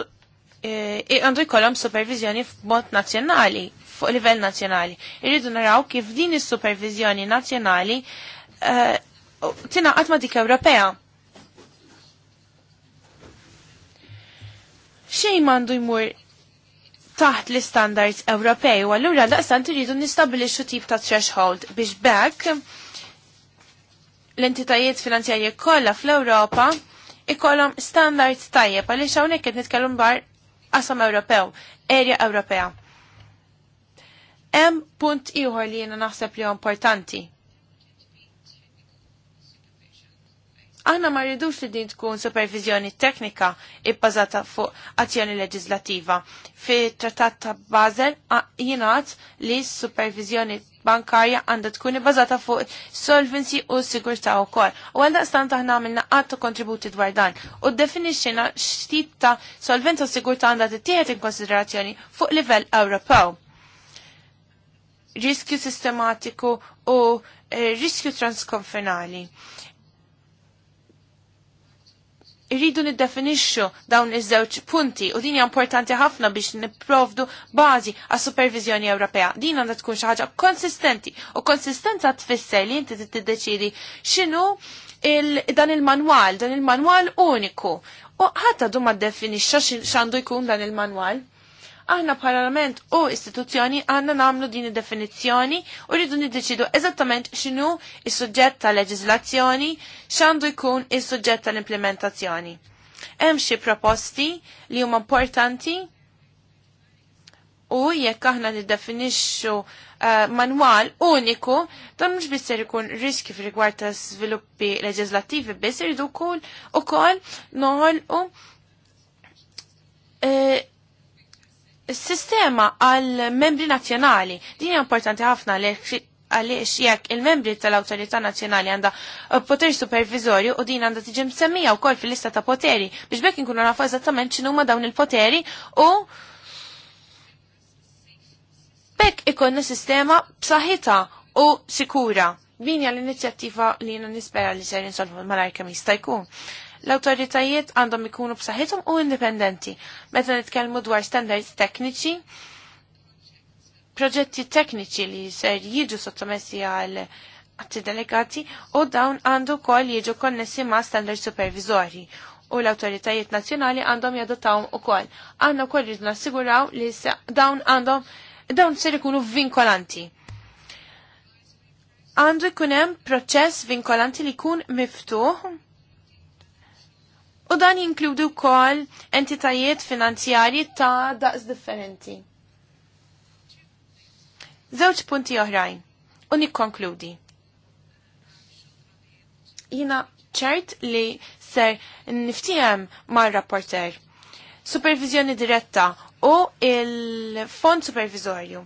Eh, għandu jkollhom supervizjoni f'mod nazzjonali, fuq livell nazzjonali. Irridu naraw kif din is-supervizjoni nazzjonali eh, tingħaqad ma' dik Ewropea. Xejn m'għandu jmur taħt l-standards Ewropej u allura daqstant irridu nistabilixxu tip ta' threshold biex bekk l-entitajiet finanzjarji kollha fl-Ewropa ikollhom standards tajjeb għaliex hawnhekk qed nitkellem bar qasam Ewropew, erja Ewropea. Hemm punt ieħor li jiena naħseb li importanti Aħna ma rridux li din tkun supervizjoni teknika ibbażata fuq azzjoni leġislativa. Fi trattat ta' Basel jingħad li s-supervizjoni bankarja għandha tkun ibbażata fuq solvency u sigurtà wkoll. U għal daqstant aħna għamilna ta' kontributi dwar dan u ddefinixxina x'tip ta' solvenza u sigurtà għandha tittieħed in konsiderazzjoni fuq livell Ewropew. Riskju sistematiku u eh, riskju transkonfinali irridu niddefinixxu dawn iż-żewġ punti u din hija importanti ħafna biex nipprovdu bażi għas supervizjoni Ewropea. Din għandha tkun xi ħaġa konsistenti u konsistenza tfisser li inti tiddeċidi x'inhu dan il-manwal, dan il-manwal uniku. U ħadd għadu ma ddefinixxa x'għandu jkun dan il-manwal aħna parlament u istituzzjoni għanna namlu din id-definizzjoni u rridu niddeċidu eżattament x'inhu is-suġġett ta' leġiżlazzjoni x'għandu jkun is-suġġett tal-implementazzjoni. Hemm xi proposti li huma importanti u jekk aħna niddefinixxu uh, manwal uniku, dan mhux biss ikun riski f'rigward ta' sviluppi leġislattivi biss iridu wkoll ukoll noħolqu uh, Is-sistema għal membri nazzjonali din hija importanti ħafna għaliex jekk il-membri tal-Awtorità Nazzjonali għandha eh, poteri supervizorju u din għandha tiġi msemmija wkoll fil-lista ta' poteri biex bekk nkunu nafu eżattament x'inhuma dawn il-poteri u bekk ikonna sistema b'saħħitha u sikura. Din hija l-inizjattiva li jiena nispera li ser insolvu mal-Arkemista jkun. L-autoritajiet għandhom ikunu b'saħħithom u indipendenti. Meta nitkellmu dwar standards tekniċi, proġetti tekniċi li ser jiġu sottomessi għal atti delegati u dawn għandu kol jiġu konnessi ma' standard supervisori u l-autoritajiet nazjonali għandhom jadottawhom ukoll. Għanna wkoll jridu nassiguraw li dawn għandhom dawn ser ikunu vinkolanti. Għandu jkun hemm proċess vinkolanti li jkun miftuħ U dan jinkludu wkoll entitajiet finanzjarji ta' daqs differenti. Żewġ punti oħrajn u nikkonkludi. Jina ċert li ser niftijem mar rapporter supervizjoni diretta u il-fond supervizorju.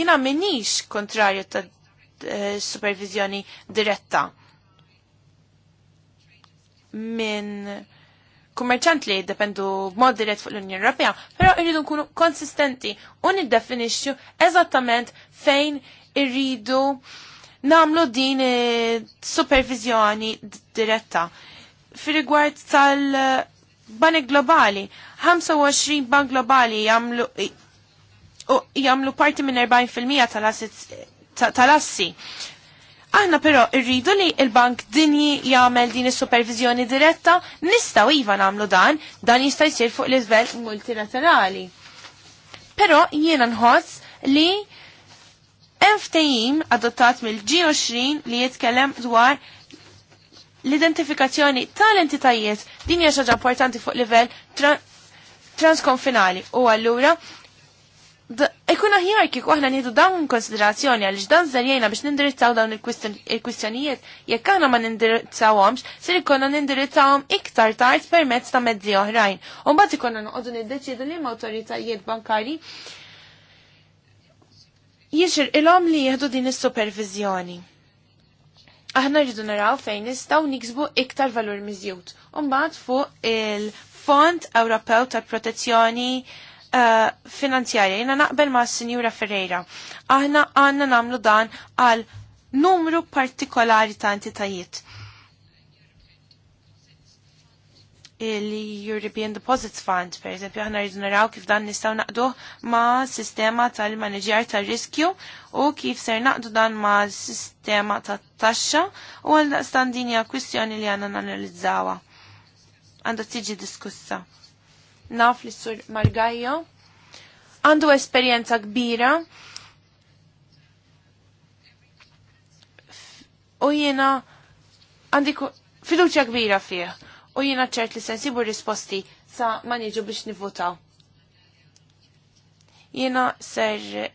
Jina minix kontrarju ta' eh, supervizjoni diretta minn kummerċant li jiddependu b'mod dirett fuq l-Unjoni Ewropea, però irridu nkunu konsistenti u niddefinixxu eżattament fejn irridu namlu din eh, supervizjoni diretta. Fir-rigward tal-banek globali, 25 bank globali jamlu jamlu parti minn 40% tal-assi. Tal Aħna però rridu li il-bank dinji jagħmel din is-supervizjoni diretta, nistgħu iva nagħmlu dan, dan jista' jsir fuq l-iżvel multilaterali. Però jiena nħoss li MFTIM ftehim adottat mill-G20 li jitkellem dwar l-identifikazzjoni tal-entitajiet din hija xaġa importanti fuq livell transkonfinali u allura Ikun aħjarki kik aħna nieħdu dawn konsiderazzjoni għaliex dan żerjejna biex nindirizzaw dawn il-kwistjonijiet jekk aħna ma nindirizzawomx, sir ikonna nindirizzawhom iktar tard permezz ta' mezzi oħrajn. U mbagħad ikonna noqogħdu niddeċiedu li awtoritajiet bankari. jixir ilhom li jieħdu din is-supervizjoni. Aħna rridu naraw fejn nistgħu niksbu iktar valur miżjud. U mbagħad fuq il-Fond Ewropew tal-Protezzjoni Eh, finanzjarja. Jena naqbel ma' Sinjura Ferreira. Aħna għanna namlu dan għal numru partikolari ta' entitajiet. il-European Deposits Fund, per eżempju, ħana rridu naraw kif dan nistaw naqdu ma' sistema tal-manager tal-riskju u kif ser naqdu dan ma' sistema ta' taxxa u għal standinja kwistjoni li għanna nanalizzawa. Għanda tiġi diskussa naf li sur Margajja. Għandu esperjenza kbira u jiena għandi fiduċja kbira fih u jiena ċert li sensibu risposti sa ma niġu biex nivvotaw. Jiena ser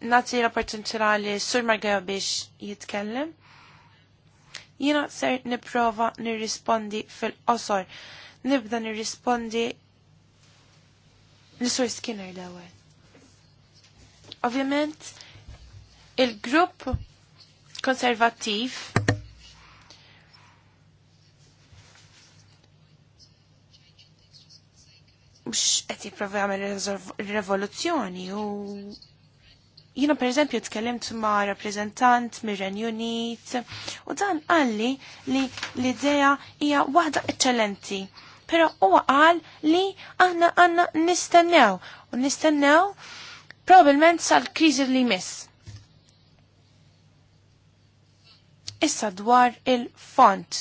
nazi l-opportunità sur Margajo biex jitkellem. Jiena ser niprofa nirrispondi fil-qosor nibda nirrispondi l-sur Skinner l-ewwel. Ovvjament, il-grupp konservattiv mux qed jipprova jagħmel rivoluzzjoni u jiena pereżempju tkellimt ma' rappreżentant mir-Renju Unit u dan qalli li l-idea hija waħda eċċellenti pero huwa qal li aħna għanna nistennew u nistennew probabbilment sal-kriżi li miss. Issa dwar il-font.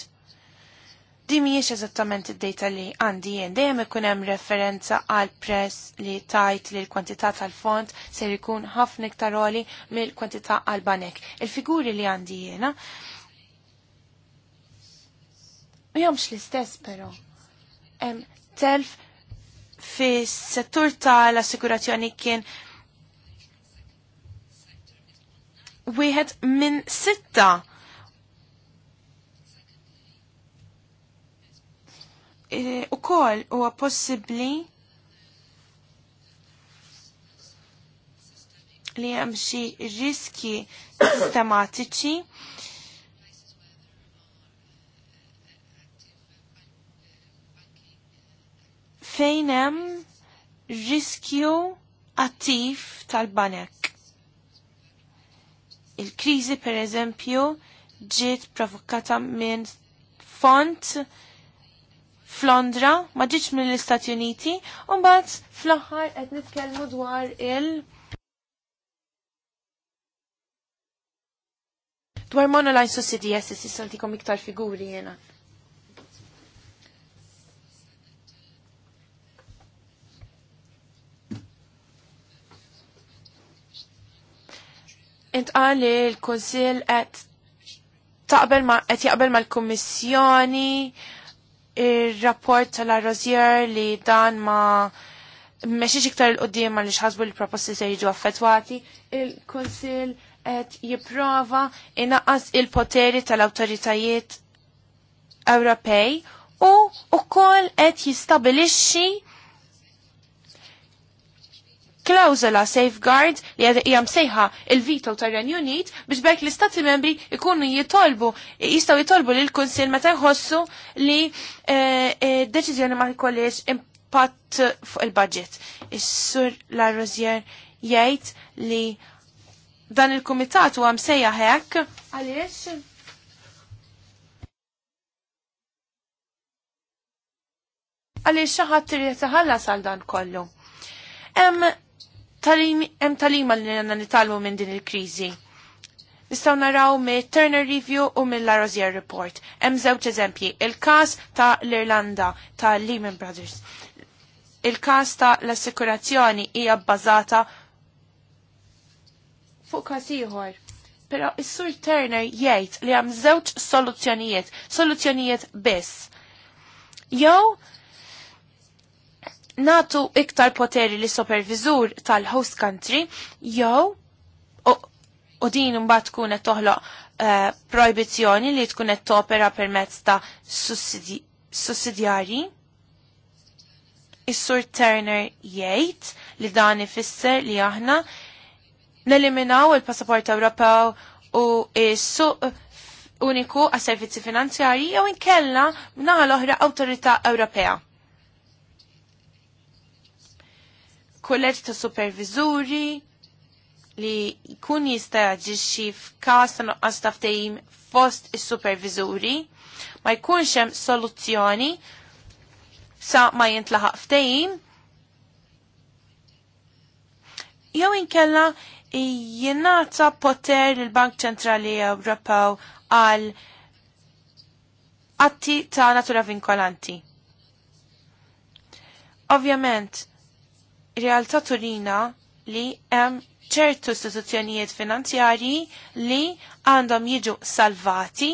Di mhijiex eżattament id-data li għandi jien dejjem ikun hemm referenza għal press li tajt li l-kwantità tal-font ser ikun ħafna iktar oli mill-kwantità għal banek. Il-figuri li għandi jiena Jomx l-istess pero hemm telf fi settur ta' l assigurazzjoni kien wieħed minn sitta e, u kol u possibli li hemm xi riski sistematiċi fejn hemm riskju attiv tal-banek. Il-kriżi per eżempju ġiet provokata minn font Flondra, ma ġietx mill-Istati Uniti, u mbagħad fl-aħħar qed nitkellmu dwar il- Dwar monoline sussidija, s-sissantikom iktar figuri jena. intqal li l-Kunsill qed taqbel ma qed jaqbel mal-Kummissjoni ir-rapport tal arrozjer li dan ma mexiex iktar il-qoddim għal xħasbu l-proposti se jiġu affettwati, il-Kunsill qed jipprova inaqqas il-poteri tal-awtoritajiet Ewropej u wkoll qed jistabilixxi klawzola safeguard li hija msejħa il-vito tar-Renju Unit biex bekk l-Istati membri ikunu jitolbu jistgħu jitolbu lil kunsil meta jħossu li eh, eh, deċiżjoni ma jkollix impatt fuq il-budget. Is-sur La Rosier jgħid li dan il-kumitat huwa msejja hekk għaliex għaliex xi ħadd irid iħallas għal dan kollu. Em hemm talima li għanna nitalmu minn din il-kriżi. Nistgħu naraw mill Turner Review u mill Larosier Report. Hemm żewġ eżempji, il-każ ta' l-Irlanda ta' Lehman Brothers. Il-każ ta' l-assikurazzjoni hija bbażata fuq każ ieħor. Però is-Sur Turner jgħid li hemm żewġ soluzzjonijiet, soluzzjonijiet biss. Jew natu iktar poteri li supervizur tal-host country jew u din mbagħad tkun qed toħloq uh, proibizzjoni li tkun qed topera permezz ta' sussidjarji. Is-Sur Turner jgħid li dan ifisser li aħna neliminaw il-passaport Ewropew u s-suq uniku għas servizzi finanzjarji jew inkella naħa l-oħra Awtorità Ewropea. kolleġ ta' supervizuri li jkun jista' jaġixxi f'każ ta' noqqas ta' ftehim fost is-supervizuri ma jkunx hemm soluzzjoni sa ma jintlaħaq ftehim jew inkella jingħata poter lil bank Ċentrali Ewropew għal atti ta' natura vinkolanti. Ovvjament, realtà turina li hemm ċertu istituzzjonijiet finanzjarji li għandhom jiġu salvati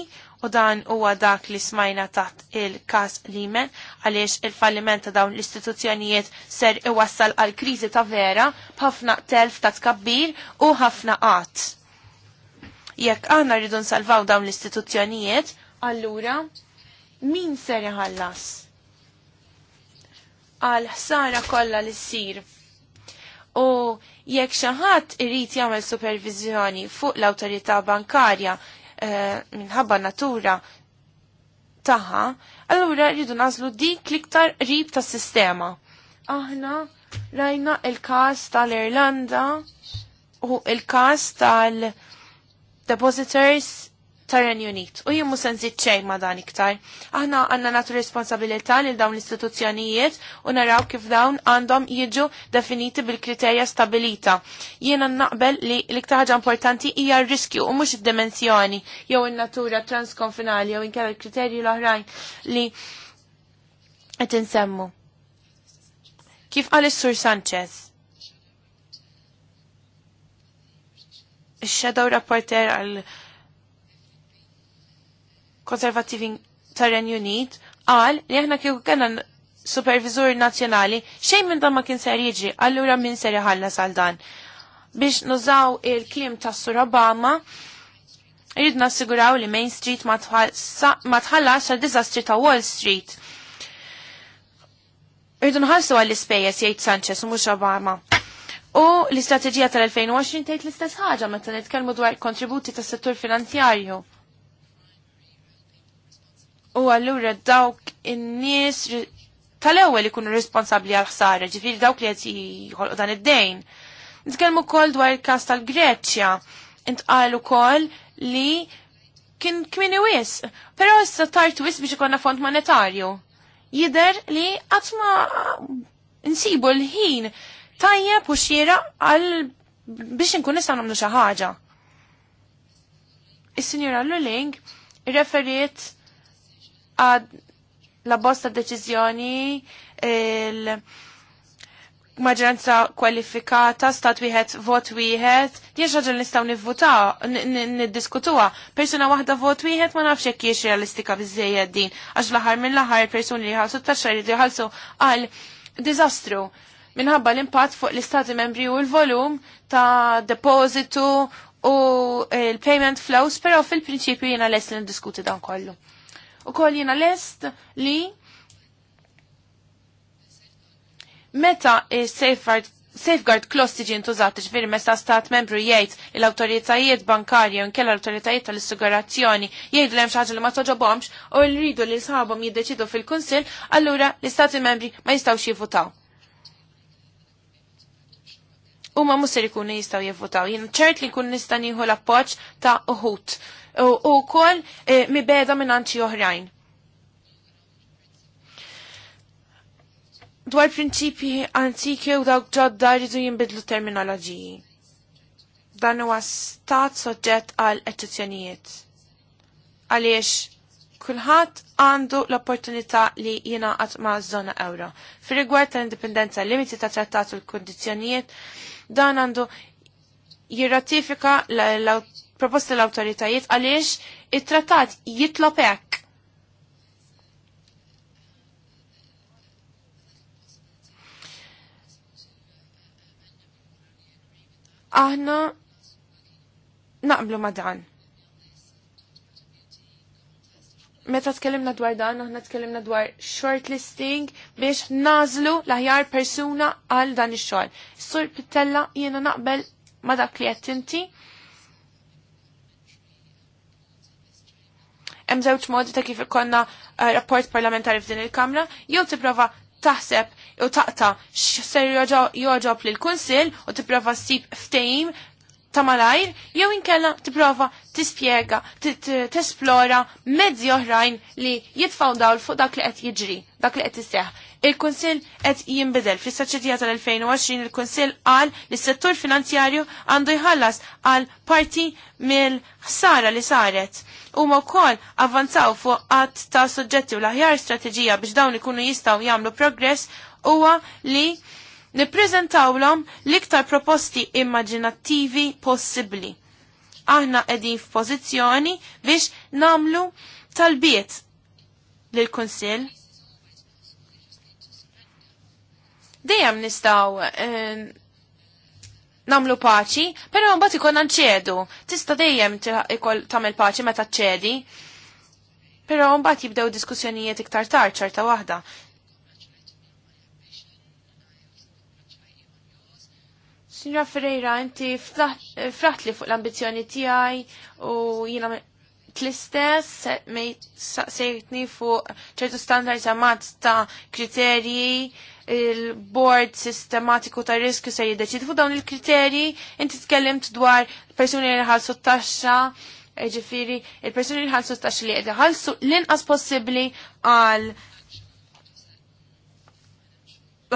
u dan huwa dak li smajna taħt il-kas Lehman għaliex il-falliment ta' dawn l-istituzzjonijiet ser iwassal għal kriżi ta' vera b'ħafna telf ta' tkabbir u ħafna qatt. Jekk għandna rridu nsalvaw dawn l-istituzzjonijiet, allura min ser iħallas? għal ħsara kollha li ssir. U jekk xi ħadd irid jagħmel supervizjoni fuq l-awtorità bankarja eh, minħabba natura taħħa, allura rridu nażlu dik l-iktar qrib tas-sistema. Aħna rajna il-każ tal-Irlanda u il-każ tal-Depositors tar-Renju Unit. U jimmu sen xejn ma dan iktar. Aħna għandna natu responsabilità lil dawn l-istituzzjonijiet u naraw kif dawn għandhom jiġu definiti bil-kriterja stabilita. Jiena naqbel li l-iktar ħagġa importanti hija r-riskju u mhux id-dimensjoni jew in-natura transkonfinali jew inkella l-kriterji l-oħrajn li qed insemmu. Kif qal is-Sur Sanchez? Shadow rapporter għal konservativi tar-Renju Unit qal li aħna kieku kena supervizur nazzjonali xejn minn dan ma kien ser jiġri, allura min ser iħallas għal dan. Biex nużaw il-kliem ta' Sur Obama, irrid nassiguraw li Main Street ma tħallas għal diżastri ta' Wall Street. Irridu nħallsu għall ispejjeż jgħid Sanchez u mhux Obama. U l-istrateġija tal-2020 tgħid l-istess ħaġa meta nitkellmu dwar kontributi tas-settur finanzjarju. U allura dawk in-nies tal-ewwel ikunu responsabbli għal ħsara, ġifieri dawk li qed jħolqu dan id-dejn. Nitkellmu wkoll dwar il-każ tal-Greċja. Intqal ukoll li kien kmini wis, però issa tart wis biex ikonna fond monetarju. Jider li qatt ma nsibu l-ħin tajjeb u xira għal biex nkun nistgħu nagħmlu xi ħaġa. Is-Sinjura Luling referiet għad la bosta deċizjoni il maġranza kwalifikata, stat wieħed, vot wieħed, jiex raġel nistaw nivvutaw, niddiskutuwa. Persuna waħda vot wieħed ma nafx jekk jiex realistika bizzejjed din, għax laħar minn laħar persuni li ħalsu xarri li ħalsu għal dizastru minħabba l-impatt fuq l-istati membri u l-volum ta' depositu u l-payment flows, pero fil-prinċipju jena les li diskuti dan kollu. U koll jena lest li meta safeguard safeguard clause tiġi intużat ġifiri meta stat membru jgħid l-autoritajiet bankarji u nkella l-autoritajiet tal-assigurazzjoni jgħidu l-hemm xi ħaġa li ma toġobhomx u rridu li sħabhom jiddeċidu fil-kunsill, allura l-istati membri ma jistgħux jivutaw u ma musser ikunu jistaw jivvotaw. Jien ċert li kun nistan nieħu l-appoġġ ta' uħut u kol mi e, mibeda minn anċi oħrajn. Dwar prinċipji antiki u dawk ġodda rridu jinbidlu terminoloġiji. Dan huwa stat soġġett għal eċċezzjonijiet. Għaliex kulħadd għandu l-opportunità li jingħaqad ma' żona ewra. Fir-rigward tal-indipendenza limiti ta' trattat u l-kundizzjonijiet, dan għandu jirratifika proposta l-autoritajiet għaliex it-trattat jitlob hekk. Aħna naqblu ma' dan. meta tkellimna dwar dan, aħna tkellimna dwar shortlisting biex nażlu l-aħjar persuna għal dan ix-xogħol. Sur Pittella jiena naqbel ma dak li qed inti. Hemm żewġ modi ta' kif ikonna eh, rapport parlamentari f'din il-Kamra, jew tipprova taħseb u taqta x'ser joġob lill kunsill u tipprova ssib ftehim ta' malajr, jew inkella tipprova tispjega, tesplora mezzi oħrajn li jitfaw dawl fuq dak li qed jiġri, dak li qed isseħ. Il-Kunsill qed jinbidel. Fis-saċċetija tal-2020 il-Kunsill qal li s-settur finanzjarju għandu jħallas għal parti mill-ħsara li saret. Huma wkoll avvanzaw fuq qatt ta' soġġetti u l-aħjar strateġija biex dawn ikunu jistgħu jagħmlu progress huwa li nippreżentawlhom l-iktar proposti immaġinattivi possibbli. Aħna qegħdin f'pożizzjoni biex namlu talbiet lil kunsill Dejjem nistgħu eh, namlu paċi, però mbagħad ikun nċedu. Tista' dejjem tagħmel paċi meta ċedi. Pero mbagħad jibdew diskussjonijiet iktar tard ċerta waħda. Signora Ferreira, inti fraħt li fuq l-ambizjoni tiegħi u jiena l sejtni fuq ċertu standard amat ta' kriterji il-board sistematiku ta' riskju se jiddeċid fuq dawn il-kriterji, inti tkellimt dwar persuni li ħalsu taxxa, e ġifiri, il-persuni li ħalsu taxxa li qed ħalsu l-inqas possibbli għal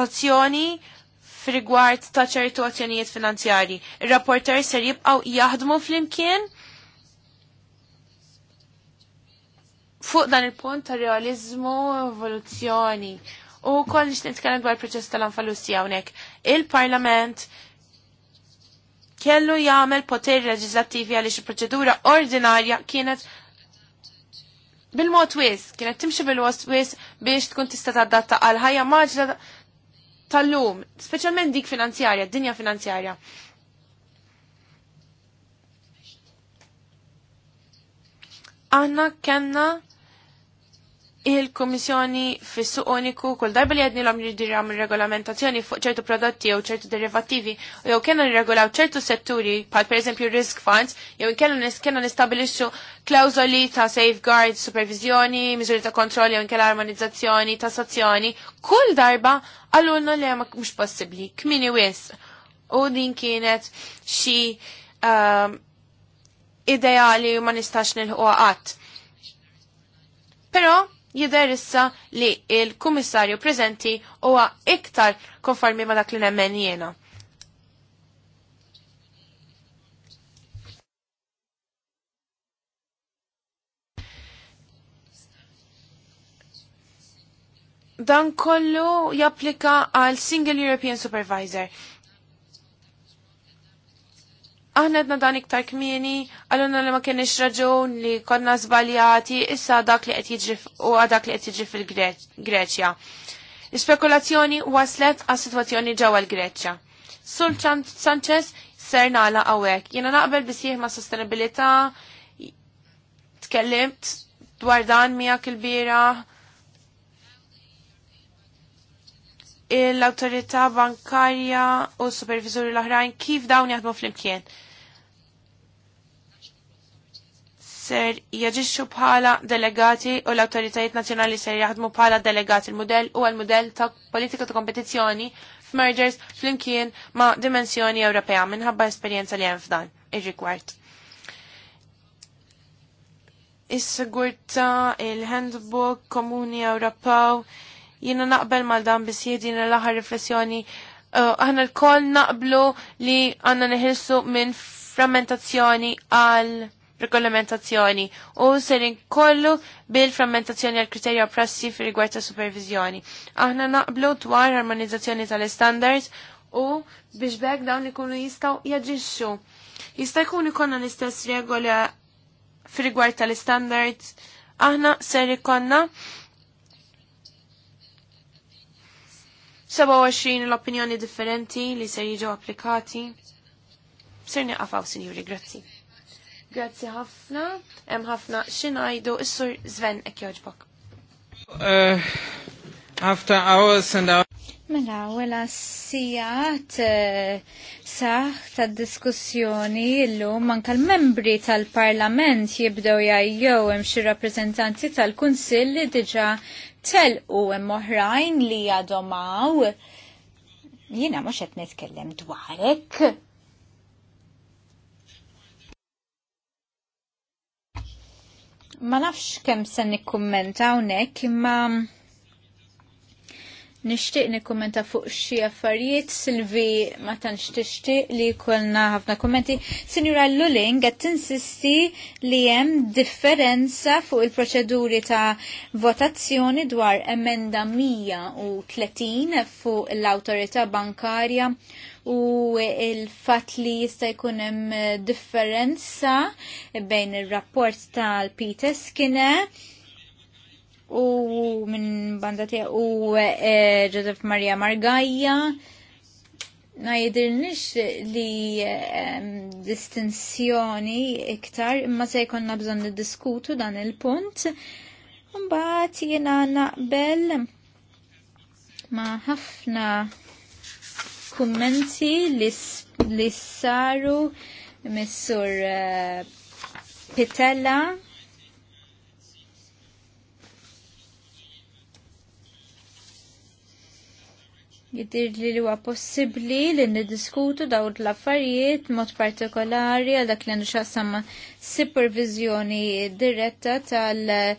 azzjoni fil-rigward ta' ċertu azzjonijiet finanzjari. Il-rapporter ser jibqaw jaħdmu fl-imkien fuq dan il-punt ta' realizmu evoluzzjoni. U koll nix nitkellem dwar proċess tal-anfalussi hawnhekk. Il-Parlament kellu jagħmel poteri leġislattivi għaliex il-proċedura ordinarja kienet bil-mod wis, kienet timxi bil-mod wis biex tkun tista' tadatta għal ħajja maġla tal-lum, specialment dik finanzjarja, dinja finanzjarja. Aħna kenna il-Komissjoni fis uniku kull darba li għedni l-om jirdiram regolamentazzjoni fuq ċertu prodotti jew ċertu derivativi u jew kienu regolaw ċertu setturi bħal per eżempju risk funds jew kienu nistabilixxu klawżoli ta' safeguard, supervizjoni, miżuri ta' kontrolli jew kena armonizzazzjoni, tassazzjoni, kull darba għallunna li ma mhux possibbli, kmini wis. U din kienet xi um, ideali ma nistax nil-ħuqqat. Pero, jider issa li il-kummissarju prezenti huwa iktar konformi ma dak li nemmen jiena. Dan kollu japplika għal Single European Supervisor Aħna edna dan iktar kmieni, għalluna li ma kienix raġun li konna zbaljati issa dak li qed jiġri u dak li qed jiġri fil-Greċja. L-spekulazzjoni waslet għas situazzjoni ġewwa l-Greċja. Sul Sanchez ser nala għawek. Jiena naqbel bisieħ ma' sostenibilità, tkellimt dwar dan miegħek il l autorita bankarja u supervizuri l-oħrajn kif dawn jaħdmu fl-imkien. ser jaġixxu bħala delegati u l-autoritajiet nazzjonali ser jaħdmu bħala delegati il-modell u l-modell ta' politika ta' kompetizzjoni f'mergers flimkien ma' dimensjoni Ewropea minħabba esperjenza li hemm f'dan ir-rigward. Is-sigurta il-handbook komuni Ewropew jiena naqbel mal dan biss din l-aħħar riflessjoni uh, aħna l-koll naqblu li għanna neħilsu minn frammentazzjoni għal regolamentazzjoni u ser inkollu bil-frammentazzjoni għal kriterja prassi fi rigward ta' supervizjoni. Aħna naqblu dwar armonizzazzjoni tal-standards u biex bekk dawn ikunu jistaw jaġixxu. Jista' jkun ikonna l-istess regola fi rigward tal-standards aħna ser ikonna 27 l-opinjoni differenti li ser jiġu applikati. Ser niqafaw sinjuri, grazzi. Grazzi ħafna. Hemm ħafna xinajdu is-sur Sven ek joġbok. Uh, after hours and hours. Mela, wela sijat uh, saħ ta' diskussjoni illum manka l-membri tal-parlament jibdew jajjow hemm xi rappreżentanti tal-kunsill li diġa' telqu hemm oħrajn li jadomaw. Jiena mhux qed nitkellem dwarek. Ma nafx kemm se nikkummenta hawnhekk imma Nixtieq nikkumenta fuq xi affarijiet Silvi ma tanx tixtieq li jkollna ħafna kummenti. Sinjura Lulling qed tinsisti li hemm differenza fuq il-proċeduri ta' votazzjoni dwar emenda 130 fuq l autorita bankarja u il-fat li jista' jkun hemm differenza bejn ir-rapport tal-Peter Skinner u minn banda tiegħu u e, Joseph Maria Margajja najdilnix li e, distinzjoni iktar imma se jkonna bżon diskutu dan il-punt mbagħad jiena naqbel ma ħafna kummenti li, saru missur uh, Pitella Jidir li huwa possibbli li niddiskutu daw l-affarijiet mod partikolari għal dak li għandu xassam supervizjoni diretta tal-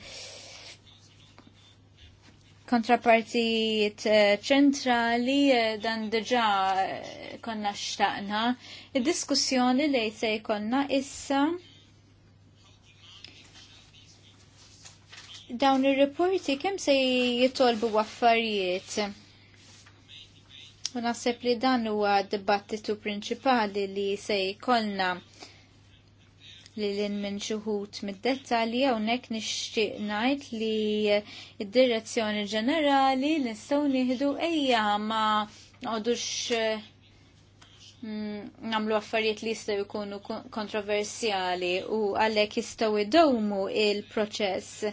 kontrapartijiet eh, ċentrali eh, dan diġa eh, konna xtaqna. Id-diskussjoni li se konna issa dawn ir-reporti kemm se jitolbu affarijiet U naħseb li dan huwa dibattitu prinċipali li se jkollna li l-in minn xuħut mid-dettali għonek nixtieq ngħid li id-direzzjoni ġenerali nistaw nieħdu ejja ma għodux mm, namlu affarijiet li jistaw jkunu kontroversjali u għalhekk jistaw idowmu il-proċess.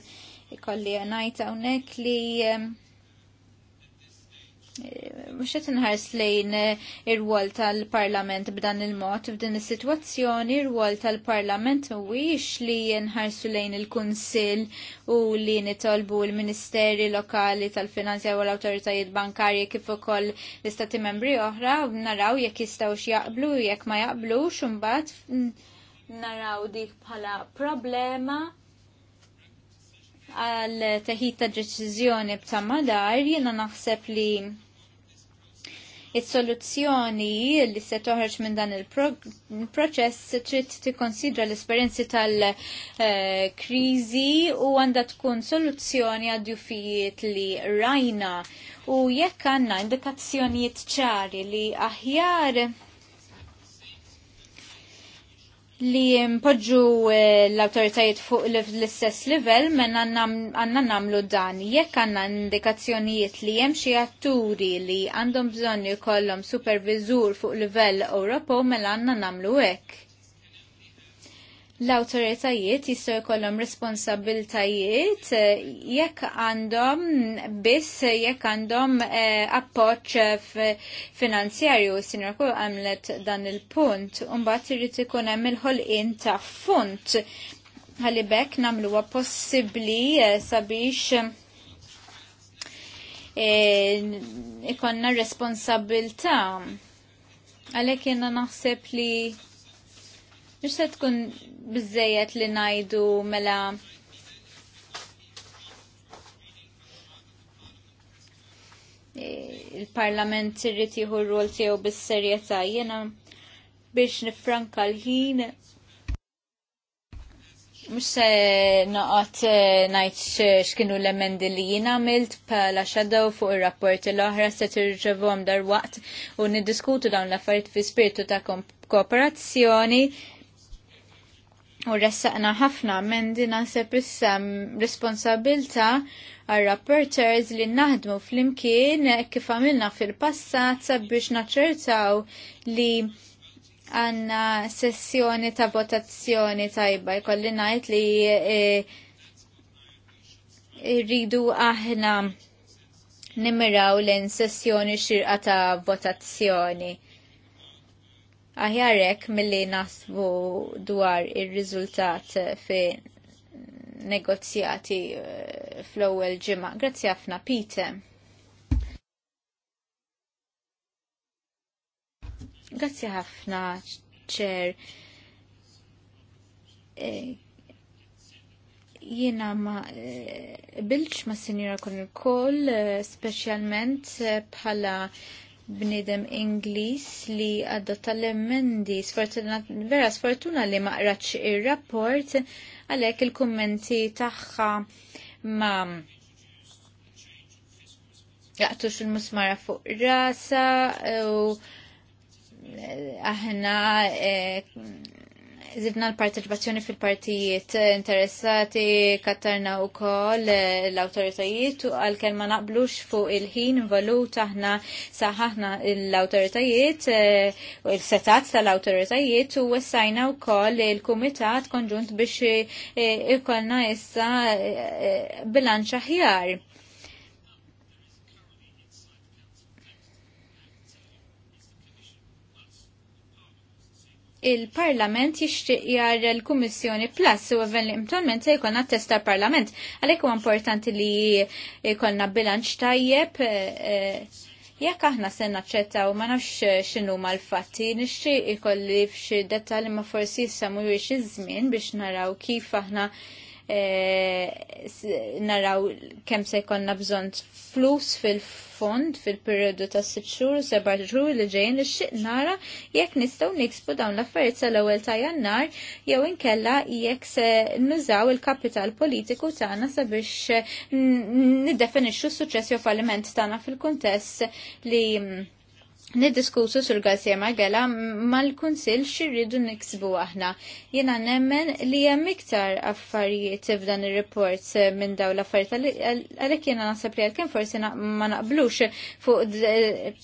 Ikolli għanajt għonek li mux qed inħares lejn eh, ir-rwol tal-Parlament b'dan il-mod f'din is-sitwazzjoni ir-rwol tal-Parlament mhuwiex li nħarsu lejn il-Kunsill u li nitolbu l-Ministeri Lokali tal-Finanzja u l-Awtoritajiet Bankarji kif ukoll l-Istati Membri oħra naraw jekk jistgħu jaqblu jekk ma jaqblux imbagħad naraw dik bħala problema għal teħid ta' deċiżjoni b'ta' madar jiena naħseb li Is-soluzzjoni li se toħroġ minn dan il-proċess trid tikkonsidra l-esperjenzi tal-kriżi eh, u għandha tkun soluzzjoni għad jufijiet li rajna u jekk għandna indikazzjonijiet ċari li aħjar li mpoġġu eh, l-autoritajiet fuq l-istess level men għanna namlu dan. Jekk għanna indikazzjonijiet li hemm xi atturi li għandhom bżonn kollom supervizur fuq livell Ewropew mela għanna namlu hekk l-autoritajiet jistgħu jkollhom responsabiltajiet eh, jekk għandhom biss jekk għandhom eh, appoġġ eh, finanzjarju sinjor kull għamlet dan il-punt mbagħad irid ikun hemm il-ħolqien ta' font ħalli bekk nagħmluha possibbli sabiex ikonna responsabilta. Għalek jenna naħseb li Mux se tkun bizzejet li najdu mela il-parlament irrit jieħu r-rol tiegħu bis-serjetà jiena biex nifranka l-ħin mhux se naqat eh, najt xkienu l-emendi li jien għamilt pala xadaw fuq il-rapport l-oħra se tirġevu għam dar waqt u niddiskutu dawn l-affarijiet fi spiritu ta' kooperazzjoni U ressaqna ħafna minn din naħseb issa responsabilta għal rapporters li naħdmu fl-imkien kif għamilna fil-passat sabiex naċċertaw li għanna sessjoni ta' votazzjoni tajba. Jkolli najt li e, rridu aħna nimiraw l-sessjoni xirqa ta' votazzjoni aħjarek mill-li nasbu dwar il-rizultat fi negozjati eh, fl-ewwel ġimgħa. Grazzi ħafna Peter. Grazzi ħafna ċer. Eh, jiena ma eh, bilċ ma sinjura kon il-koll, specialment bħala bnidem Ingliż li adotta l-emendi vera sfortuna li ma qratx ir-rapport għalhekk il-kummenti tagħha ma jaqtux il-musmara fuq rasa u aħna eh, Zidna l-parteċipazzjoni fil-partijiet interessati kattarna u koll eh, l-autoritajiet u għal-kel ma naqblux fuq il-ħin valut aħna saħħaħna l-autoritajiet eh, u l-setat tal-autoritajiet u wessajna u koll il-komitat konġunt biex eh, ikolna issa bilanċa ħjar il-Parlament jixtieq jar l-Kummissjoni Plus u eventualment se jkollna testa l-Parlament. Għalhekk huwa importanti li jkollna bilanċ tajjeb eh, eh, jekk aħna se naċċettaw ma nafx eh, x'inhu mal-fatti, nixtieq ikolli f'xi dettalji ma forsi issa mhuwiex iż-żmien biex naraw kif aħna Eh, naraw kemm se jkollna bżonn flus fil-fond fil-periodu ta' sitt xhur u seba' xhur li ġejjin li xieq nara jekk nistgħu nikspu dawn l-affarijiet sal-ewwel ta' Jannar jew inkella jekk se nużaw il-kapital politiku tagħna sabiex eh, niddefinixxu s-suċċess jew falliment tagħna fil kuntess li mm, Niddiskutu sur Garcia Magella mal-Kunsil xirridu niksbu aħna. Jena nemmen li hemm iktar affarijiet f'dan ir-report minn daw l-affarijiet għalhekk jiena naħseb li għalkemm forsi ma naqblux fuq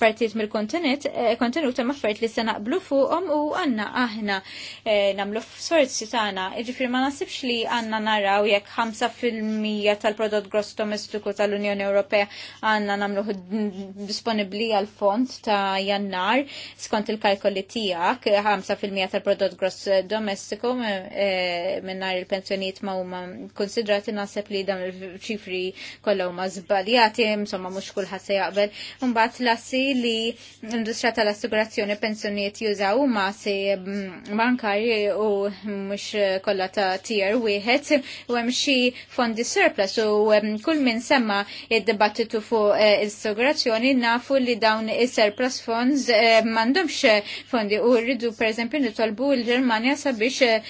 partijiet mill-kontenut eh, kontenut hemm affarijiet li se naqblu fuqhom u għandna aħna eh, nagħmlu f'sorzi tagħna. Jiġifieri ma nasibx li għandna naraw jekk 5% tal-prodott gross domestiku tal-Unjoni Ewropea għandna nagħmlu disponibbli għal fond ta' jannar skont il-kalkoli tijak 5% tal-prodott gross domestiku eh, minnar il-pensjoniet ma' huma konsidrati nasib li dan il-ċifri kollha huma żbaljati, insomma mhux kulħadd se jaqbel. Mbagħad lassi li l-industrija tal-assigurazzjoni pensjoniet jużaw ma se mm, bankari u mhux kollha ta' tier wieħed u hemm xi fondi surplus u mm, kull min semma id-dibattitu fuq eh, il-assigurazzjoni nafu li dawn is-surplus funds eh, mandomx fondi u rridu pereżempju nitolbu l germania sabiex eh,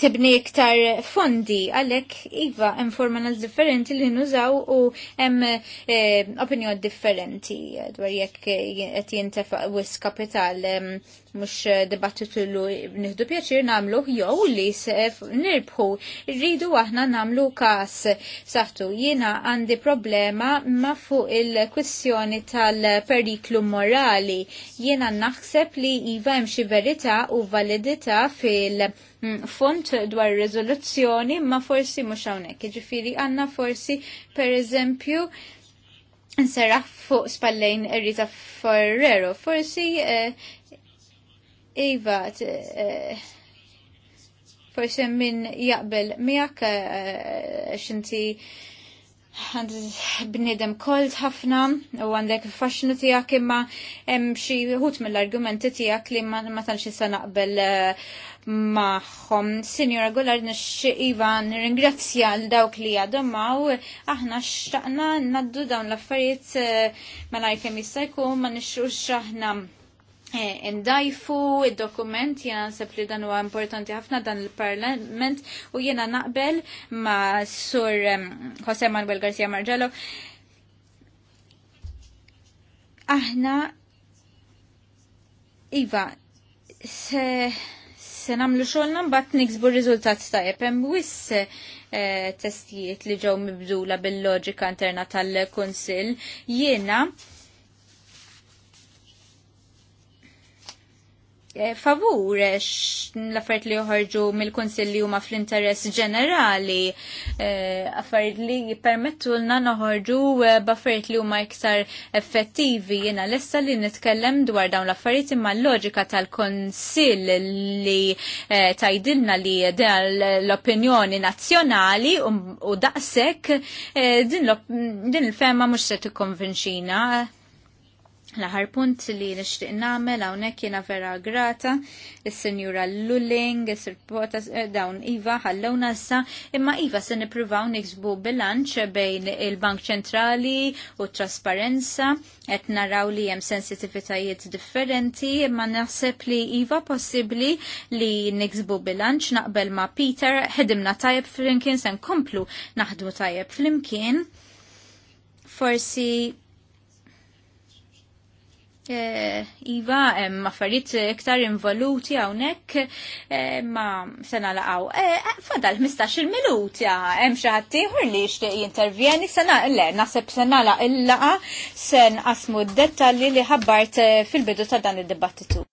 tibni iktar fondi għalek iva hemm formanal differenti li nużaw u hemm eh, opinjon differenti dwar jekk eh, qed jintefaq wis kapital mhux dibattitu li nieħdu pjaċir nagħmlu jew li sef nirbħu. Rridu aħna nagħmlu każ saħtu jiena għandi problema ma fuq il kwissjoni tal-periklu morali. Jiena naħseb li iva hemm xi verità u validità fil- Mm, font dwar rezoluzzjoni, ma forsi mhux hawnhekk. jiġifieri għandna forsi pereżempju nserraħ fuq spallejn Rita Ferrero. Forsi eh, Iva, eh, forsi minn jaqbel miegħek eh, x'inti bnidem kolt ħafna u għandek il-faxnu tijak imma xi ħut mill-argumenti tijak li ma tanx issa naqbel eh, maħħom. Sinjora Gullard nix-iva nringrazzja l dawk li għadhom aħna xtaqna naddu dawn l-affarijiet eh, ma najfem jista' jkun ma nixxux x'aħna. Eh, indajfu il-dokument jena nsepp li dan huwa importanti ħafna dan il-parlament u jena naqbel ma' sur Jose Manuel Garcia Margello aħna Iva, se, se namlu xolna mbatt niksbu r-rizultat tajab, hemm wiss eh, testijiet li ġew mibdula bil-loġika interna tal-Kunsill. Jiena Eh, favur eh, l-affarijiet li joħorġu mill-Kunsilli huma fl-interess ġenerali, eh, affarijiet li jippermettu lna noħorġu b'affarijiet li huma iktar effettivi. Jiena lesta li nitkellem dwar dawn l-affarijiet imma l-loġika tal-Kunsill li tajdilna li l-opinjoni nazzjonali u daqshekk din il-fema mhux se tikkonvinxina L-aħar punt li nixtieq nagħmel hawnhekk jiena vera grata is senjura Lulling, is-Sir Potas eh, dawn Iva għallawna sa, imma Iva se nippruvaw niksbu bilanċ bejn il-Bank Ċentrali u t trasparenza qed naraw li hemm sensitivitajiet differenti, imma naħseb li Iva possibbli li niksbu bilanċ naqbel ma' Peter ħedimna tajjeb flimkien se nkomplu naħdmu tajjeb flimkien. Forsi Eh, iva, hemm affarijiet iktar involuti hawnhekk eh, ma se nalaqgħu. Eh, fadal mistax il minuta hemm xi ħadd ieħor li jixtieq jintervjeni se le naħseb se laqaw, il asmu se d-dettalji li ħabbart fil-bidu ta' dan id-dibattitu.